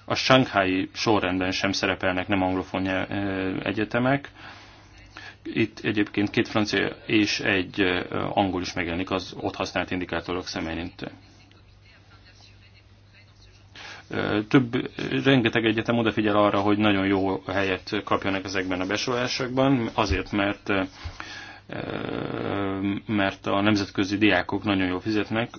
a Shanghai sorrendben sem szerepelnek nem anglofon egyetemek, itt egyébként két francia és egy angol is megjelenik az ott használt indikátorok szemelint. Több, rengeteg egyetem odafigyel arra, hogy nagyon jó helyet kapjanak ezekben a besorolásokban, azért, mert mert a nemzetközi diákok nagyon jól fizetnek,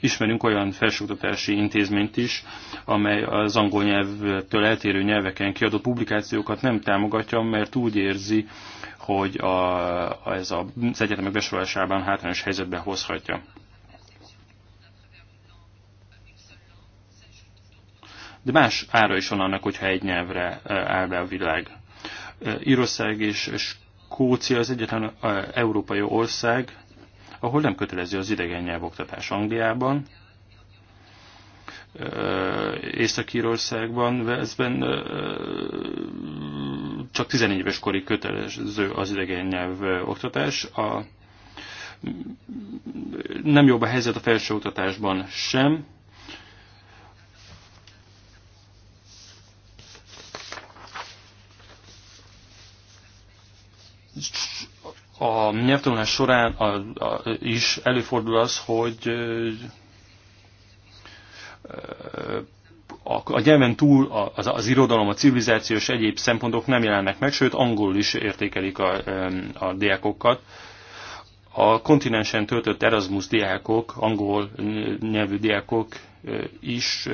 Ismerünk olyan felsőoktatási intézményt is, amely az angol nyelvtől eltérő nyelveken kiadott publikációkat nem támogatja, mert úgy érzi, hogy a, ez a, az egyetemek besorolásában hátrányos helyzetbe hozhatja. De más ára is van annak, hogyha egy nyelvre áll be a világ. Írország és Skócia az egyetlen európai ország, ahol nem kötelező az idegen nyelvoktatás Angliában, Észak-Írországban, Veszben csak 14 éves korig kötelező az idegen nyelv oktatás. A, nem jobb a helyzet a felsőoktatásban sem. A nyelvtanulás során a, a, is előfordul az, hogy a, a nyelven túl az, az irodalom, a civilizáció és egyéb szempontok nem jelennek meg, sőt angolul is értékelik a, a diákokat. A kontinensen töltött Erasmus diákok, angol nyelvű diákok is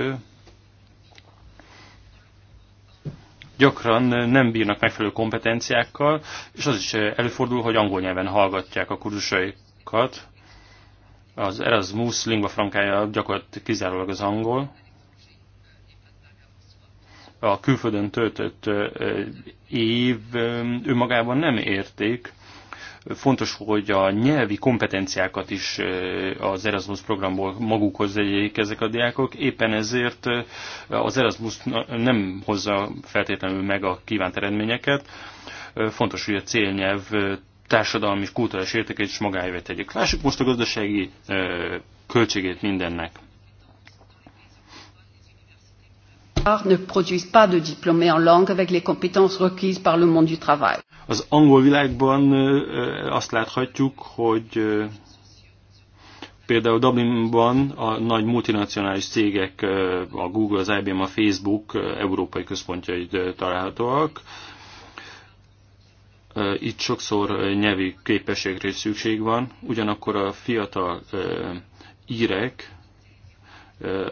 gyakran nem bírnak megfelelő kompetenciákkal, és az is előfordul, hogy angol nyelven hallgatják a kurzusaikat. Az Erasmus lingva frankája gyakorlatilag kizárólag az angol. A külföldön töltött év önmagában nem érték, Fontos, hogy a nyelvi kompetenciákat is az Erasmus programból magukhoz vegyék ezek a diákok. Éppen ezért az Erasmus nem hozza feltétlenül meg a kívánt eredményeket. Fontos, hogy a célnyelv társadalmi és kultúrás értékeit is magáévé tegyék. Lássuk most a gazdasági költségét mindennek. ne produisent pas de diplômés en langue avec les compétences requises par le monde du travail. Az angol világban azt láthatjuk, hogy például Dublinban a nagy multinacionális cégek, a Google, az IBM, a Facebook európai központjai találhatóak. Itt sokszor nyelvi képességre is szükség van, ugyanakkor a fiatal írek,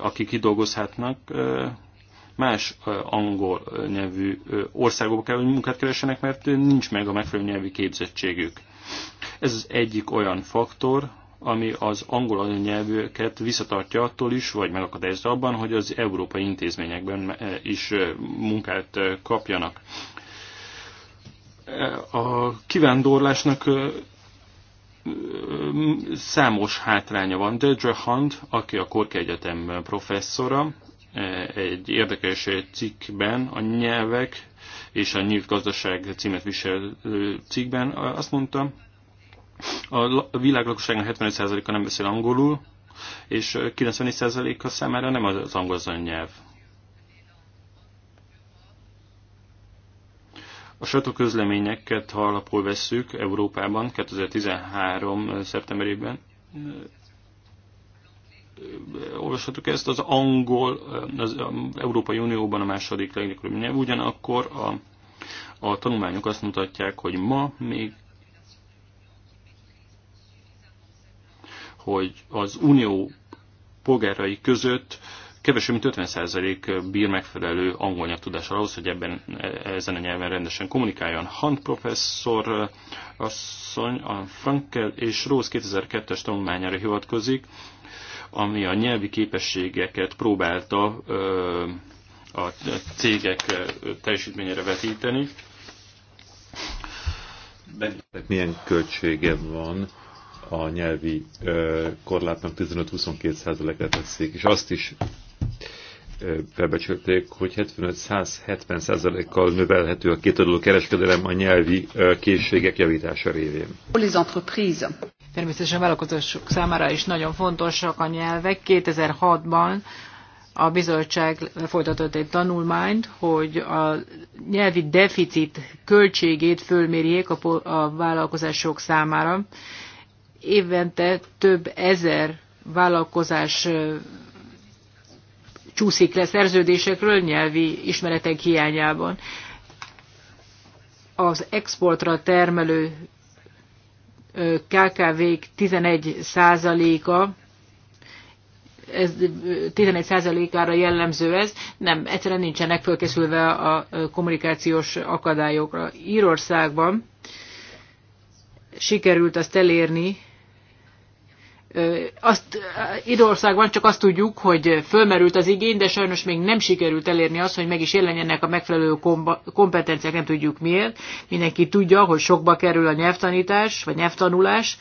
akik kidolgozhatnak más angol nyelvű országokba kell, hogy munkát keresenek, mert nincs meg a megfelelő nyelvi képzettségük. Ez az egyik olyan faktor, ami az angol anyanyelvűeket visszatartja attól is, vagy megakadályozza abban, hogy az európai intézményekben is munkát kapjanak. A kivándorlásnak számos hátránya van. Deirdre Hunt, aki a Korki Egyetem professzora, E, egy érdekes cikkben, a nyelvek és a nyílt gazdaság címet viselő cikkben azt mondta, a világ lakosságnak 75%-a nem beszél angolul, és 94%-a számára nem az angol nyelv. A sajtóközleményeket, ha alapul vesszük, Európában 2013. szeptemberében olvashatjuk ezt, az angol, az Európai Unióban a második legnagyobb nyelv, ugyanakkor a, a tanulmányok azt mutatják, hogy ma még hogy az unió polgárai között kevesebb mint 50% bír megfelelő angol nyelvtudással ahhoz, hogy ebben, ezen a nyelven rendesen kommunikáljon. Hunt professzor asszony a Frankel és Rose 2002-es tanulmányára hivatkozik, ami a nyelvi képességeket próbálta a cégek teljesítményére vetíteni. Milyen költsége van a nyelvi korlátnak 15-22%-et teszik, és azt is felbecsülték, hogy 75-170%-kal növelhető a kétoldalú kereskedelem a nyelvi készségek javítása révén természetesen vállalkozások számára is nagyon fontosak a nyelvek. 2006-ban a bizottság folytatott egy tanulmányt, hogy a nyelvi deficit költségét fölmérjék a, a vállalkozások számára. Évente több ezer vállalkozás csúszik le szerződésekről nyelvi ismeretek hiányában. Az exportra termelő KKV-k 11%-a ez 11%-ára jellemző ez, nem, egyszerűen nincsenek fölkészülve a kommunikációs akadályokra. Írországban sikerült azt elérni, azt Írországban csak azt tudjuk, hogy fölmerült az igény, de sajnos még nem sikerült elérni azt, hogy meg is jelenjenek a megfelelő kompetenciák, nem tudjuk miért. Mindenki tudja, hogy sokba kerül a nyelvtanítás, vagy nyelvtanulás.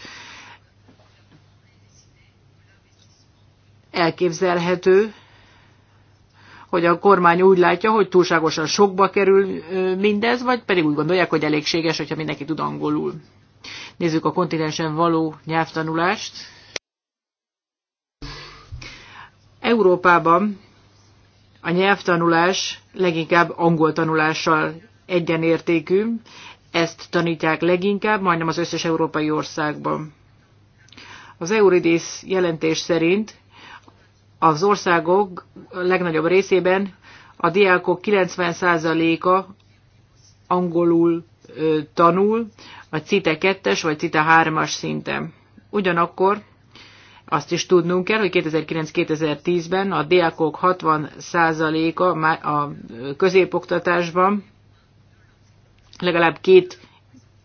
Elképzelhető, hogy a kormány úgy látja, hogy túlságosan sokba kerül mindez, vagy pedig úgy gondolják, hogy elégséges, hogyha mindenki tud angolul. Nézzük a kontinensen való nyelvtanulást Európában a nyelvtanulás leginkább angol tanulással egyenértékű, ezt tanítják leginkább, majdnem az összes európai országban. Az Euridis jelentés szerint az országok legnagyobb részében a diákok 90%-a angolul tanul, a CITE 2-es vagy CITE 3-as szinten. Ugyanakkor azt is tudnunk kell, hogy 2009-2010-ben a diákok 60%-a a középoktatásban legalább két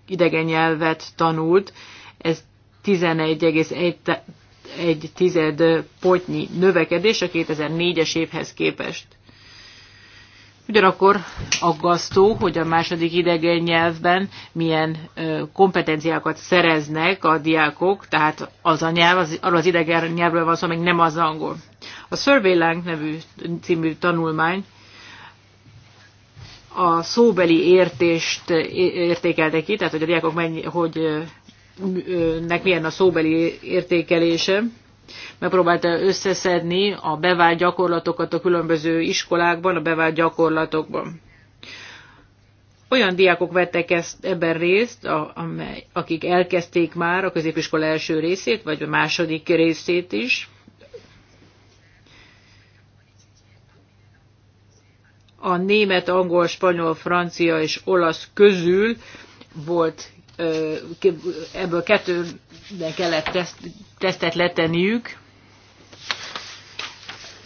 idegen nyelvet tanult, ez 11,1 tized pontnyi növekedés a 2004-es évhez képest. Ugyanakkor aggasztó, hogy a második idegen nyelvben milyen kompetenciákat szereznek a diákok, tehát az a nyelv, az, arról az idegen nyelvről van szó, még nem az angol. A Surveillance nevű című tanulmány a szóbeli értést értékelte ki, tehát hogy a diákok mennyi, hogy nek milyen a szóbeli értékelése megpróbálta összeszedni a bevált gyakorlatokat a különböző iskolákban, a bevált gyakorlatokban. Olyan diákok vettek ezt, ebben részt, a, amely, akik elkezdték már a középiskola első részét, vagy a második részét is. A német, angol, spanyol, francia és olasz közül volt ebből kettő de kellett teszt, tesztet letenniük.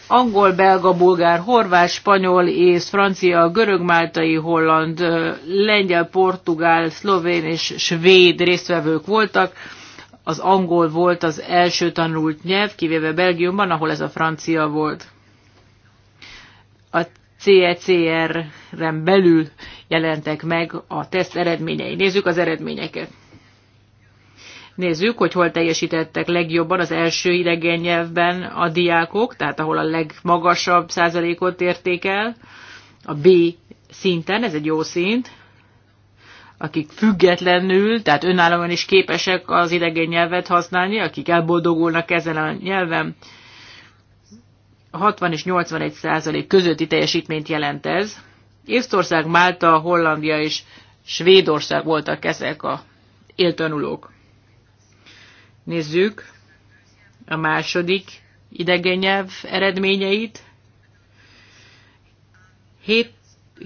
Angol, belga, bulgár, horvát, spanyol, ész, francia, görög, máltai, holland, lengyel, portugál, szlovén és svéd résztvevők voltak. Az angol volt az első tanult nyelv, kivéve Belgiumban, ahol ez a francia volt. A CECR-en belül jelentek meg a teszt eredményei. Nézzük az eredményeket nézzük, hogy hol teljesítettek legjobban az első idegen nyelvben a diákok, tehát ahol a legmagasabb százalékot érték el, a B szinten, ez egy jó szint, akik függetlenül, tehát önállóan is képesek az idegen nyelvet használni, akik elboldogulnak ezen a nyelven. 60 és 81 százalék közötti teljesítményt jelent ez. Észtország, Málta, Hollandia és Svédország voltak ezek a éltanulók. Nézzük a második idegen nyelv eredményeit. Hét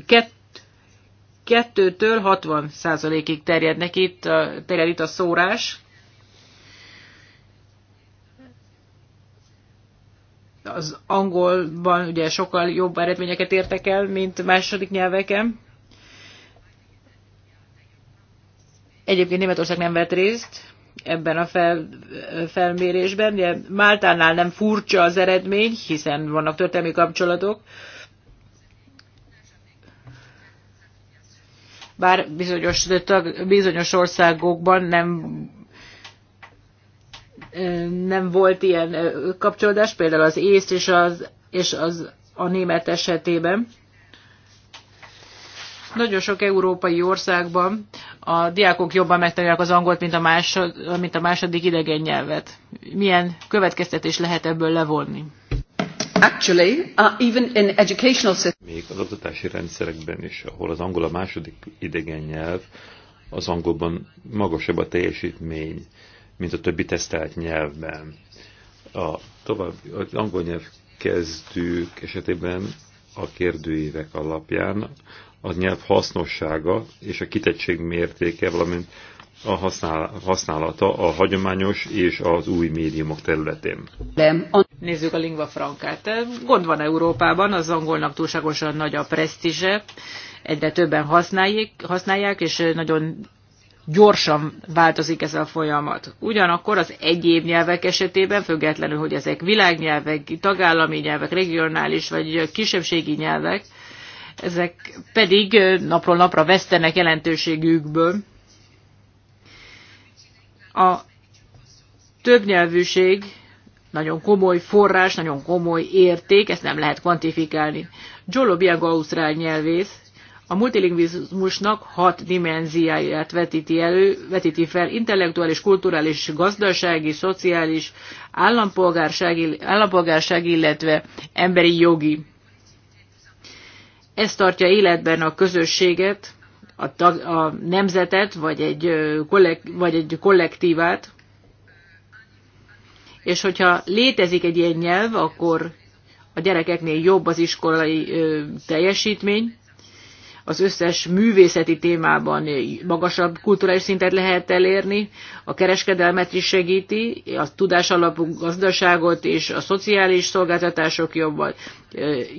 2, 2-től 60%-ig terjednek itt, terjed itt a szórás. Az angolban ugye sokkal jobb eredményeket értek el, mint második nyelveken. Egyébként Németország nem vett részt ebben a fel, felmérésben. Ugye Máltánál nem furcsa az eredmény, hiszen vannak történelmi kapcsolatok. Bár bizonyos, tag, bizonyos országokban nem nem volt ilyen kapcsolódás, például az észt és az, és az a német esetében. Nagyon sok európai országban a diákok jobban megtanulják az angolt, mint a, másod, mint a második idegen nyelvet. Milyen következtetés lehet ebből levonni? Actually, uh, even in educational Még az oktatási rendszerekben is, ahol az angol a második idegen nyelv, az angolban magasabb a teljesítmény, mint a többi tesztelt nyelvben. A további az angol nyelv kezdők esetében a kérdőívek alapján a nyelv hasznossága és a kitettség mértéke, valamint a használata a hagyományos és az új médiumok területén. Nézzük a lingva frankát. Gond van Európában, az angolnak túlságosan nagy a presztízse, egyre többen használják, használják, és nagyon gyorsan változik ez a folyamat. Ugyanakkor az egyéb nyelvek esetében, függetlenül, hogy ezek világnyelvek, tagállami nyelvek, regionális vagy kisebbségi nyelvek, ezek pedig napról napra vesztenek jelentőségükből. A többnyelvűség nagyon komoly forrás, nagyon komoly érték, ezt nem lehet kvantifikálni. Jolo Biago Ausztrál nyelvész a multilingvizmusnak hat dimenziáját vetíti, elő, vetíti fel, intellektuális, kulturális, gazdasági, szociális, állampolgársági, állampolgársági, illetve emberi jogi ez tartja életben a közösséget, a, tag, a nemzetet, vagy egy, kollek, vagy egy kollektívát. És hogyha létezik egy ilyen nyelv, akkor a gyerekeknél jobb az iskolai ö, teljesítmény, az összes művészeti témában magasabb kulturális szintet lehet elérni, a kereskedelmet is segíti, a tudásalapú gazdaságot és a szociális szolgáltatások jobban,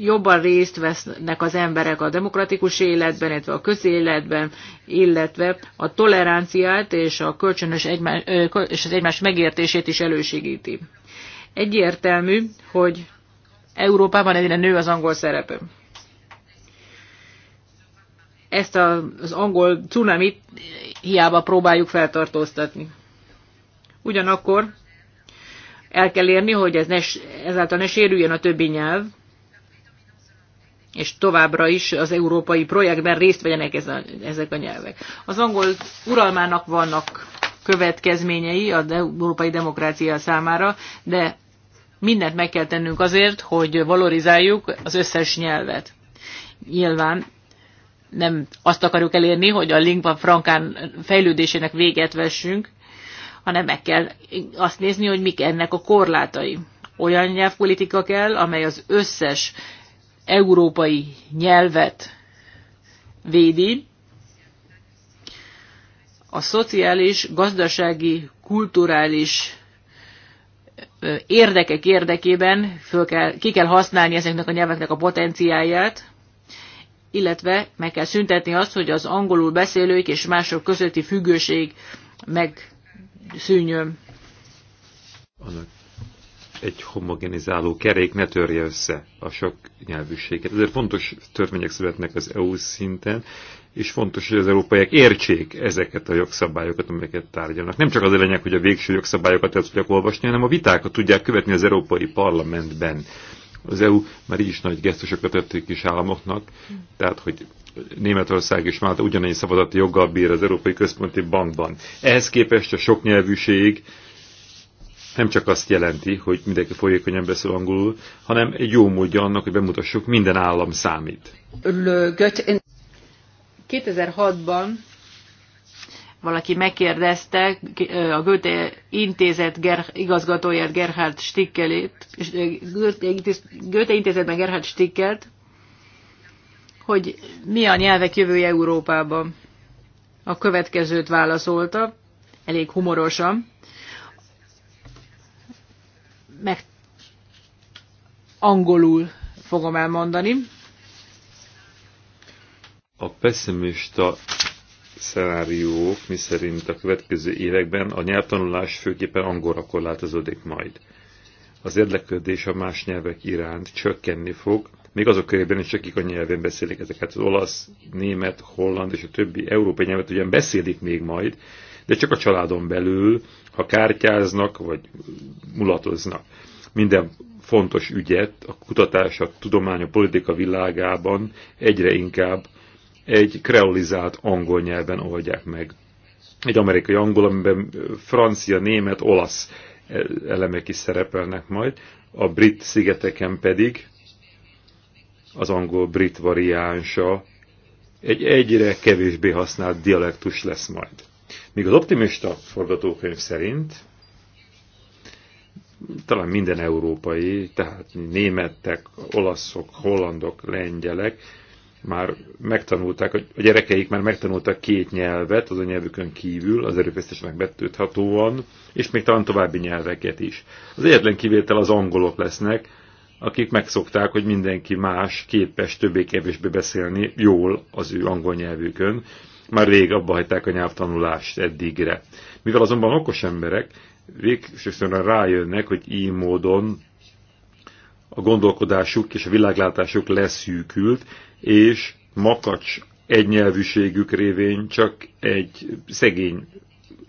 jobban részt vesznek az emberek a demokratikus életben, illetve a közéletben, illetve a toleranciát és a kölcsönös egymás, és az egymás megértését is elősegíti. Egyértelmű, hogy Európában egyre nő az angol szerepe ezt az angol cunamit hiába próbáljuk feltartóztatni. Ugyanakkor el kell érni, hogy ez ne, ezáltal ne sérüljön a többi nyelv, és továbbra is az európai projektben részt vegyenek ez a, ezek a nyelvek. Az angol uralmának vannak következményei az európai demokrácia számára, de mindent meg kell tennünk azért, hogy valorizáljuk az összes nyelvet. Nyilván nem azt akarjuk elérni, hogy a lingva frankán fejlődésének véget vessünk, hanem meg kell azt nézni, hogy mik ennek a korlátai. Olyan nyelvpolitika kell, amely az összes európai nyelvet védi, a szociális, gazdasági, kulturális érdekek érdekében föl kell, ki kell használni ezeknek a nyelveknek a potenciáját, illetve meg kell szüntetni azt, hogy az angolul beszélők és mások közötti függőség megszűnjön. Annak egy homogenizáló kerék ne törje össze a sok nyelvűséget. Ezért fontos törvények születnek az EU szinten, és fontos, hogy az európaiak értsék ezeket a jogszabályokat, amelyeket tárgyalnak. Nem csak az a lényeg, hogy a végső jogszabályokat el tudják olvasni, hanem a vitákat tudják követni az Európai Parlamentben az EU már így is nagy gesztusokat tett kis államoknak, tehát hogy Németország és Málta ugyanannyi szabadati joggal bír az Európai Központi Bankban. Ehhez képest a soknyelvűség nem csak azt jelenti, hogy mindenki folyékonyan beszél angolul, hanem egy jó módja annak, hogy bemutassuk, minden állam számít. 2006-ban valaki megkérdezte a Göte intézet ger, igazgatóját Gerhard Stickelét, eh, Göte intézetben Gerhard Stickelt, hogy mi a nyelvek jövője Európában. A következőt válaszolta, elég humorosan. Meg angolul fogom elmondani. A pessimista szenáriók, miszerint a következő években a nyelvtanulás főképpen angolra korlátozódik majd. Az érdeklődés a más nyelvek iránt csökkenni fog, még azok körében is, akik a nyelven beszélik ezeket. Az olasz, német, holland és a többi európai nyelvet ugyan beszélik még majd, de csak a családon belül, ha kártyáznak vagy mulatoznak. Minden fontos ügyet a kutatás, a tudomány, a politika világában egyre inkább egy kreolizált angol nyelven oldják meg. Egy amerikai angol, amiben francia, német, olasz e- elemek is szerepelnek majd, a brit szigeteken pedig az angol-brit variánsa egy egyre kevésbé használt dialektus lesz majd. Míg az optimista forgatókönyv szerint talán minden európai, tehát németek, olaszok, hollandok, lengyelek már megtanulták, a gyerekeik már megtanultak két nyelvet az nyelvükön kívül, az erőfeszítésnek betölthatóan, és még talán további nyelveket is. Az egyetlen kivétel az angolok lesznek, akik megszokták, hogy mindenki más képes többé-kevésbé beszélni jól az ő angol nyelvükön, már rég abba hagyták a nyelvtanulást eddigre. Mivel azonban okos emberek végsősorban rájönnek, hogy így módon a gondolkodásuk és a világlátásuk leszűkült, és makacs egynyelvűségük révén csak egy szegény,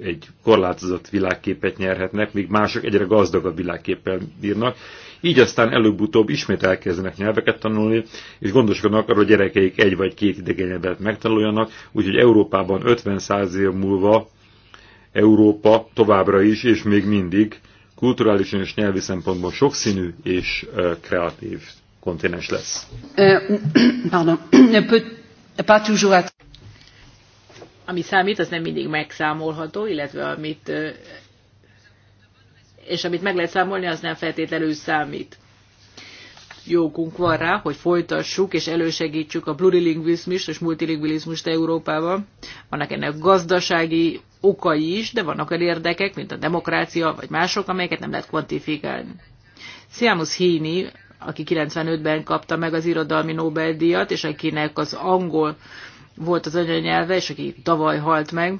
egy korlátozott világképet nyerhetnek, míg mások egyre gazdagabb világképpel bírnak. Így aztán előbb-utóbb ismét elkezdenek nyelveket tanulni, és gondoskodnak arra, hogy gyerekeik egy vagy két idegen nyelvet megtanuljanak, úgyhogy Európában 50 száz év múlva Európa továbbra is, és még mindig kulturálisan és nyelvi szempontból sokszínű és kreatív kontinens lesz. Pardon. ami számít, az nem mindig megszámolható, illetve amit és amit meg lehet számolni, az nem feltétlenül számít. Jókunk van rá, hogy folytassuk és elősegítsük a plurilingvizmust és multilingvizmust Európában. Vannak ennek gazdasági okai is, de vannak olyan érdekek, mint a demokrácia, vagy mások, amelyeket nem lehet kvantifikálni. Siamus Heaney, aki 95-ben kapta meg az irodalmi Nobel-díjat, és akinek az angol volt az anyanyelve, és aki tavaly halt meg,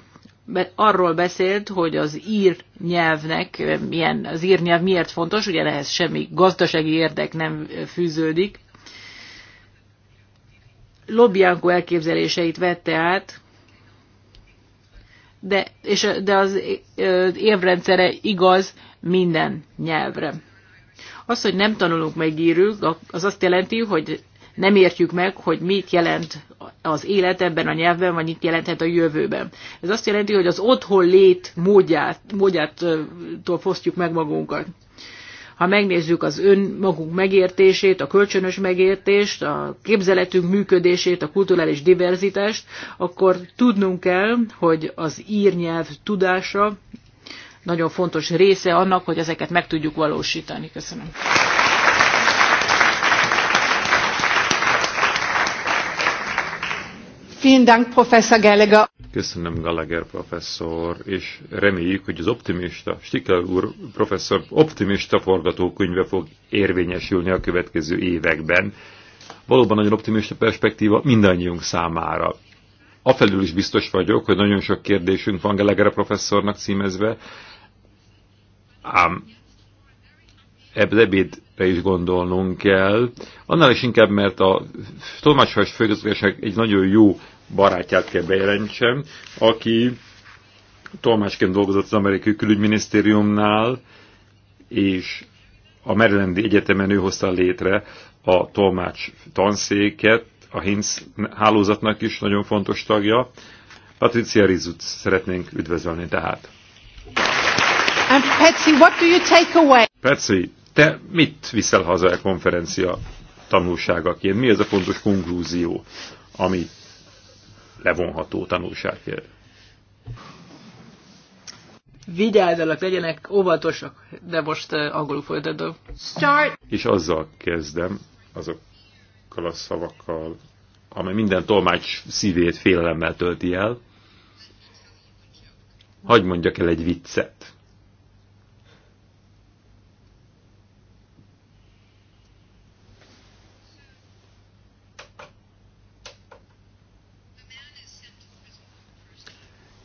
arról beszélt, hogy az ír nyelvnek, milyen, az ír nyelv miért fontos, ugye ehhez semmi gazdasági érdek nem fűződik. Lobbianco elképzeléseit vette át, de, és, de az évrendszere igaz minden nyelvre. Az, hogy nem tanulunk megírjuk, az azt jelenti, hogy nem értjük meg, hogy mit jelent az élet ebben a nyelvben, vagy mit jelenthet a jövőben. Ez azt jelenti, hogy az otthon lét módját, módjától fosztjuk meg magunkat. Ha megnézzük az önmagunk megértését, a kölcsönös megértést, a képzeletünk működését, a kulturális diverzitást, akkor tudnunk kell, hogy az írnyelv tudása nagyon fontos része annak, hogy ezeket meg tudjuk valósítani. Köszönöm. Vielen Dank, Professor Gallagher. Köszönöm, Gallagher professzor, és reméljük, hogy az optimista, Stikler úr professzor optimista forgatókönyve fog érvényesülni a következő években. Valóban nagyon optimista perspektíva mindannyiunk számára. Afelül is biztos vagyok, hogy nagyon sok kérdésünk van Gallagher professzornak címezve, ám ebbe ebédre is gondolnunk kell. Annál is inkább, mert a Tomás Fajs egy nagyon jó barátját kell bejelentsem, aki tolmásként dolgozott az amerikai külügyminisztériumnál, és a Marylandi Egyetemen ő hozta létre a tolmács tanszéket, a Hinz hálózatnak is nagyon fontos tagja. Patricia Rizut szeretnénk üdvözölni tehát. And Patsy, what do you take away? Patsy, te mit viszel haza a konferencia tanulságaként? Mi ez a fontos konklúzió, ami levonható tanulság. Vigyázzanak, legyenek óvatosak, de most eh, angolul folytatom. Start! És azzal kezdem, azokkal a szavakkal, amely minden tolmács szívét félelemmel tölti el. Hagy mondjak el egy viccet.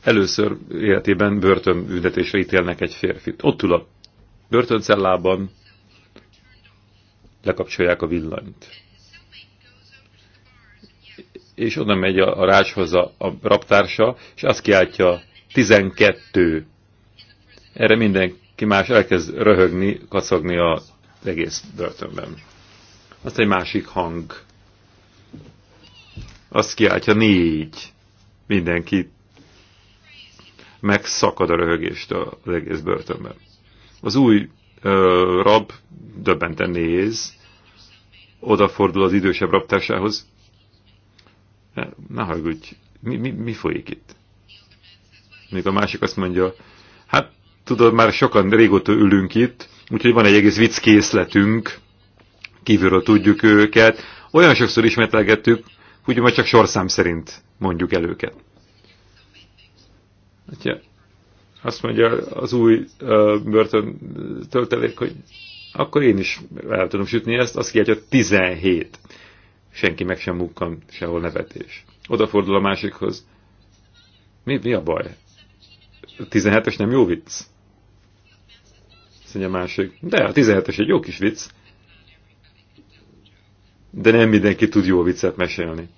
először életében börtönbüntetésre ítélnek egy férfit. Ott ül a börtöncellában, lekapcsolják a villanyt. És oda megy a, a rácshoz a, a raptársa, és azt kiáltja 12. Erre mindenki más elkezd röhögni, kacogni az egész börtönben. Azt egy másik hang. Azt kiáltja négy. Mindenki megszakad a röhögéstől az egész börtönben. Az új ö, rab döbbenten néz, odafordul az idősebb rabtársához. Na e, ne úgy, mi, mi, mi folyik itt? Még a másik azt mondja, hát tudod, már sokan régóta ülünk itt, úgyhogy van egy egész vicc készletünk, kívülről tudjuk őket. Olyan sokszor ismételgettük, hogy majd csak sorszám szerint mondjuk el őket. Hogyha azt mondja az új börtön töltelék, hogy akkor én is el tudom sütni ezt, azt kiáltja 17. Senki meg sem munkan, sehol nevetés. Odafordul a másikhoz. Mi, mi a baj? 17-es nem jó vicc? Azt mondja a másik. De a 17-es egy jó kis vicc. De nem mindenki tud jó viccet mesélni.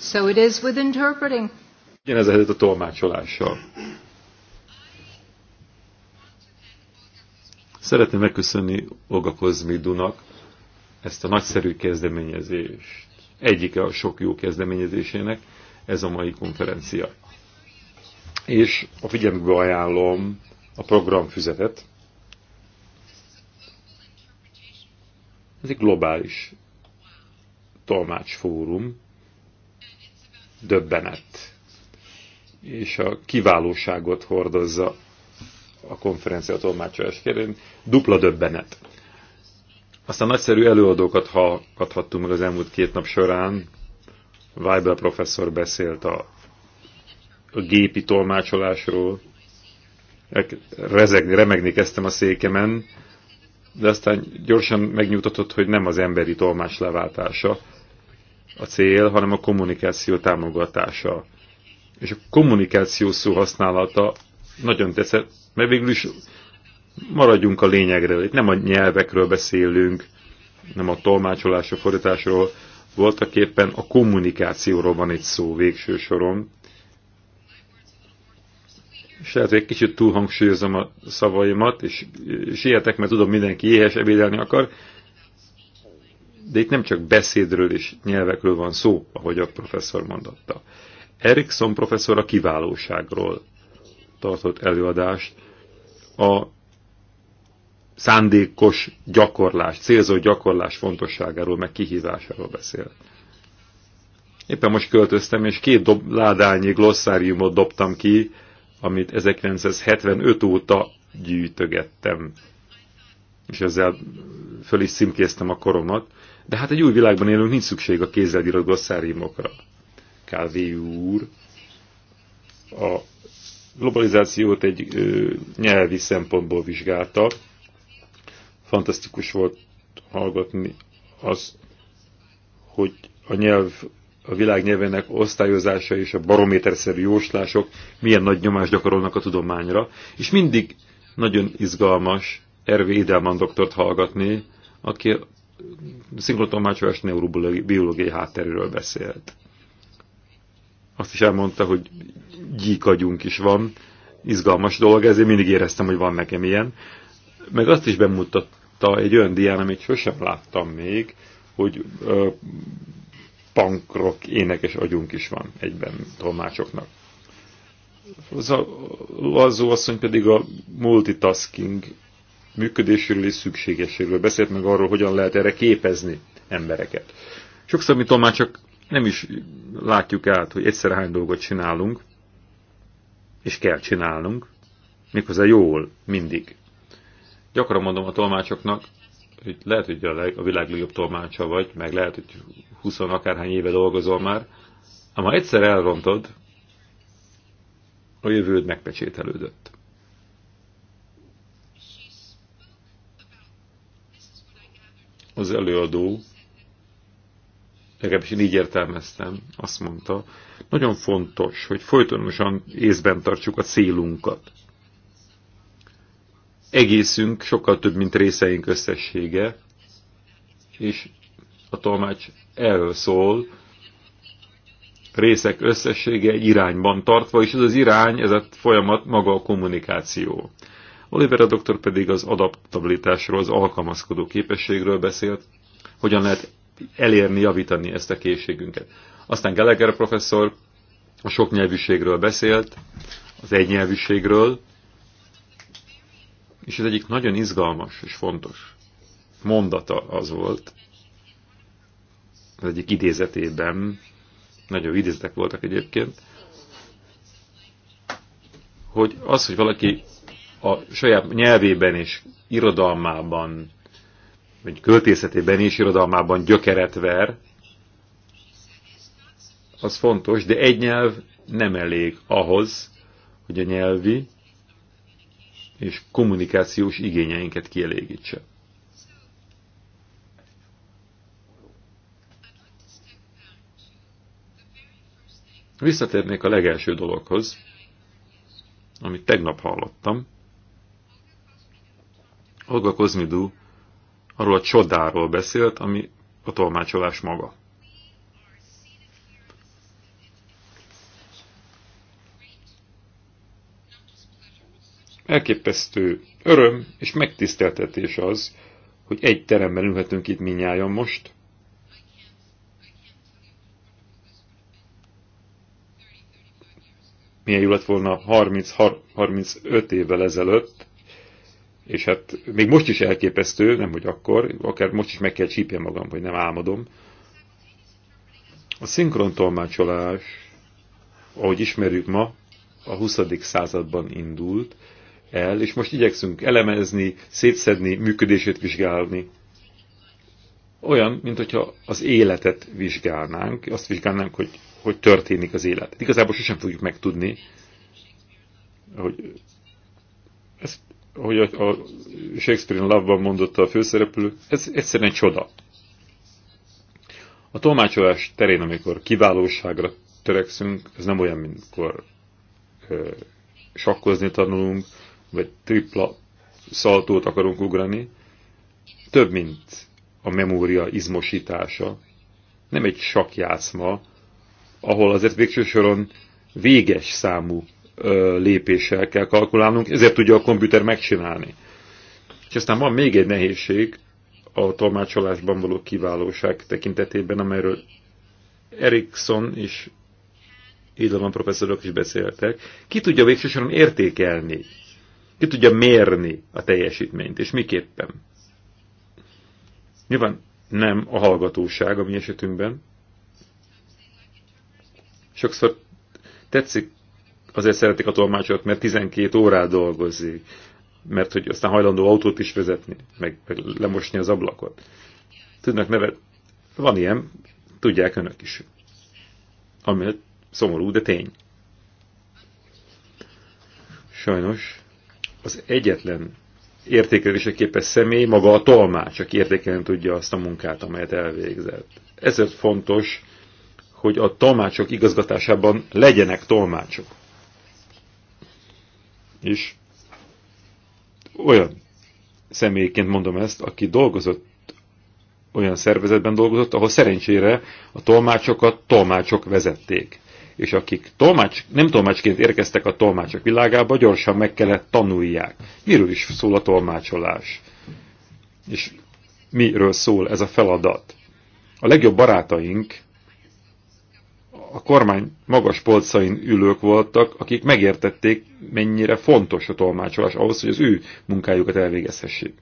So it is with interpreting ez a helyzet a tolmácsolással. Szeretném megköszönni Olga Kozmidunak ezt a nagyszerű kezdeményezést. Egyike a sok jó kezdeményezésének, ez a mai konferencia. És a figyelmükbe ajánlom a programfüzetet. Ez egy globális tolmácsfórum, döbbenet és a kiválóságot hordozza a konferencia tolmácsolás kérén. Dupla döbbenet. Aztán nagyszerű előadókat hallgathattunk meg az elmúlt két nap során. Weibel professzor beszélt a, a gépi tolmácsolásról. Rezegni, remegni kezdtem a székemen, de aztán gyorsan megnyugtatott, hogy nem az emberi tolmás leváltása a cél, hanem a kommunikáció támogatása és a kommunikáció szó használata nagyon tetszett, mert végül is maradjunk a lényegről. Itt nem a nyelvekről beszélünk, nem a tolmácsolásról, fordításról, voltak éppen a kommunikációról van itt szó végső soron. És lehet, hogy egy kicsit túlhangsúlyozom a szavaimat, és sietek, mert tudom, mindenki éhes ebédelni akar, de itt nem csak beszédről és nyelvekről van szó, ahogy a professzor mondotta. Erikson professzor a kiválóságról tartott előadást, a szándékos gyakorlás, célzó gyakorlás fontosságáról, meg kihívásáról beszél. Éppen most költöztem, és két dob, ládányi glossáriumot dobtam ki, amit 1975 óta gyűjtögettem. És ezzel föl is szimkéztem a koromat. De hát egy új világban élünk, nincs szükség a kézzel írott glossáriumokra. Kávé úr a globalizációt egy ö, nyelvi szempontból vizsgálta. Fantasztikus volt hallgatni az, hogy a nyelv, a világ nyelvének osztályozása és a barométerszerű jóslások milyen nagy nyomást gyakorolnak a tudományra, és mindig nagyon izgalmas Ervé Idelman doktort hallgatni, aki szinkrotomácsolás neurobiológiai hátterről beszélt. Azt is elmondta, hogy gyíkagyunk is van, izgalmas dolog, ezért mindig éreztem, hogy van nekem ilyen. Meg azt is bemutatta egy olyan dián, amit sosem láttam még, hogy ö, pankrok énekes agyunk is van egyben tolmácsoknak. Az a lazó asszony pedig a multitasking működéséről és szükségességről beszélt meg arról, hogyan lehet erre képezni embereket. Sokszor mi tolmácsok nem is látjuk át, hogy egyszer hány dolgot csinálunk, és kell csinálnunk, méghozzá jól, mindig. Gyakran mondom a tolmácsoknak, hogy lehet, hogy a, leg, a világ legjobb tolmácsa vagy, meg lehet, hogy 20 akárhány éve dolgozol már, ám ha egyszer elrontod, a jövőd megpecsételődött. Az előadó legalábbis én így értelmeztem, azt mondta, nagyon fontos, hogy folytonosan észben tartsuk a célunkat. Egészünk sokkal több, mint részeink összessége, és a tolmács erről szól, részek összessége egy irányban tartva, és ez az irány, ez a folyamat maga a kommunikáció. Olivera doktor pedig az adaptabilitásról, az alkalmazkodó képességről beszélt, hogyan lehet elérni, javítani ezt a készségünket. Aztán Gallagher professzor a sok nyelvűségről beszélt, az egynyelvűségről, és ez egyik nagyon izgalmas és fontos mondata az volt, az egyik idézetében, nagyon idézetek voltak egyébként, hogy az, hogy valaki a saját nyelvében és irodalmában vagy költészetében és irodalmában gyökeret ver, az fontos, de egy nyelv nem elég ahhoz, hogy a nyelvi és kommunikációs igényeinket kielégítse. Visszatérnék a legelső dologhoz, amit tegnap hallottam. Olga Kozmidú arról a csodáról beszélt, ami a tolmácsolás maga. Elképesztő öröm és megtiszteltetés az, hogy egy teremben ülhetünk itt minnyáján most, milyen jó lett volna 30-35 évvel ezelőtt, és hát még most is elképesztő, nem hogy akkor, akár most is meg kell csípje magam, hogy nem álmodom. A szinkron tolmácsolás, ahogy ismerjük ma, a 20. században indult el, és most igyekszünk elemezni, szétszedni, működését vizsgálni. Olyan, mint hogyha az életet vizsgálnánk, azt vizsgálnánk, hogy hogy történik az élet. Igazából sosem fogjuk megtudni, hogy ez hogy a, a Shakespeare in Love-ban mondotta a főszereplő, ez egyszerűen egy csoda. A tolmácsolás terén, amikor kiválóságra törekszünk, ez nem olyan, mint amikor ö, sakkozni tanulunk, vagy tripla szaltót akarunk ugrani. Több, mint a memória izmosítása. Nem egy sakjászma, ahol azért végső soron véges számú lépéssel kell kalkulálnunk, ezért tudja a komputer megcsinálni. És aztán van még egy nehézség a tolmácsolásban való kiválóság tekintetében, amelyről Erikson és Edelman professzorok is beszéltek. Ki tudja végsősoron értékelni, ki tudja mérni a teljesítményt, és miképpen? Nyilván nem a hallgatóság a mi esetünkben. Sokszor tetszik azért szeretik a tolmácsot, mert 12 órát dolgozik, mert hogy aztán hajlandó autót is vezetni, meg, meg lemosni az ablakot. Tudnak nevet, van ilyen, tudják önök is. Ami szomorú, de tény. Sajnos az egyetlen értékelésre képes személy maga a tolmács, aki értékelni tudja azt a munkát, amelyet elvégzett. Ezért fontos, hogy a tolmácsok igazgatásában legyenek tolmácsok. És olyan személyként mondom ezt, aki dolgozott, olyan szervezetben dolgozott, ahol szerencsére a tolmácsokat tolmácsok vezették. És akik tolmács, nem tolmácsként érkeztek a tolmácsok világába, gyorsan meg kellett tanulják. Miről is szól a tolmácsolás? És miről szól ez a feladat? A legjobb barátaink a kormány magas polcain ülők voltak, akik megértették, mennyire fontos a tolmácsolás ahhoz, hogy az ő munkájukat elvégezhessék.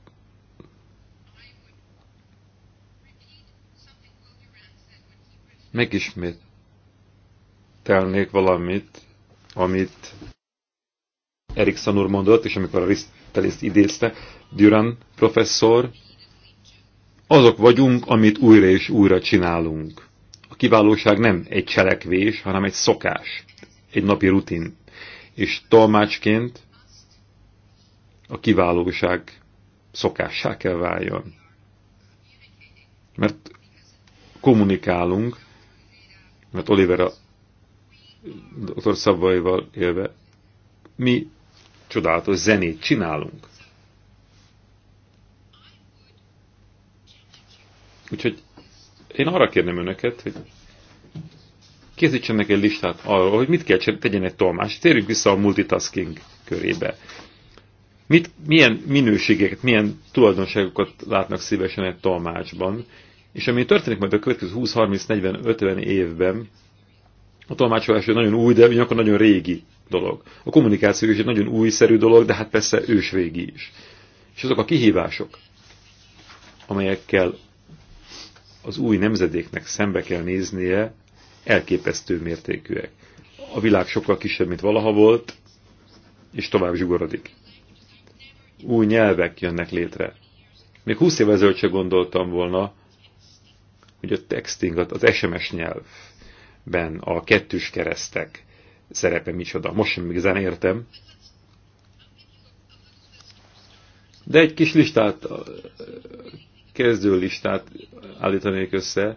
Megismételnék valamit, amit Erikson úr mondott, és amikor a Risztelészt idézte, Duran professzor, azok vagyunk, amit újra és újra csinálunk a kiválóság nem egy cselekvés, hanem egy szokás, egy napi rutin. És tolmácsként a kiválóság szokássá kell váljon. Mert kommunikálunk, mert a dr. szabvaival élve, mi csodálatos zenét csinálunk. Úgyhogy én arra kérném önöket, hogy készítsenek egy listát arról, hogy mit kell egy tolmás. Térjünk vissza a multitasking körébe. Mit, milyen minőségeket, milyen tulajdonságokat látnak szívesen egy tolmácsban, és ami történik majd a következő 20, 30, 40, 50 évben, a tolmácsolás egy nagyon új, de akkor nagyon régi dolog. A kommunikáció is egy nagyon újszerű dolog, de hát persze ősrégi is. És azok a kihívások, amelyekkel az új nemzedéknek szembe kell néznie, elképesztő mértékűek. A világ sokkal kisebb, mint valaha volt, és tovább zsugorodik. Új nyelvek jönnek létre. Még 20 évvel ezelőtt se gondoltam volna, hogy a texting, az SMS nyelvben a kettős keresztek szerepe micsoda. Most sem igazán értem. De egy kis listát kezdő listát állítanék össze,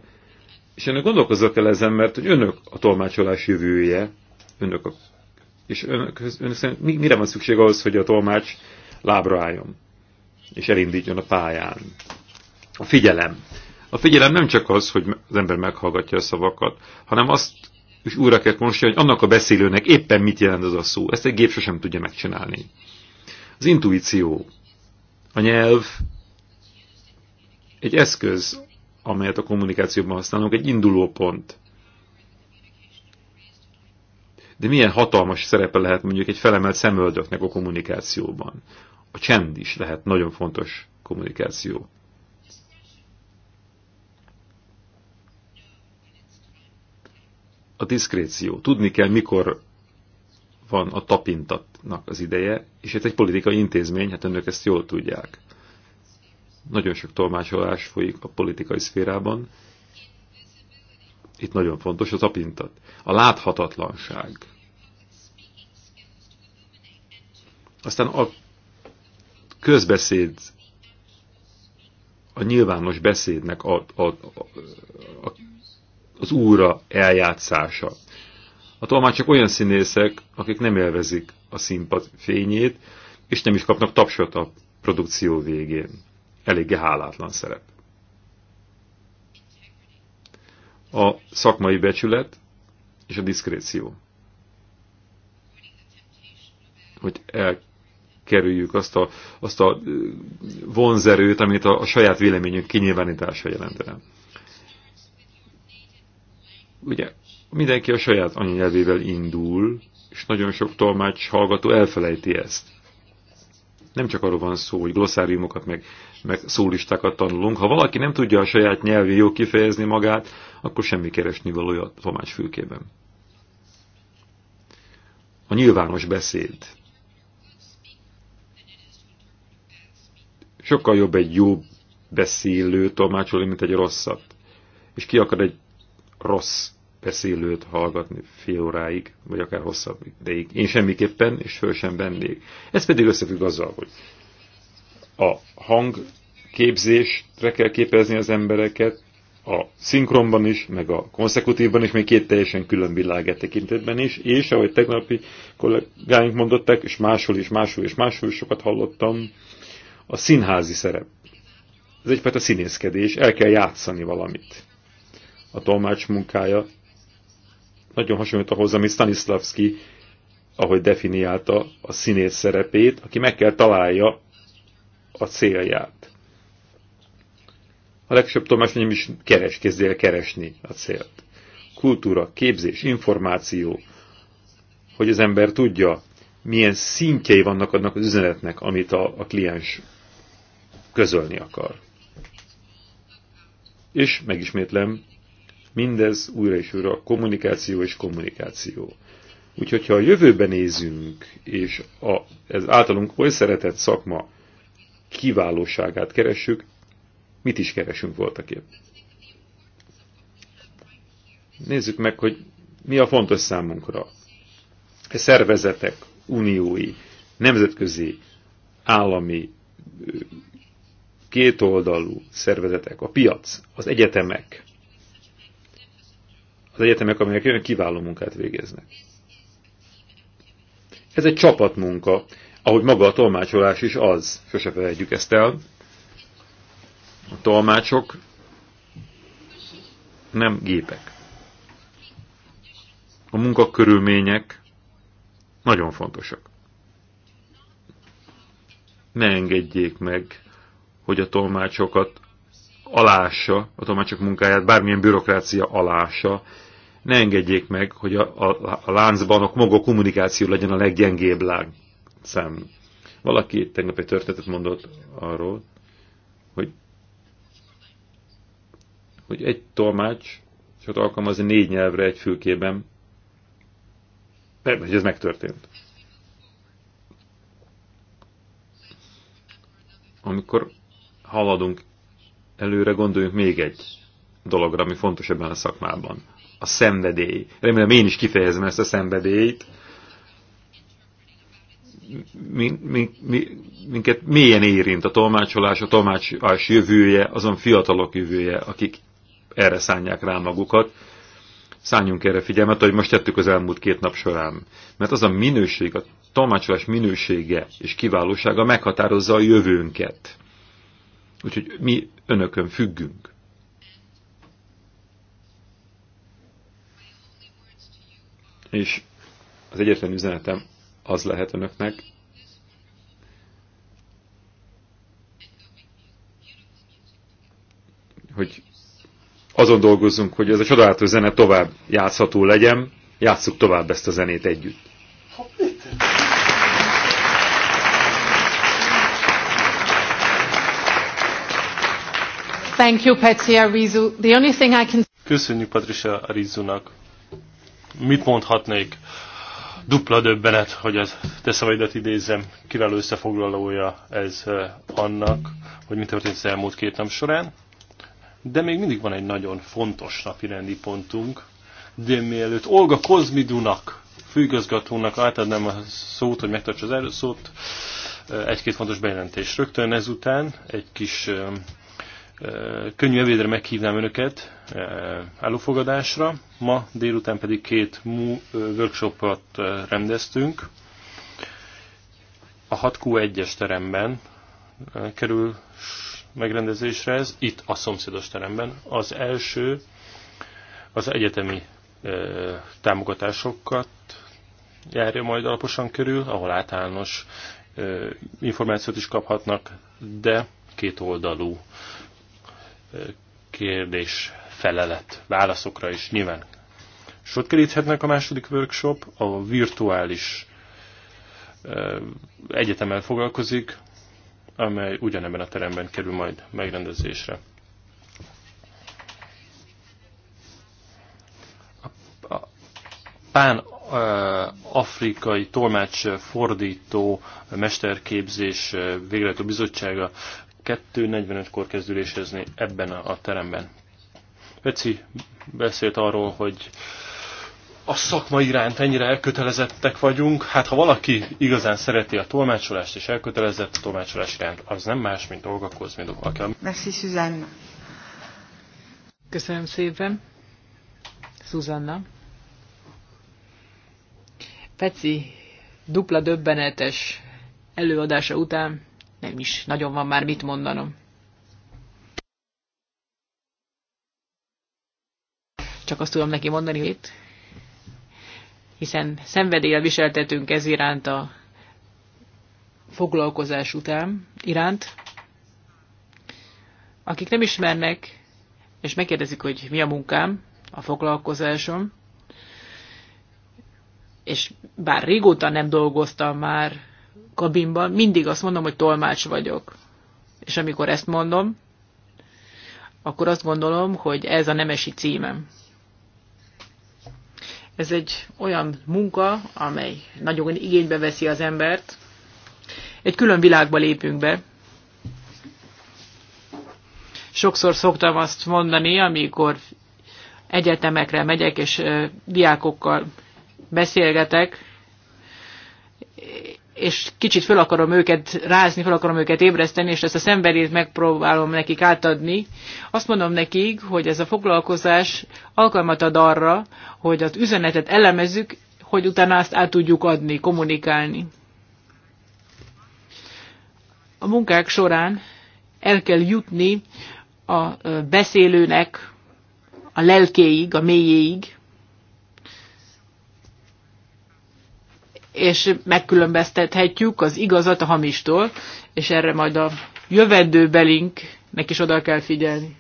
és ennek gondolkozok el ezen, mert hogy önök a tolmácsolás jövője, önök a, és önök, önök szerint mi, mire van szükség ahhoz, hogy a tolmács lábra álljon, és elindítjon a pályán. A figyelem. A figyelem nem csak az, hogy az ember meghallgatja a szavakat, hanem azt is újra kell mondani, hogy annak a beszélőnek éppen mit jelent az a szó. Ezt egy gép sosem tudja megcsinálni. Az intuíció, a nyelv egy eszköz, amelyet a kommunikációban használunk, egy induló pont. De milyen hatalmas szerepe lehet mondjuk egy felemelt szemöldöknek a kommunikációban? A csend is lehet nagyon fontos kommunikáció. A diszkréció. Tudni kell, mikor van a tapintatnak az ideje, és ez egy politikai intézmény, hát önök ezt jól tudják. Nagyon sok tolmácsolás folyik a politikai szférában. Itt nagyon fontos az apintat. A láthatatlanság. Aztán a közbeszéd, a nyilvános beszédnek a, a, a, a, az úra eljátszása. A tolmácsok olyan színészek, akik nem élvezik a színpad fényét, és nem is kapnak tapsot a produkció végén eléggé hálátlan szerep. A szakmai becsület és a diszkréció. Hogy kerüljük azt a, azt a vonzerőt, amit a, a saját véleményünk kinyilvánítása jelentene. Ugye mindenki a saját anyanyelvével indul, és nagyon sok tolmács hallgató elfelejti ezt nem csak arról van szó, hogy glossáriumokat meg, meg szólistákat tanulunk. Ha valaki nem tudja a saját nyelvén jól kifejezni magát, akkor semmi keresni valója Tomás fülkében. A nyilvános beszéd. Sokkal jobb egy jó beszélő tolmácsolni, mint egy rosszat. És ki akar egy rossz beszélőt hallgatni fél óráig, vagy akár hosszabb ideig. Én semmiképpen, és föl sem bennék. Ez pedig összefügg azzal, hogy a hangképzésre kell képezni az embereket, a szinkronban is, meg a konszekutívban is, még két teljesen külön világ tekintetben is, és ahogy tegnapi kollégáink mondották, és máshol is, máshol és máshol is sokat hallottam, a színházi szerep. Ez egyfajta színészkedés, el kell játszani valamit. A tolmács munkája nagyon hasonlít ahhoz, ami Stanislavski, ahogy definiálta a színész szerepét, aki meg kell találja a célját. A legsőbb Tomás nem is keres, kezdje el keresni a célt. Kultúra, képzés, információ, hogy az ember tudja, milyen szintjei vannak annak az üzenetnek, amit a, a kliens közölni akar. És megismétlem, Mindez újra és újra kommunikáció és kommunikáció. Úgyhogy ha a jövőbe nézünk, és a, ez általunk oly szeretett szakma kiválóságát keressük, mit is keresünk voltaképp. Nézzük meg, hogy mi a fontos számunkra. a szervezetek, uniói, nemzetközi, állami, kétoldalú szervezetek, a piac, az egyetemek, az egyetemek, amelyek olyan kiváló munkát végeznek. Ez egy csapatmunka, ahogy maga a tolmácsolás is az. Sose felejtjük ezt el. A tolmácsok nem gépek. A munkakörülmények nagyon fontosak. Ne engedjék meg, hogy a tolmácsokat alássa a tolmácsok munkáját bármilyen bürokrácia alássa ne engedjék meg, hogy a, a, a láncban a maga kommunikáció legyen a leggyengébb láncszám. Valaki tegnap egy történetet mondott arról, hogy, hogy egy tolmács csak alkalmazni négy nyelvre egy fülkében. Mert hogy ez megtörtént. Amikor haladunk előre, gondoljunk még egy dologra, ami fontos ebben a szakmában a szenvedély. Remélem én is kifejezem ezt a szenvedélyt. Min, min, min, minket mélyen érint a tolmácsolás, a tolmácsolás jövője, azon fiatalok jövője, akik erre szánják rá magukat. Szálljunk erre figyelmet, hogy most tettük az elmúlt két nap során. Mert az a minőség, a tolmácsolás minősége és kiválósága meghatározza a jövőnket. Úgyhogy mi önökön függünk. És az egyetlen üzenetem az lehet önöknek, hogy azon dolgozzunk, hogy ez a csodálatos zene tovább játszható legyen, játsszuk tovább ezt a zenét együtt. Thank you, Patricia Rizu. The only thing I can... Köszönjük Patricia Rizunak mit mondhatnék? Dupla döbbenet, hogy az te szavaidat idézem, kiváló összefoglalója ez annak, hogy mi történt az elmúlt két nap során. De még mindig van egy nagyon fontos napi rendi pontunk, de mielőtt Olga Kozmidunak, főigazgatónak átadnám a szót, hogy megtartsa az előszót, egy-két fontos bejelentés. Rögtön ezután egy kis Könnyű evédre meghívnám önöket állófogadásra. Ma délután pedig két workshopot rendeztünk. A 6Q1-es teremben kerül megrendezésre ez, itt a szomszédos teremben. Az első az egyetemi támogatásokat járja majd alaposan körül, ahol általános információt is kaphatnak, de kétoldalú kérdés felelet válaszokra is nyilván sot keríthetnek a második workshop, a virtuális egyetemmel foglalkozik, amely ugyanebben a teremben kerül majd megrendezésre. A pán-afrikai tolmács fordító mesterképzés végrehajtó bizottsága 2.45-kor kezdülésezni ebben a, a teremben. Peci beszélt arról, hogy a szakma iránt ennyire elkötelezettek vagyunk. Hát ha valaki igazán szereti a tolmácsolást és elkötelezett a tolmácsolás iránt, az nem más, mint Olga Kozmidov. Aki Merci, Susanna. Köszönöm szépen. Susanna. Peci dupla döbbenetes előadása után nem is nagyon van már mit mondanom. Csak azt tudom neki mondani, hogy itt, hiszen szenvedéllyel viseltetünk ez iránt a foglalkozás után iránt. Akik nem ismernek, és megkérdezik, hogy mi a munkám, a foglalkozásom, és bár régóta nem dolgoztam már kabinban mindig azt mondom, hogy tolmács vagyok. És amikor ezt mondom, akkor azt gondolom, hogy ez a nemesi címem. Ez egy olyan munka, amely nagyon igénybe veszi az embert. Egy külön világba lépünk be. Sokszor szoktam azt mondani, amikor egyetemekre megyek és diákokkal beszélgetek, és kicsit föl akarom őket rázni, föl akarom őket ébreszteni, és ezt a szenvedélyt megpróbálom nekik átadni. Azt mondom nekik, hogy ez a foglalkozás alkalmat ad arra, hogy az üzenetet elemezzük, hogy utána azt át tudjuk adni, kommunikálni. A munkák során el kell jutni a beszélőnek a lelkéig, a mélyéig, és megkülönböztethetjük az igazat a hamistól, és erre majd a jövendőbelinknek is oda kell figyelni.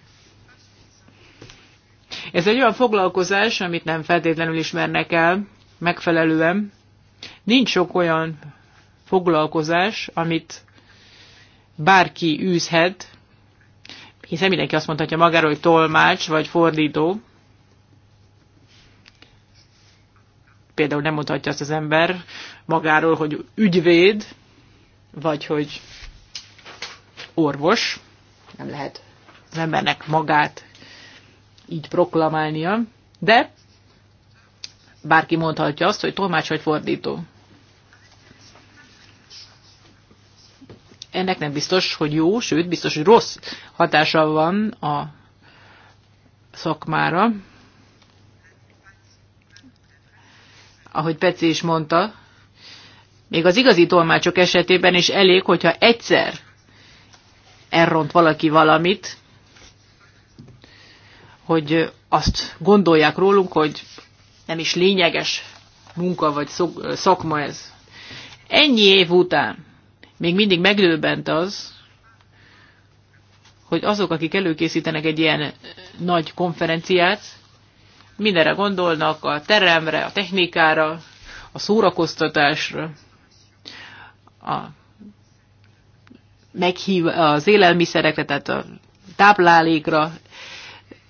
Ez egy olyan foglalkozás, amit nem feltétlenül ismernek el megfelelően. Nincs sok olyan foglalkozás, amit bárki űzhet, hiszen mindenki azt mondhatja magáról, hogy tolmács vagy fordító. például nem mondhatja azt az ember magáról, hogy ügyvéd, vagy hogy orvos. Nem lehet az embernek magát így proklamálnia, de bárki mondhatja azt, hogy tolmács vagy fordító. Ennek nem biztos, hogy jó, sőt, biztos, hogy rossz hatása van a szakmára. ahogy Peci is mondta, még az igazi tolmácsok esetében is elég, hogyha egyszer elront valaki valamit, hogy azt gondolják rólunk, hogy nem is lényeges munka vagy szakma ez. Ennyi év után még mindig megdöbbent az, hogy azok, akik előkészítenek egy ilyen nagy konferenciát, mindenre gondolnak, a teremre, a technikára, a szórakoztatásra, a meghív az élelmiszerekre, tehát a táplálékra,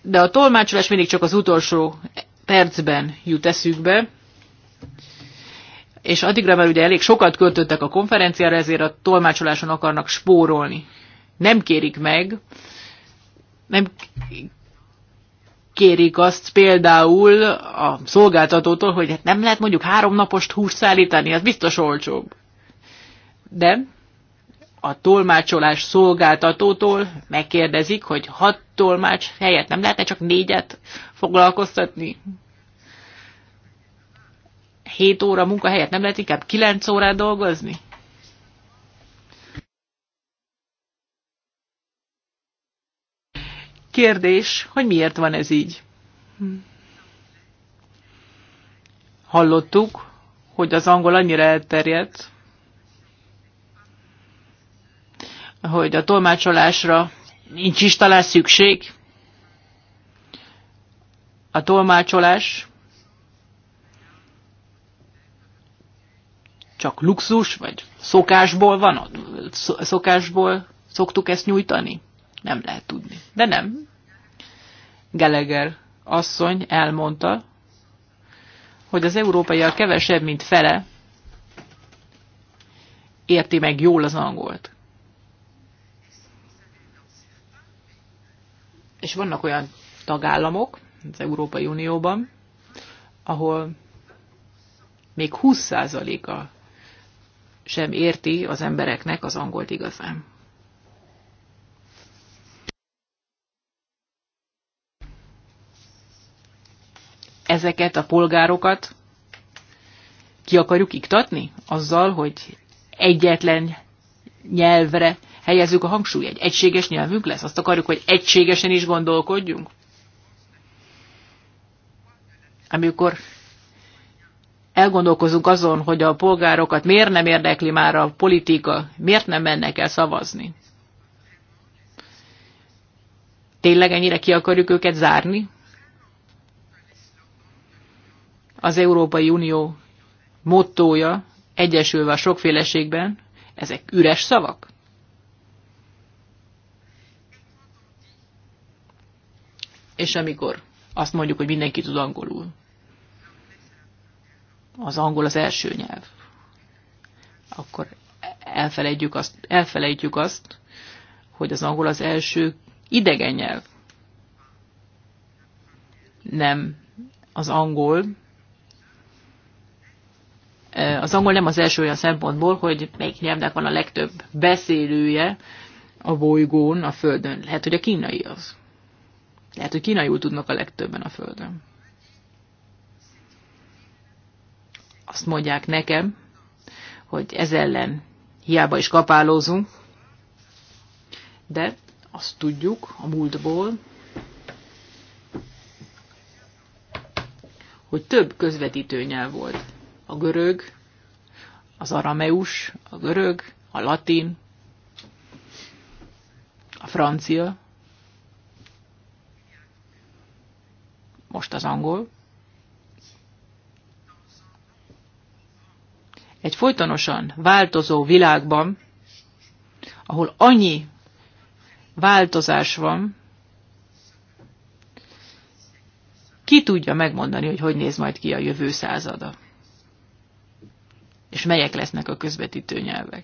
de a tolmácsolás mindig csak az utolsó percben jut eszükbe, és addigra, mert ugye elég sokat költöttek a konferenciára, ezért a tolmácsoláson akarnak spórolni. Nem kérik meg, nem kérik azt például a szolgáltatótól, hogy hát nem lehet mondjuk három napost húst szállítani, az biztos olcsóbb. De a tolmácsolás szolgáltatótól megkérdezik, hogy hat tolmács helyett nem lehetne csak négyet foglalkoztatni? Hét óra munka helyett nem lehet inkább kilenc órát dolgozni? Kérdés, hogy miért van ez így? Hallottuk, hogy az angol annyira elterjedt, hogy a tolmácsolásra nincs is talán szükség. A tolmácsolás csak luxus, vagy szokásból van, szokásból szoktuk ezt nyújtani? Nem lehet tudni. De nem, Geleger asszony elmondta, hogy az európaiak kevesebb, mint fele érti meg jól az angolt. És vannak olyan tagállamok az Európai Unióban, ahol még 20%-a sem érti az embereknek az angolt igazán. ezeket a polgárokat ki akarjuk iktatni? Azzal, hogy egyetlen nyelvre helyezzük a hangsúly, egy egységes nyelvünk lesz? Azt akarjuk, hogy egységesen is gondolkodjunk? Amikor elgondolkozunk azon, hogy a polgárokat miért nem érdekli már a politika, miért nem mennek el szavazni. Tényleg ennyire ki akarjuk őket zárni? az Európai Unió mottója, egyesülve a sokféleségben, ezek üres szavak? És amikor azt mondjuk, hogy mindenki tud angolul, az angol az első nyelv, akkor elfelejtjük azt, elfelejtjük azt hogy az angol az első idegen nyelv. Nem az angol Eh, az angol nem az első olyan szempontból, hogy melyik nyelvnek van a legtöbb beszélője a bolygón, a Földön. Lehet, hogy a kínai az. Lehet, hogy kínaiul tudnak a legtöbben a Földön. Azt mondják nekem, hogy ez ellen hiába is kapálózunk, de azt tudjuk a múltból, hogy több közvetítő nyelv volt a görög, az arameus, a görög, a latin, a francia, most az angol. Egy folytonosan változó világban, ahol annyi változás van, ki tudja megmondani, hogy hogy néz majd ki a jövő százada és melyek lesznek a közvetítő nyelvek.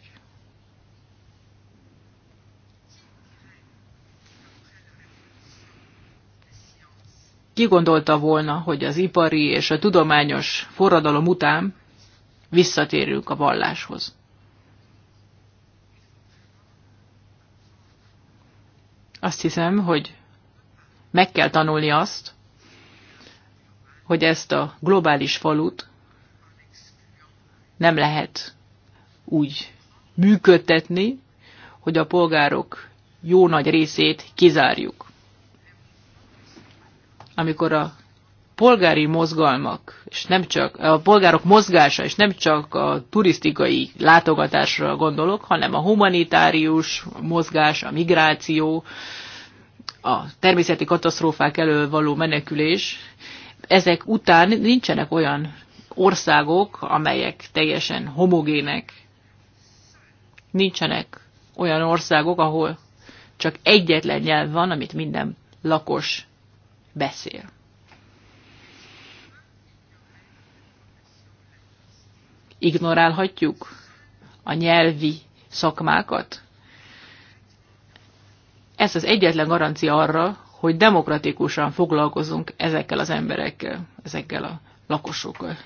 Ki gondolta volna, hogy az ipari és a tudományos forradalom után visszatérünk a valláshoz? Azt hiszem, hogy meg kell tanulni azt, hogy ezt a globális falut nem lehet úgy működtetni, hogy a polgárok jó nagy részét kizárjuk. Amikor a polgári mozgalmak, és nem csak a polgárok mozgása, és nem csak a turisztikai látogatásra gondolok, hanem a humanitárius mozgás, a migráció, a természeti katasztrófák elől való menekülés, ezek után nincsenek olyan országok, amelyek teljesen homogének. Nincsenek olyan országok, ahol csak egyetlen nyelv van, amit minden lakos beszél. Ignorálhatjuk a nyelvi szakmákat? Ez az egyetlen garancia arra, hogy demokratikusan foglalkozunk ezekkel az emberekkel, ezekkel a lakosokkal.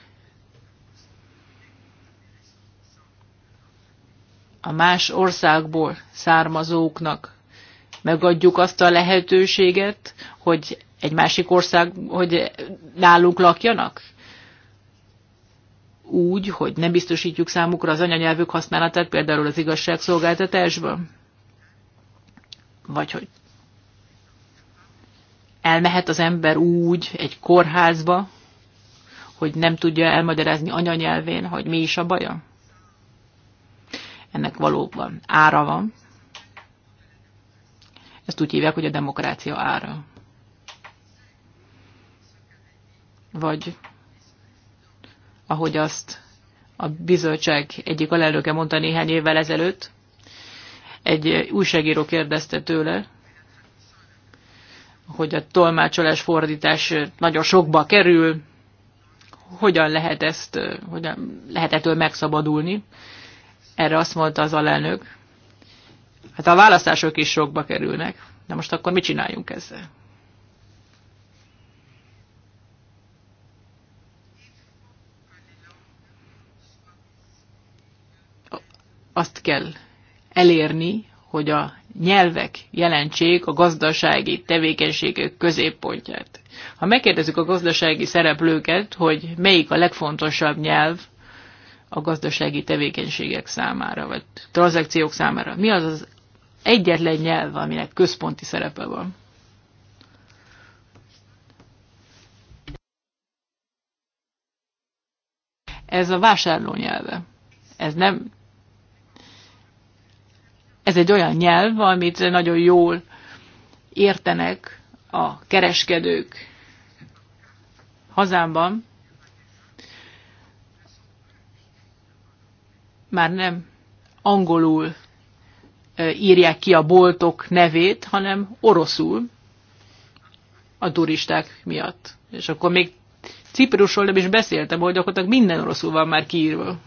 a más országból származóknak megadjuk azt a lehetőséget, hogy egy másik ország, hogy nálunk lakjanak? Úgy, hogy nem biztosítjuk számukra az anyanyelvük használatát, például az igazságszolgáltatásban? Vagy hogy elmehet az ember úgy egy kórházba, hogy nem tudja elmagyarázni anyanyelvén, hogy mi is a baja? ennek valóban ára van. Ezt úgy hívják, hogy a demokrácia ára. Vagy ahogy azt a bizottság egyik alelnöke mondta néhány évvel ezelőtt, egy újságíró kérdezte tőle, hogy a tolmácsolás fordítás nagyon sokba kerül, hogyan lehet ezt, hogyan lehet ettől megszabadulni. Erre azt mondta az alelnök, hát a választások is sokba kerülnek. De most akkor mit csináljunk ezzel? Azt kell elérni, hogy a nyelvek jelentsék a gazdasági tevékenységek középpontját. Ha megkérdezzük a gazdasági szereplőket, hogy melyik a legfontosabb nyelv a gazdasági tevékenységek számára, vagy tranzakciók számára? Mi az az egyetlen nyelv, aminek központi szerepe van? Ez a vásárló nyelve. Ez nem... Ez egy olyan nyelv, amit nagyon jól értenek a kereskedők hazámban. már nem angolul írják ki a boltok nevét, hanem oroszul a turisták miatt. És akkor még Ciprusról nem is beszéltem, hogy gyakorlatilag minden oroszul van már kiírva.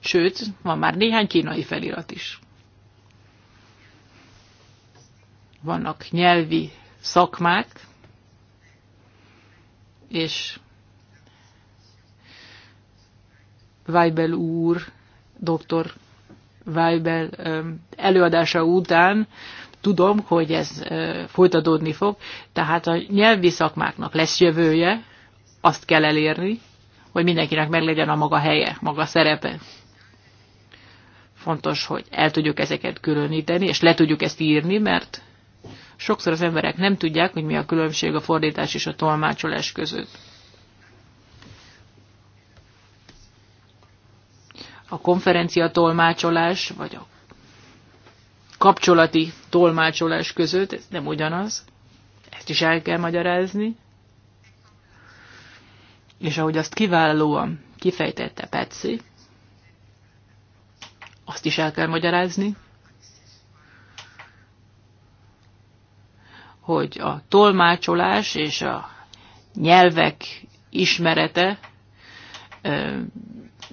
Sőt, van már néhány kínai felirat is. Vannak nyelvi szakmák, és Weibel úr, doktor Weibel előadása után tudom, hogy ez folytatódni fog, tehát a nyelvi szakmáknak lesz jövője, azt kell elérni, hogy mindenkinek meglegyen a maga helye, maga szerepe. Fontos, hogy el tudjuk ezeket különíteni, és le tudjuk ezt írni, mert sokszor az emberek nem tudják, hogy mi a különbség a fordítás és a tolmácsolás között. a konferencia tolmácsolás, vagy a kapcsolati tolmácsolás között, ez nem ugyanaz. Ezt is el kell magyarázni. És ahogy azt kiválóan kifejtette Petszi, azt is el kell magyarázni, hogy a tolmácsolás és a nyelvek ismerete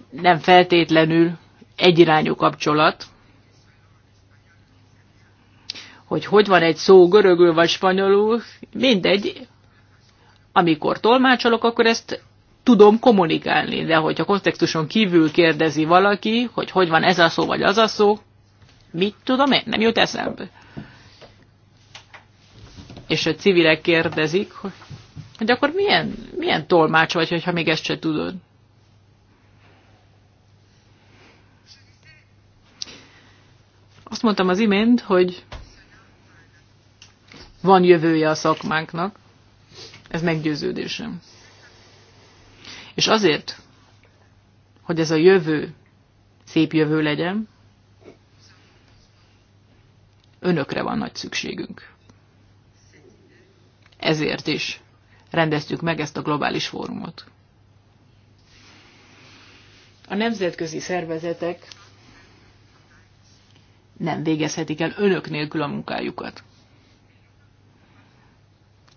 nem feltétlenül egyirányú kapcsolat, hogy hogy van egy szó görögül vagy spanyolul, mindegy, amikor tolmácsolok, akkor ezt tudom kommunikálni, de hogyha kontextuson kívül kérdezi valaki, hogy hogy van ez a szó vagy az a szó, mit tudom én, nem jut eszembe. És a civilek kérdezik, hogy, hogy akkor milyen, milyen tolmács vagy, ha még ezt se tudod. Azt mondtam az imént, hogy van jövője a szakmánknak. Ez meggyőződésem. És azért, hogy ez a jövő szép jövő legyen, önökre van nagy szükségünk. Ezért is rendeztük meg ezt a globális fórumot. A nemzetközi szervezetek nem végezhetik el önök nélkül a munkájukat.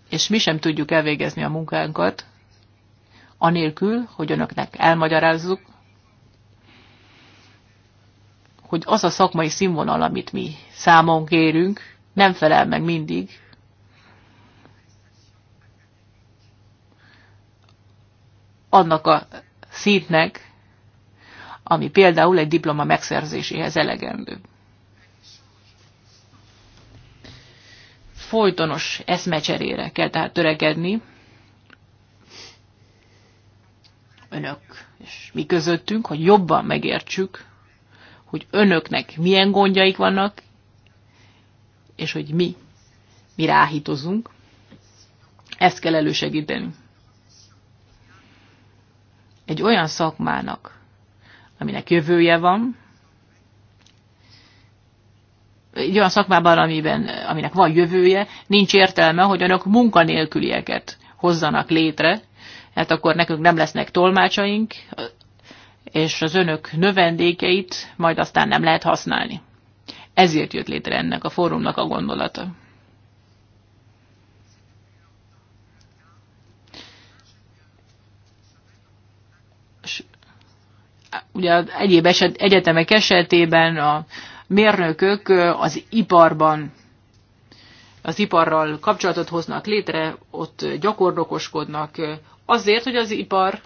És mi sem tudjuk elvégezni a munkánkat, anélkül, hogy önöknek elmagyarázzuk, hogy az a szakmai színvonal, amit mi számon kérünk, nem felel meg mindig annak a szintnek, ami például egy diploma megszerzéséhez elegendő. folytonos eszmecserére kell tehát törekedni. Önök és mi közöttünk, hogy jobban megértsük, hogy önöknek milyen gondjaik vannak, és hogy mi, mi ráhítozunk. Ezt kell elősegíteni. Egy olyan szakmának, aminek jövője van, egy olyan szakmában, amiben, aminek van jövője, nincs értelme, hogy önök munkanélkülieket hozzanak létre, hát akkor nekünk nem lesznek tolmácsaink, és az önök növendékeit majd aztán nem lehet használni. Ezért jött létre ennek a fórumnak a gondolata. És ugye egyéb eset, egyetemek esetében a, mérnökök az iparban az iparral kapcsolatot hoznak létre, ott gyakornokoskodnak azért, hogy az ipar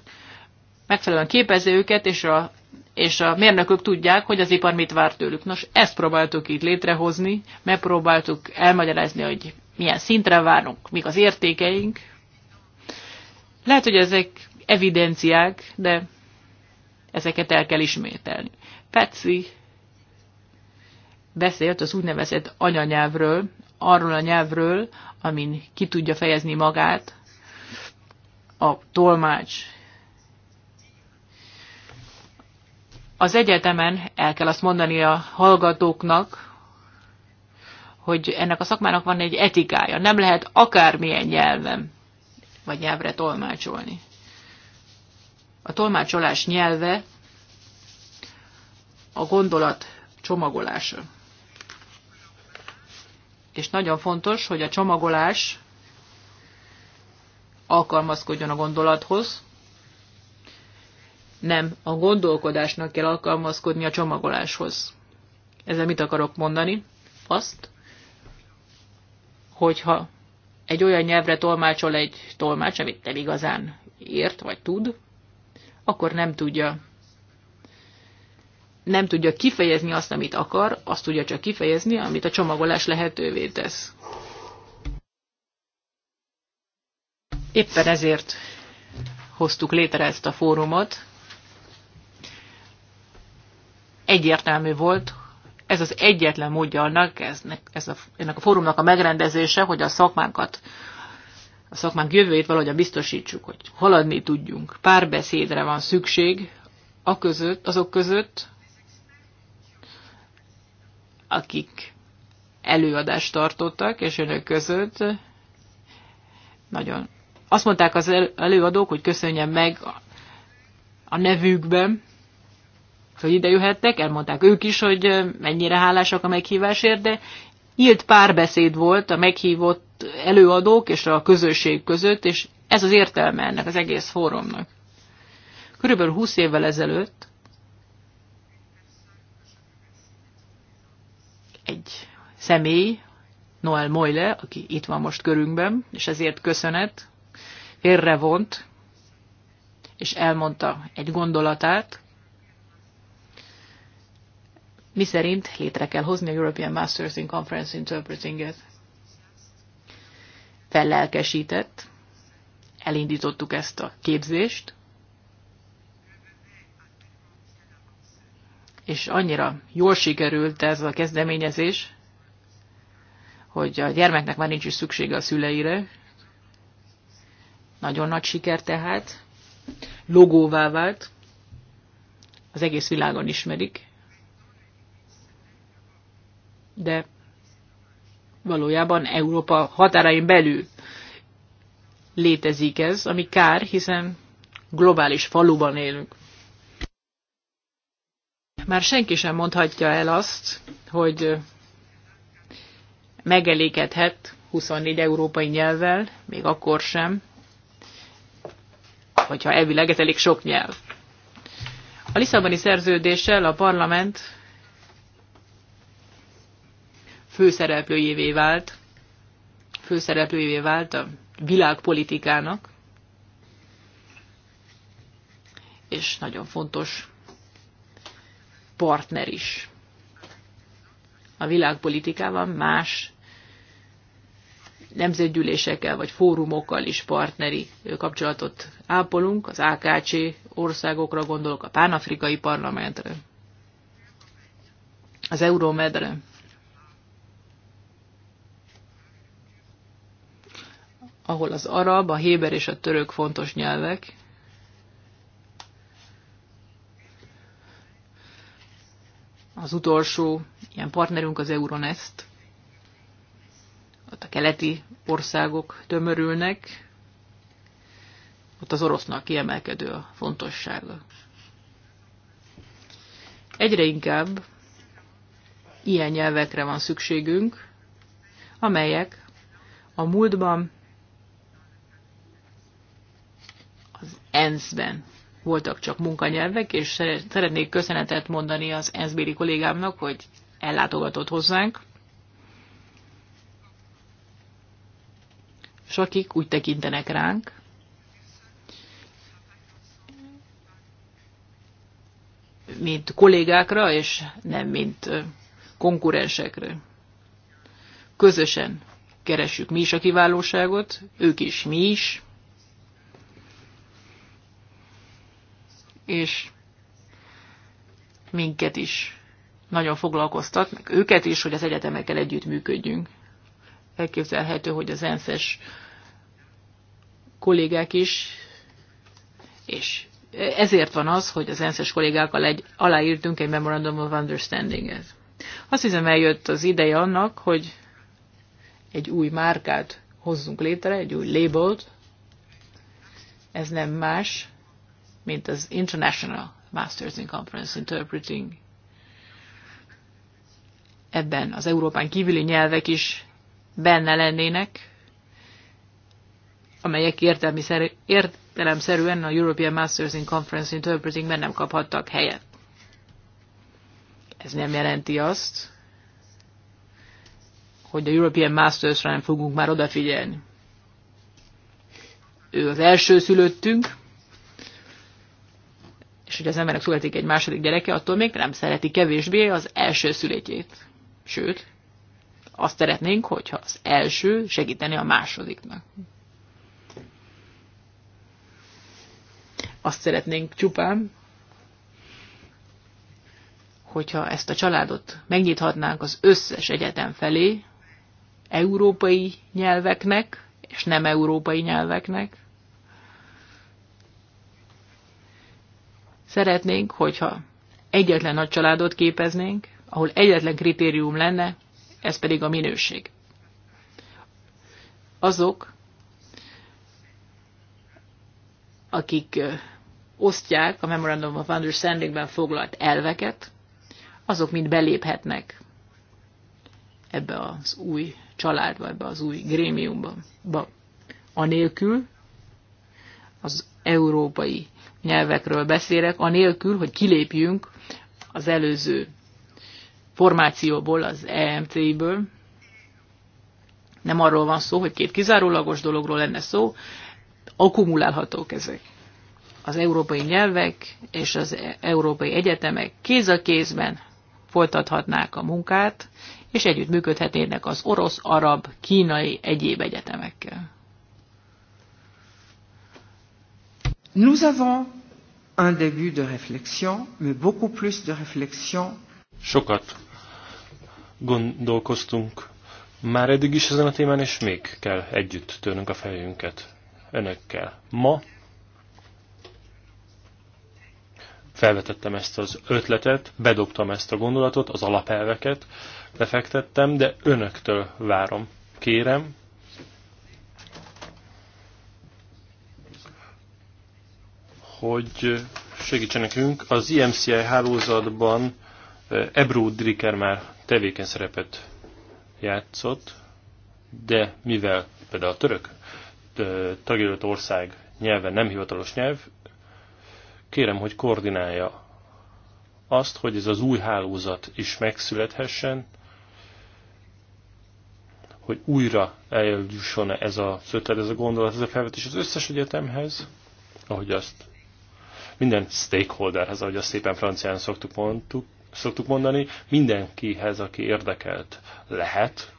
megfelelően képezze őket, és a, és a mérnökök tudják, hogy az ipar mit vár tőlük. Nos, ezt próbáltuk itt létrehozni, megpróbáltuk elmagyarázni, hogy milyen szintre várunk, mik az értékeink. Lehet, hogy ezek evidenciák, de ezeket el kell ismételni. Petszi beszélt az úgynevezett anyanyelvről, arról a nyelvről, amin ki tudja fejezni magát a tolmács. Az egyetemen el kell azt mondani a hallgatóknak, hogy ennek a szakmának van egy etikája. Nem lehet akármilyen nyelven vagy nyelvre tolmácsolni. A tolmácsolás nyelve a gondolat csomagolása és nagyon fontos, hogy a csomagolás alkalmazkodjon a gondolathoz. Nem, a gondolkodásnak kell alkalmazkodni a csomagoláshoz. Ezzel mit akarok mondani? Azt, hogyha egy olyan nyelvre tolmácsol egy tolmács, amit nem igazán ért vagy tud, akkor nem tudja nem tudja kifejezni azt, amit akar, azt tudja csak kifejezni, amit a csomagolás lehetővé tesz. Éppen ezért hoztuk létre ezt a fórumot. Egyértelmű volt, ez az egyetlen módja annak, ez, ez a, ennek a fórumnak a megrendezése, hogy a szakmánkat, a szakmánk jövőjét valahogy biztosítsuk, hogy haladni tudjunk. Párbeszédre van szükség a között, azok között, akik előadást tartottak, és önök között nagyon azt mondták az előadók, hogy köszönjem meg a nevükben, hogy ide jöhettek, elmondták ők is, hogy mennyire hálásak a meghívásért, de nyílt párbeszéd volt a meghívott előadók és a közösség között, és ez az értelme ennek az egész fórumnak. Körülbelül 20 évvel ezelőtt egy személy, Noel Moyle, aki itt van most körünkben, és ezért köszönet, félrevont, és elmondta egy gondolatát, mi szerint létre kell hozni a European Masters in Conference Interpreting-et. Fellelkesített, elindítottuk ezt a képzést, és annyira jól sikerült ez a kezdeményezés, hogy a gyermeknek már nincs is szüksége a szüleire. Nagyon nagy siker tehát. Logóvá vált. Az egész világon ismerik. De valójában Európa határain belül létezik ez, ami kár, hiszen globális faluban élünk. Már senki sem mondhatja el azt, hogy megelégedhet 24 európai nyelvvel, még akkor sem, hogyha elvileg ez elég sok nyelv. A Lisszaboni szerződéssel a parlament főszereplőjévé vált, főszereplőjévé vált a világpolitikának, és nagyon fontos partner is. A világpolitikában más nemzetgyűlésekkel vagy fórumokkal is partneri kapcsolatot ápolunk, az AKC országokra gondolok, a pánafrikai parlamentre, az Euromedre. ahol az arab, a héber és a török fontos nyelvek, az utolsó ilyen partnerünk az Euronest. Ott a keleti országok tömörülnek, ott az orosznak kiemelkedő a fontossága. Egyre inkább ilyen nyelvekre van szükségünk, amelyek a múltban az ENSZ-ben voltak csak munkanyelvek, és szeretnék köszönetet mondani az Enzbéri kollégámnak, hogy ellátogatott hozzánk. És akik úgy tekintenek ránk, mint kollégákra, és nem mint konkurensekre. Közösen keressük mi is a kiválóságot, ők is mi is, és minket is nagyon foglalkoztat, meg őket is, hogy az egyetemekkel együtt működjünk. Elképzelhető, hogy az ENSZ-es kollégák is, és ezért van az, hogy az ENSZ-es kollégákkal egy, aláírtunk egy Memorandum of Understanding-et. Azt hiszem eljött az ideje annak, hogy egy új márkát hozzunk létre, egy új labelt. Ez nem más, mint az International Masters in Conference Interpreting. Ebben az Európán kívüli nyelvek is benne lennének, amelyek értelemszerűen a European Masters in Conference Interpretingben nem kaphattak helyet. Ez nem jelenti azt, hogy a European Masters-re nem fogunk már odafigyelni. Ő az első szülöttünk, és hogy az embernek születik egy második gyereke, attól még nem szereti kevésbé az első szülétjét. Sőt, azt szeretnénk, hogyha az első segíteni a másodiknak. Azt szeretnénk csupán, hogyha ezt a családot megnyithatnánk az összes egyetem felé, európai nyelveknek, és nem európai nyelveknek, Szeretnénk, hogyha egyetlen nagy családot képeznénk, ahol egyetlen kritérium lenne, ez pedig a minőség. Azok, akik osztják a Memorandum of Understandingben foglalt elveket, azok mind beléphetnek ebbe az új családba, ebbe az új grémiumba. Anélkül az európai nyelvekről beszélek, anélkül, hogy kilépjünk az előző formációból, az emt ből Nem arról van szó, hogy két kizárólagos dologról lenne szó, akkumulálhatók ezek. Az európai nyelvek és az európai egyetemek kéz a kézben folytathatnák a munkát, és együtt működhetnének az orosz, arab, kínai, egyéb egyetemekkel. Nous avons un début de réflexion, mais beaucoup plus de réflexion. Sokat gondolkoztunk már eddig is ezen a témán, és még kell együtt törnünk a fejünket önökkel. Ma felvetettem ezt az ötletet, bedobtam ezt a gondolatot, az alapelveket lefektettem, de önöktől várom. Kérem, hogy segítsen nekünk. Az IMCI hálózatban eh, Ebru Dricker már tevékeny szerepet játszott, de mivel például a török eh, tagjelölt ország nyelve nem hivatalos nyelv, kérem, hogy koordinálja azt, hogy ez az új hálózat is megszülethessen, hogy újra eljusson -e ez a ötlet, ez a gondolat, ez a felvetés az összes egyetemhez, ahogy azt minden stakeholderhez, ahogy azt szépen francián szoktuk, mondtuk, szoktuk mondani, mindenkihez, aki érdekelt lehet.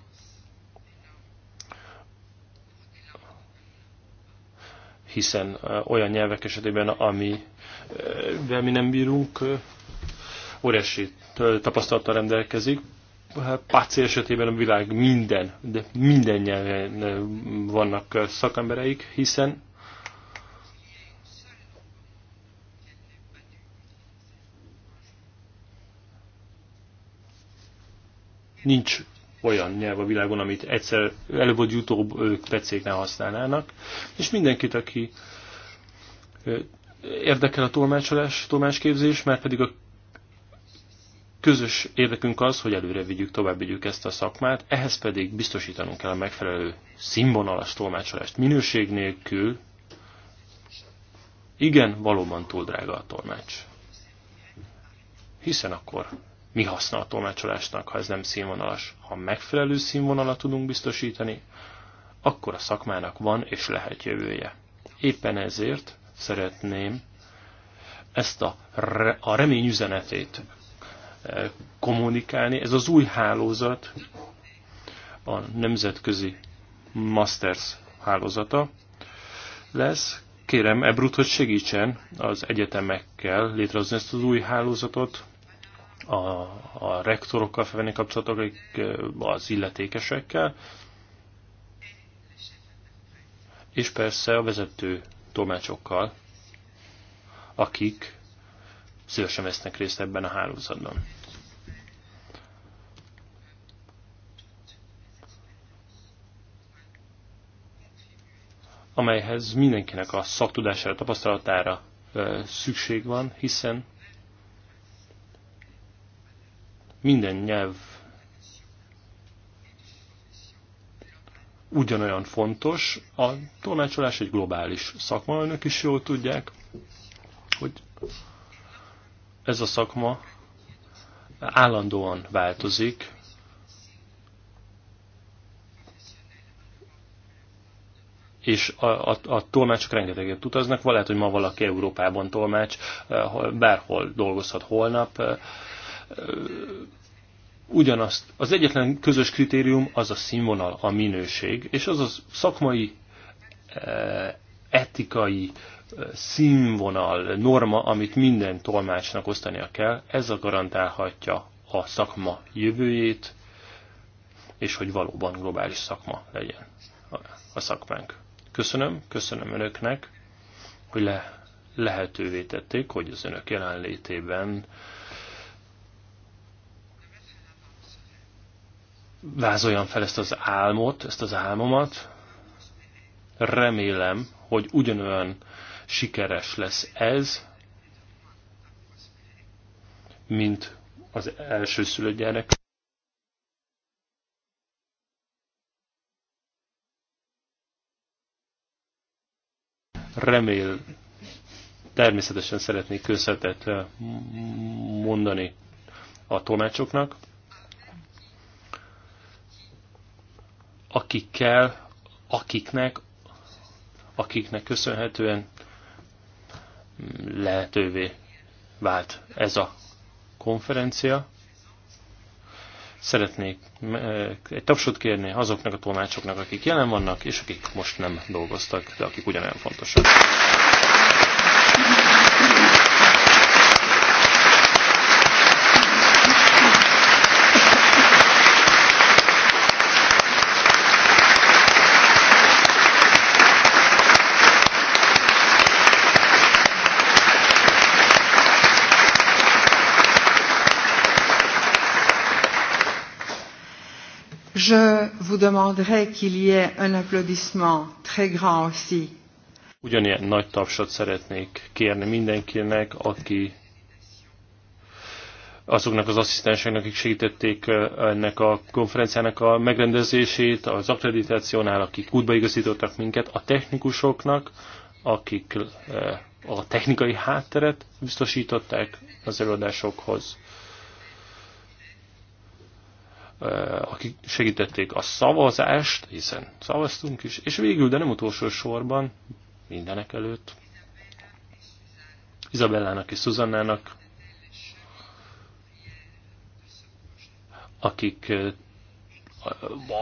hiszen olyan nyelvek esetében, de mi nem bírunk, óriási tapasztalattal rendelkezik, hát Páci esetében a világ minden, de minden nyelven vannak szakembereik, hiszen nincs olyan nyelv a világon, amit egyszer előbb vagy utóbb ők ne használnának, és mindenkit, aki érdekel a tolmácsolás, tolmácsképzés, mert pedig a közös érdekünk az, hogy előre vigyük, tovább vigyük ezt a szakmát, ehhez pedig biztosítanunk kell a megfelelő színvonalas tolmácsolást. Minőség nélkül igen, valóban túl drága a tolmács. Hiszen akkor mi haszna a tolmácsolásnak, ha ez nem színvonalas. Ha megfelelő színvonalat tudunk biztosítani, akkor a szakmának van és lehet jövője. Éppen ezért szeretném ezt a, re, a remény üzenetét eh, kommunikálni. Ez az új hálózat, a nemzetközi Masters hálózata lesz. Kérem Ebrut, hogy segítsen az egyetemekkel létrehozni ezt az új hálózatot, a, a rektorokkal felvenni kapcsolatok, az illetékesekkel, és persze a vezető tolmácsokkal, akik szívesen vesznek részt ebben a hálózatban. amelyhez mindenkinek a szaktudására, tapasztalatára szükség van, hiszen minden nyelv ugyanolyan fontos. A tolmácsolás egy globális szakma, önök is jól tudják, hogy ez a szakma állandóan változik, és a, a, a tolmácsok rengeteget utaznak, lehet, hogy ma valaki Európában tolmács, eh, bárhol dolgozhat holnap, eh, ugyanazt, az egyetlen közös kritérium az a színvonal, a minőség, és az a szakmai, eh, etikai eh, színvonal, norma, amit minden tolmácsnak osztania kell, ez a garantálhatja a szakma jövőjét, és hogy valóban globális szakma legyen a szakmánk. Köszönöm, köszönöm önöknek, hogy le, lehetővé tették, hogy az önök jelenlétében vázoljam fel ezt az álmot, ezt az álmomat. Remélem, hogy ugyanolyan sikeres lesz ez, mint az első szülött gyerek. Remél, természetesen szeretnék köszönetet mondani a tolmácsoknak. akikkel, akiknek, akiknek köszönhetően lehetővé vált ez a konferencia. Szeretnék eh, egy tapsot kérni azoknak a tolmácsoknak, akik jelen vannak, és akik most nem dolgoztak, de akik ugyanolyan fontosak. vous demanderai qu'il y ait un applaudissement très grand aussi. Ugyanilyen nagy tapsot szeretnék kérni mindenkinek, aki azoknak az asszisztenseknek, akik segítették eh, ennek a konferenciának a megrendezését, az akkreditációnál, akik útbaigazítottak minket, a technikusoknak, akik eh, a technikai hátteret biztosították az előadásokhoz. Eh, akik segítették a szavazást, hiszen szavaztunk is, és végül, de nem utolsó sorban, mindenek előtt, Izabellának és Szuzannának, akik eh,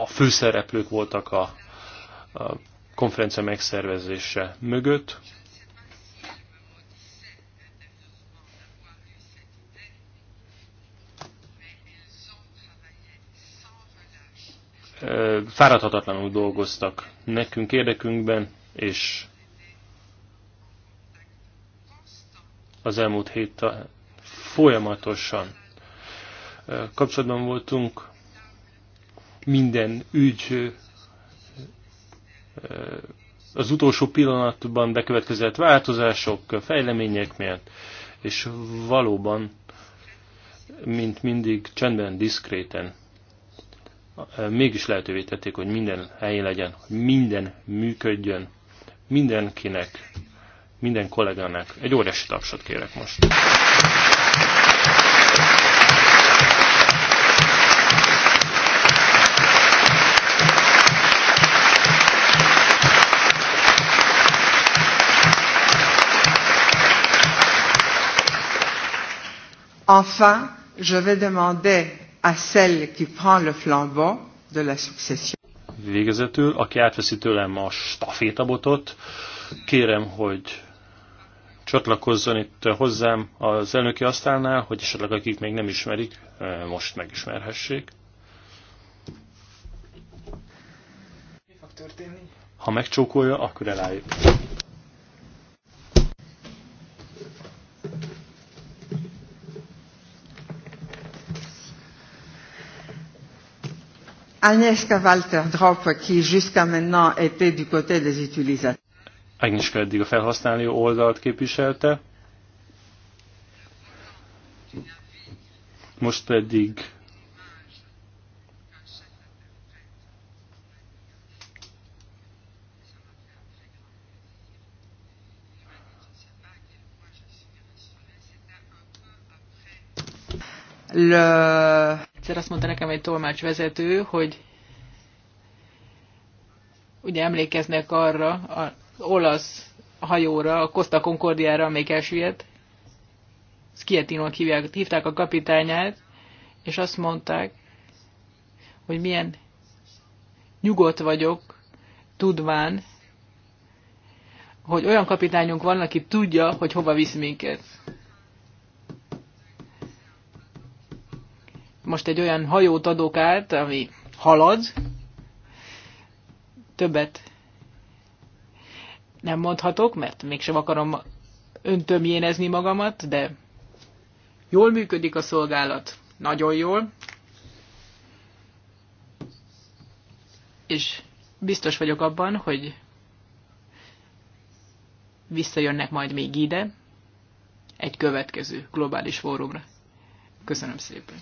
a főszereplők voltak a, a konferencia megszervezése mögött, fáradhatatlanul dolgoztak nekünk érdekünkben, és az elmúlt héttel folyamatosan kapcsolatban voltunk, minden ügy az utolsó pillanatban bekövetkezett változások, fejlemények miatt, és valóban, mint mindig, csendben, diszkréten mégis lehetővé tették, hogy minden helyén legyen, hogy minden működjön, mindenkinek, minden kollégának. Egy óriási tapsot kérek most. Enfin, je vais demander à celle qui prend le flambeau de la succession. Végezetül, aki átveszi tőlem a stafétabotot, kérem, hogy csatlakozzon itt hozzám az elnöki asztalnál, hogy esetleg akik még nem ismerik, eh, most megismerhessék. Ha megcsókolja, akkor elálljuk. Agnieszka Walter-Drop, aki jusqu'à maintenant était du côté des utilisateurs. Agnieszka eddig a felhasználó oldalt képviselte, most pedig Le... Egyszer azt mondta nekem egy tolmácsvezető, hogy ugye emlékeznek arra az olasz hajóra, a Costa Concordiára, amelyik elsüllyedt. Skietinon hívták a kapitányát, és azt mondták, hogy milyen nyugodt vagyok, tudván, hogy olyan kapitányunk van, aki tudja, hogy hova visz minket. most egy olyan hajót adok át, ami halad, többet nem mondhatok, mert mégsem akarom öntömjénezni magamat, de jól működik a szolgálat, nagyon jól, és biztos vagyok abban, hogy visszajönnek majd még ide, egy következő globális fórumra. Köszönöm szépen!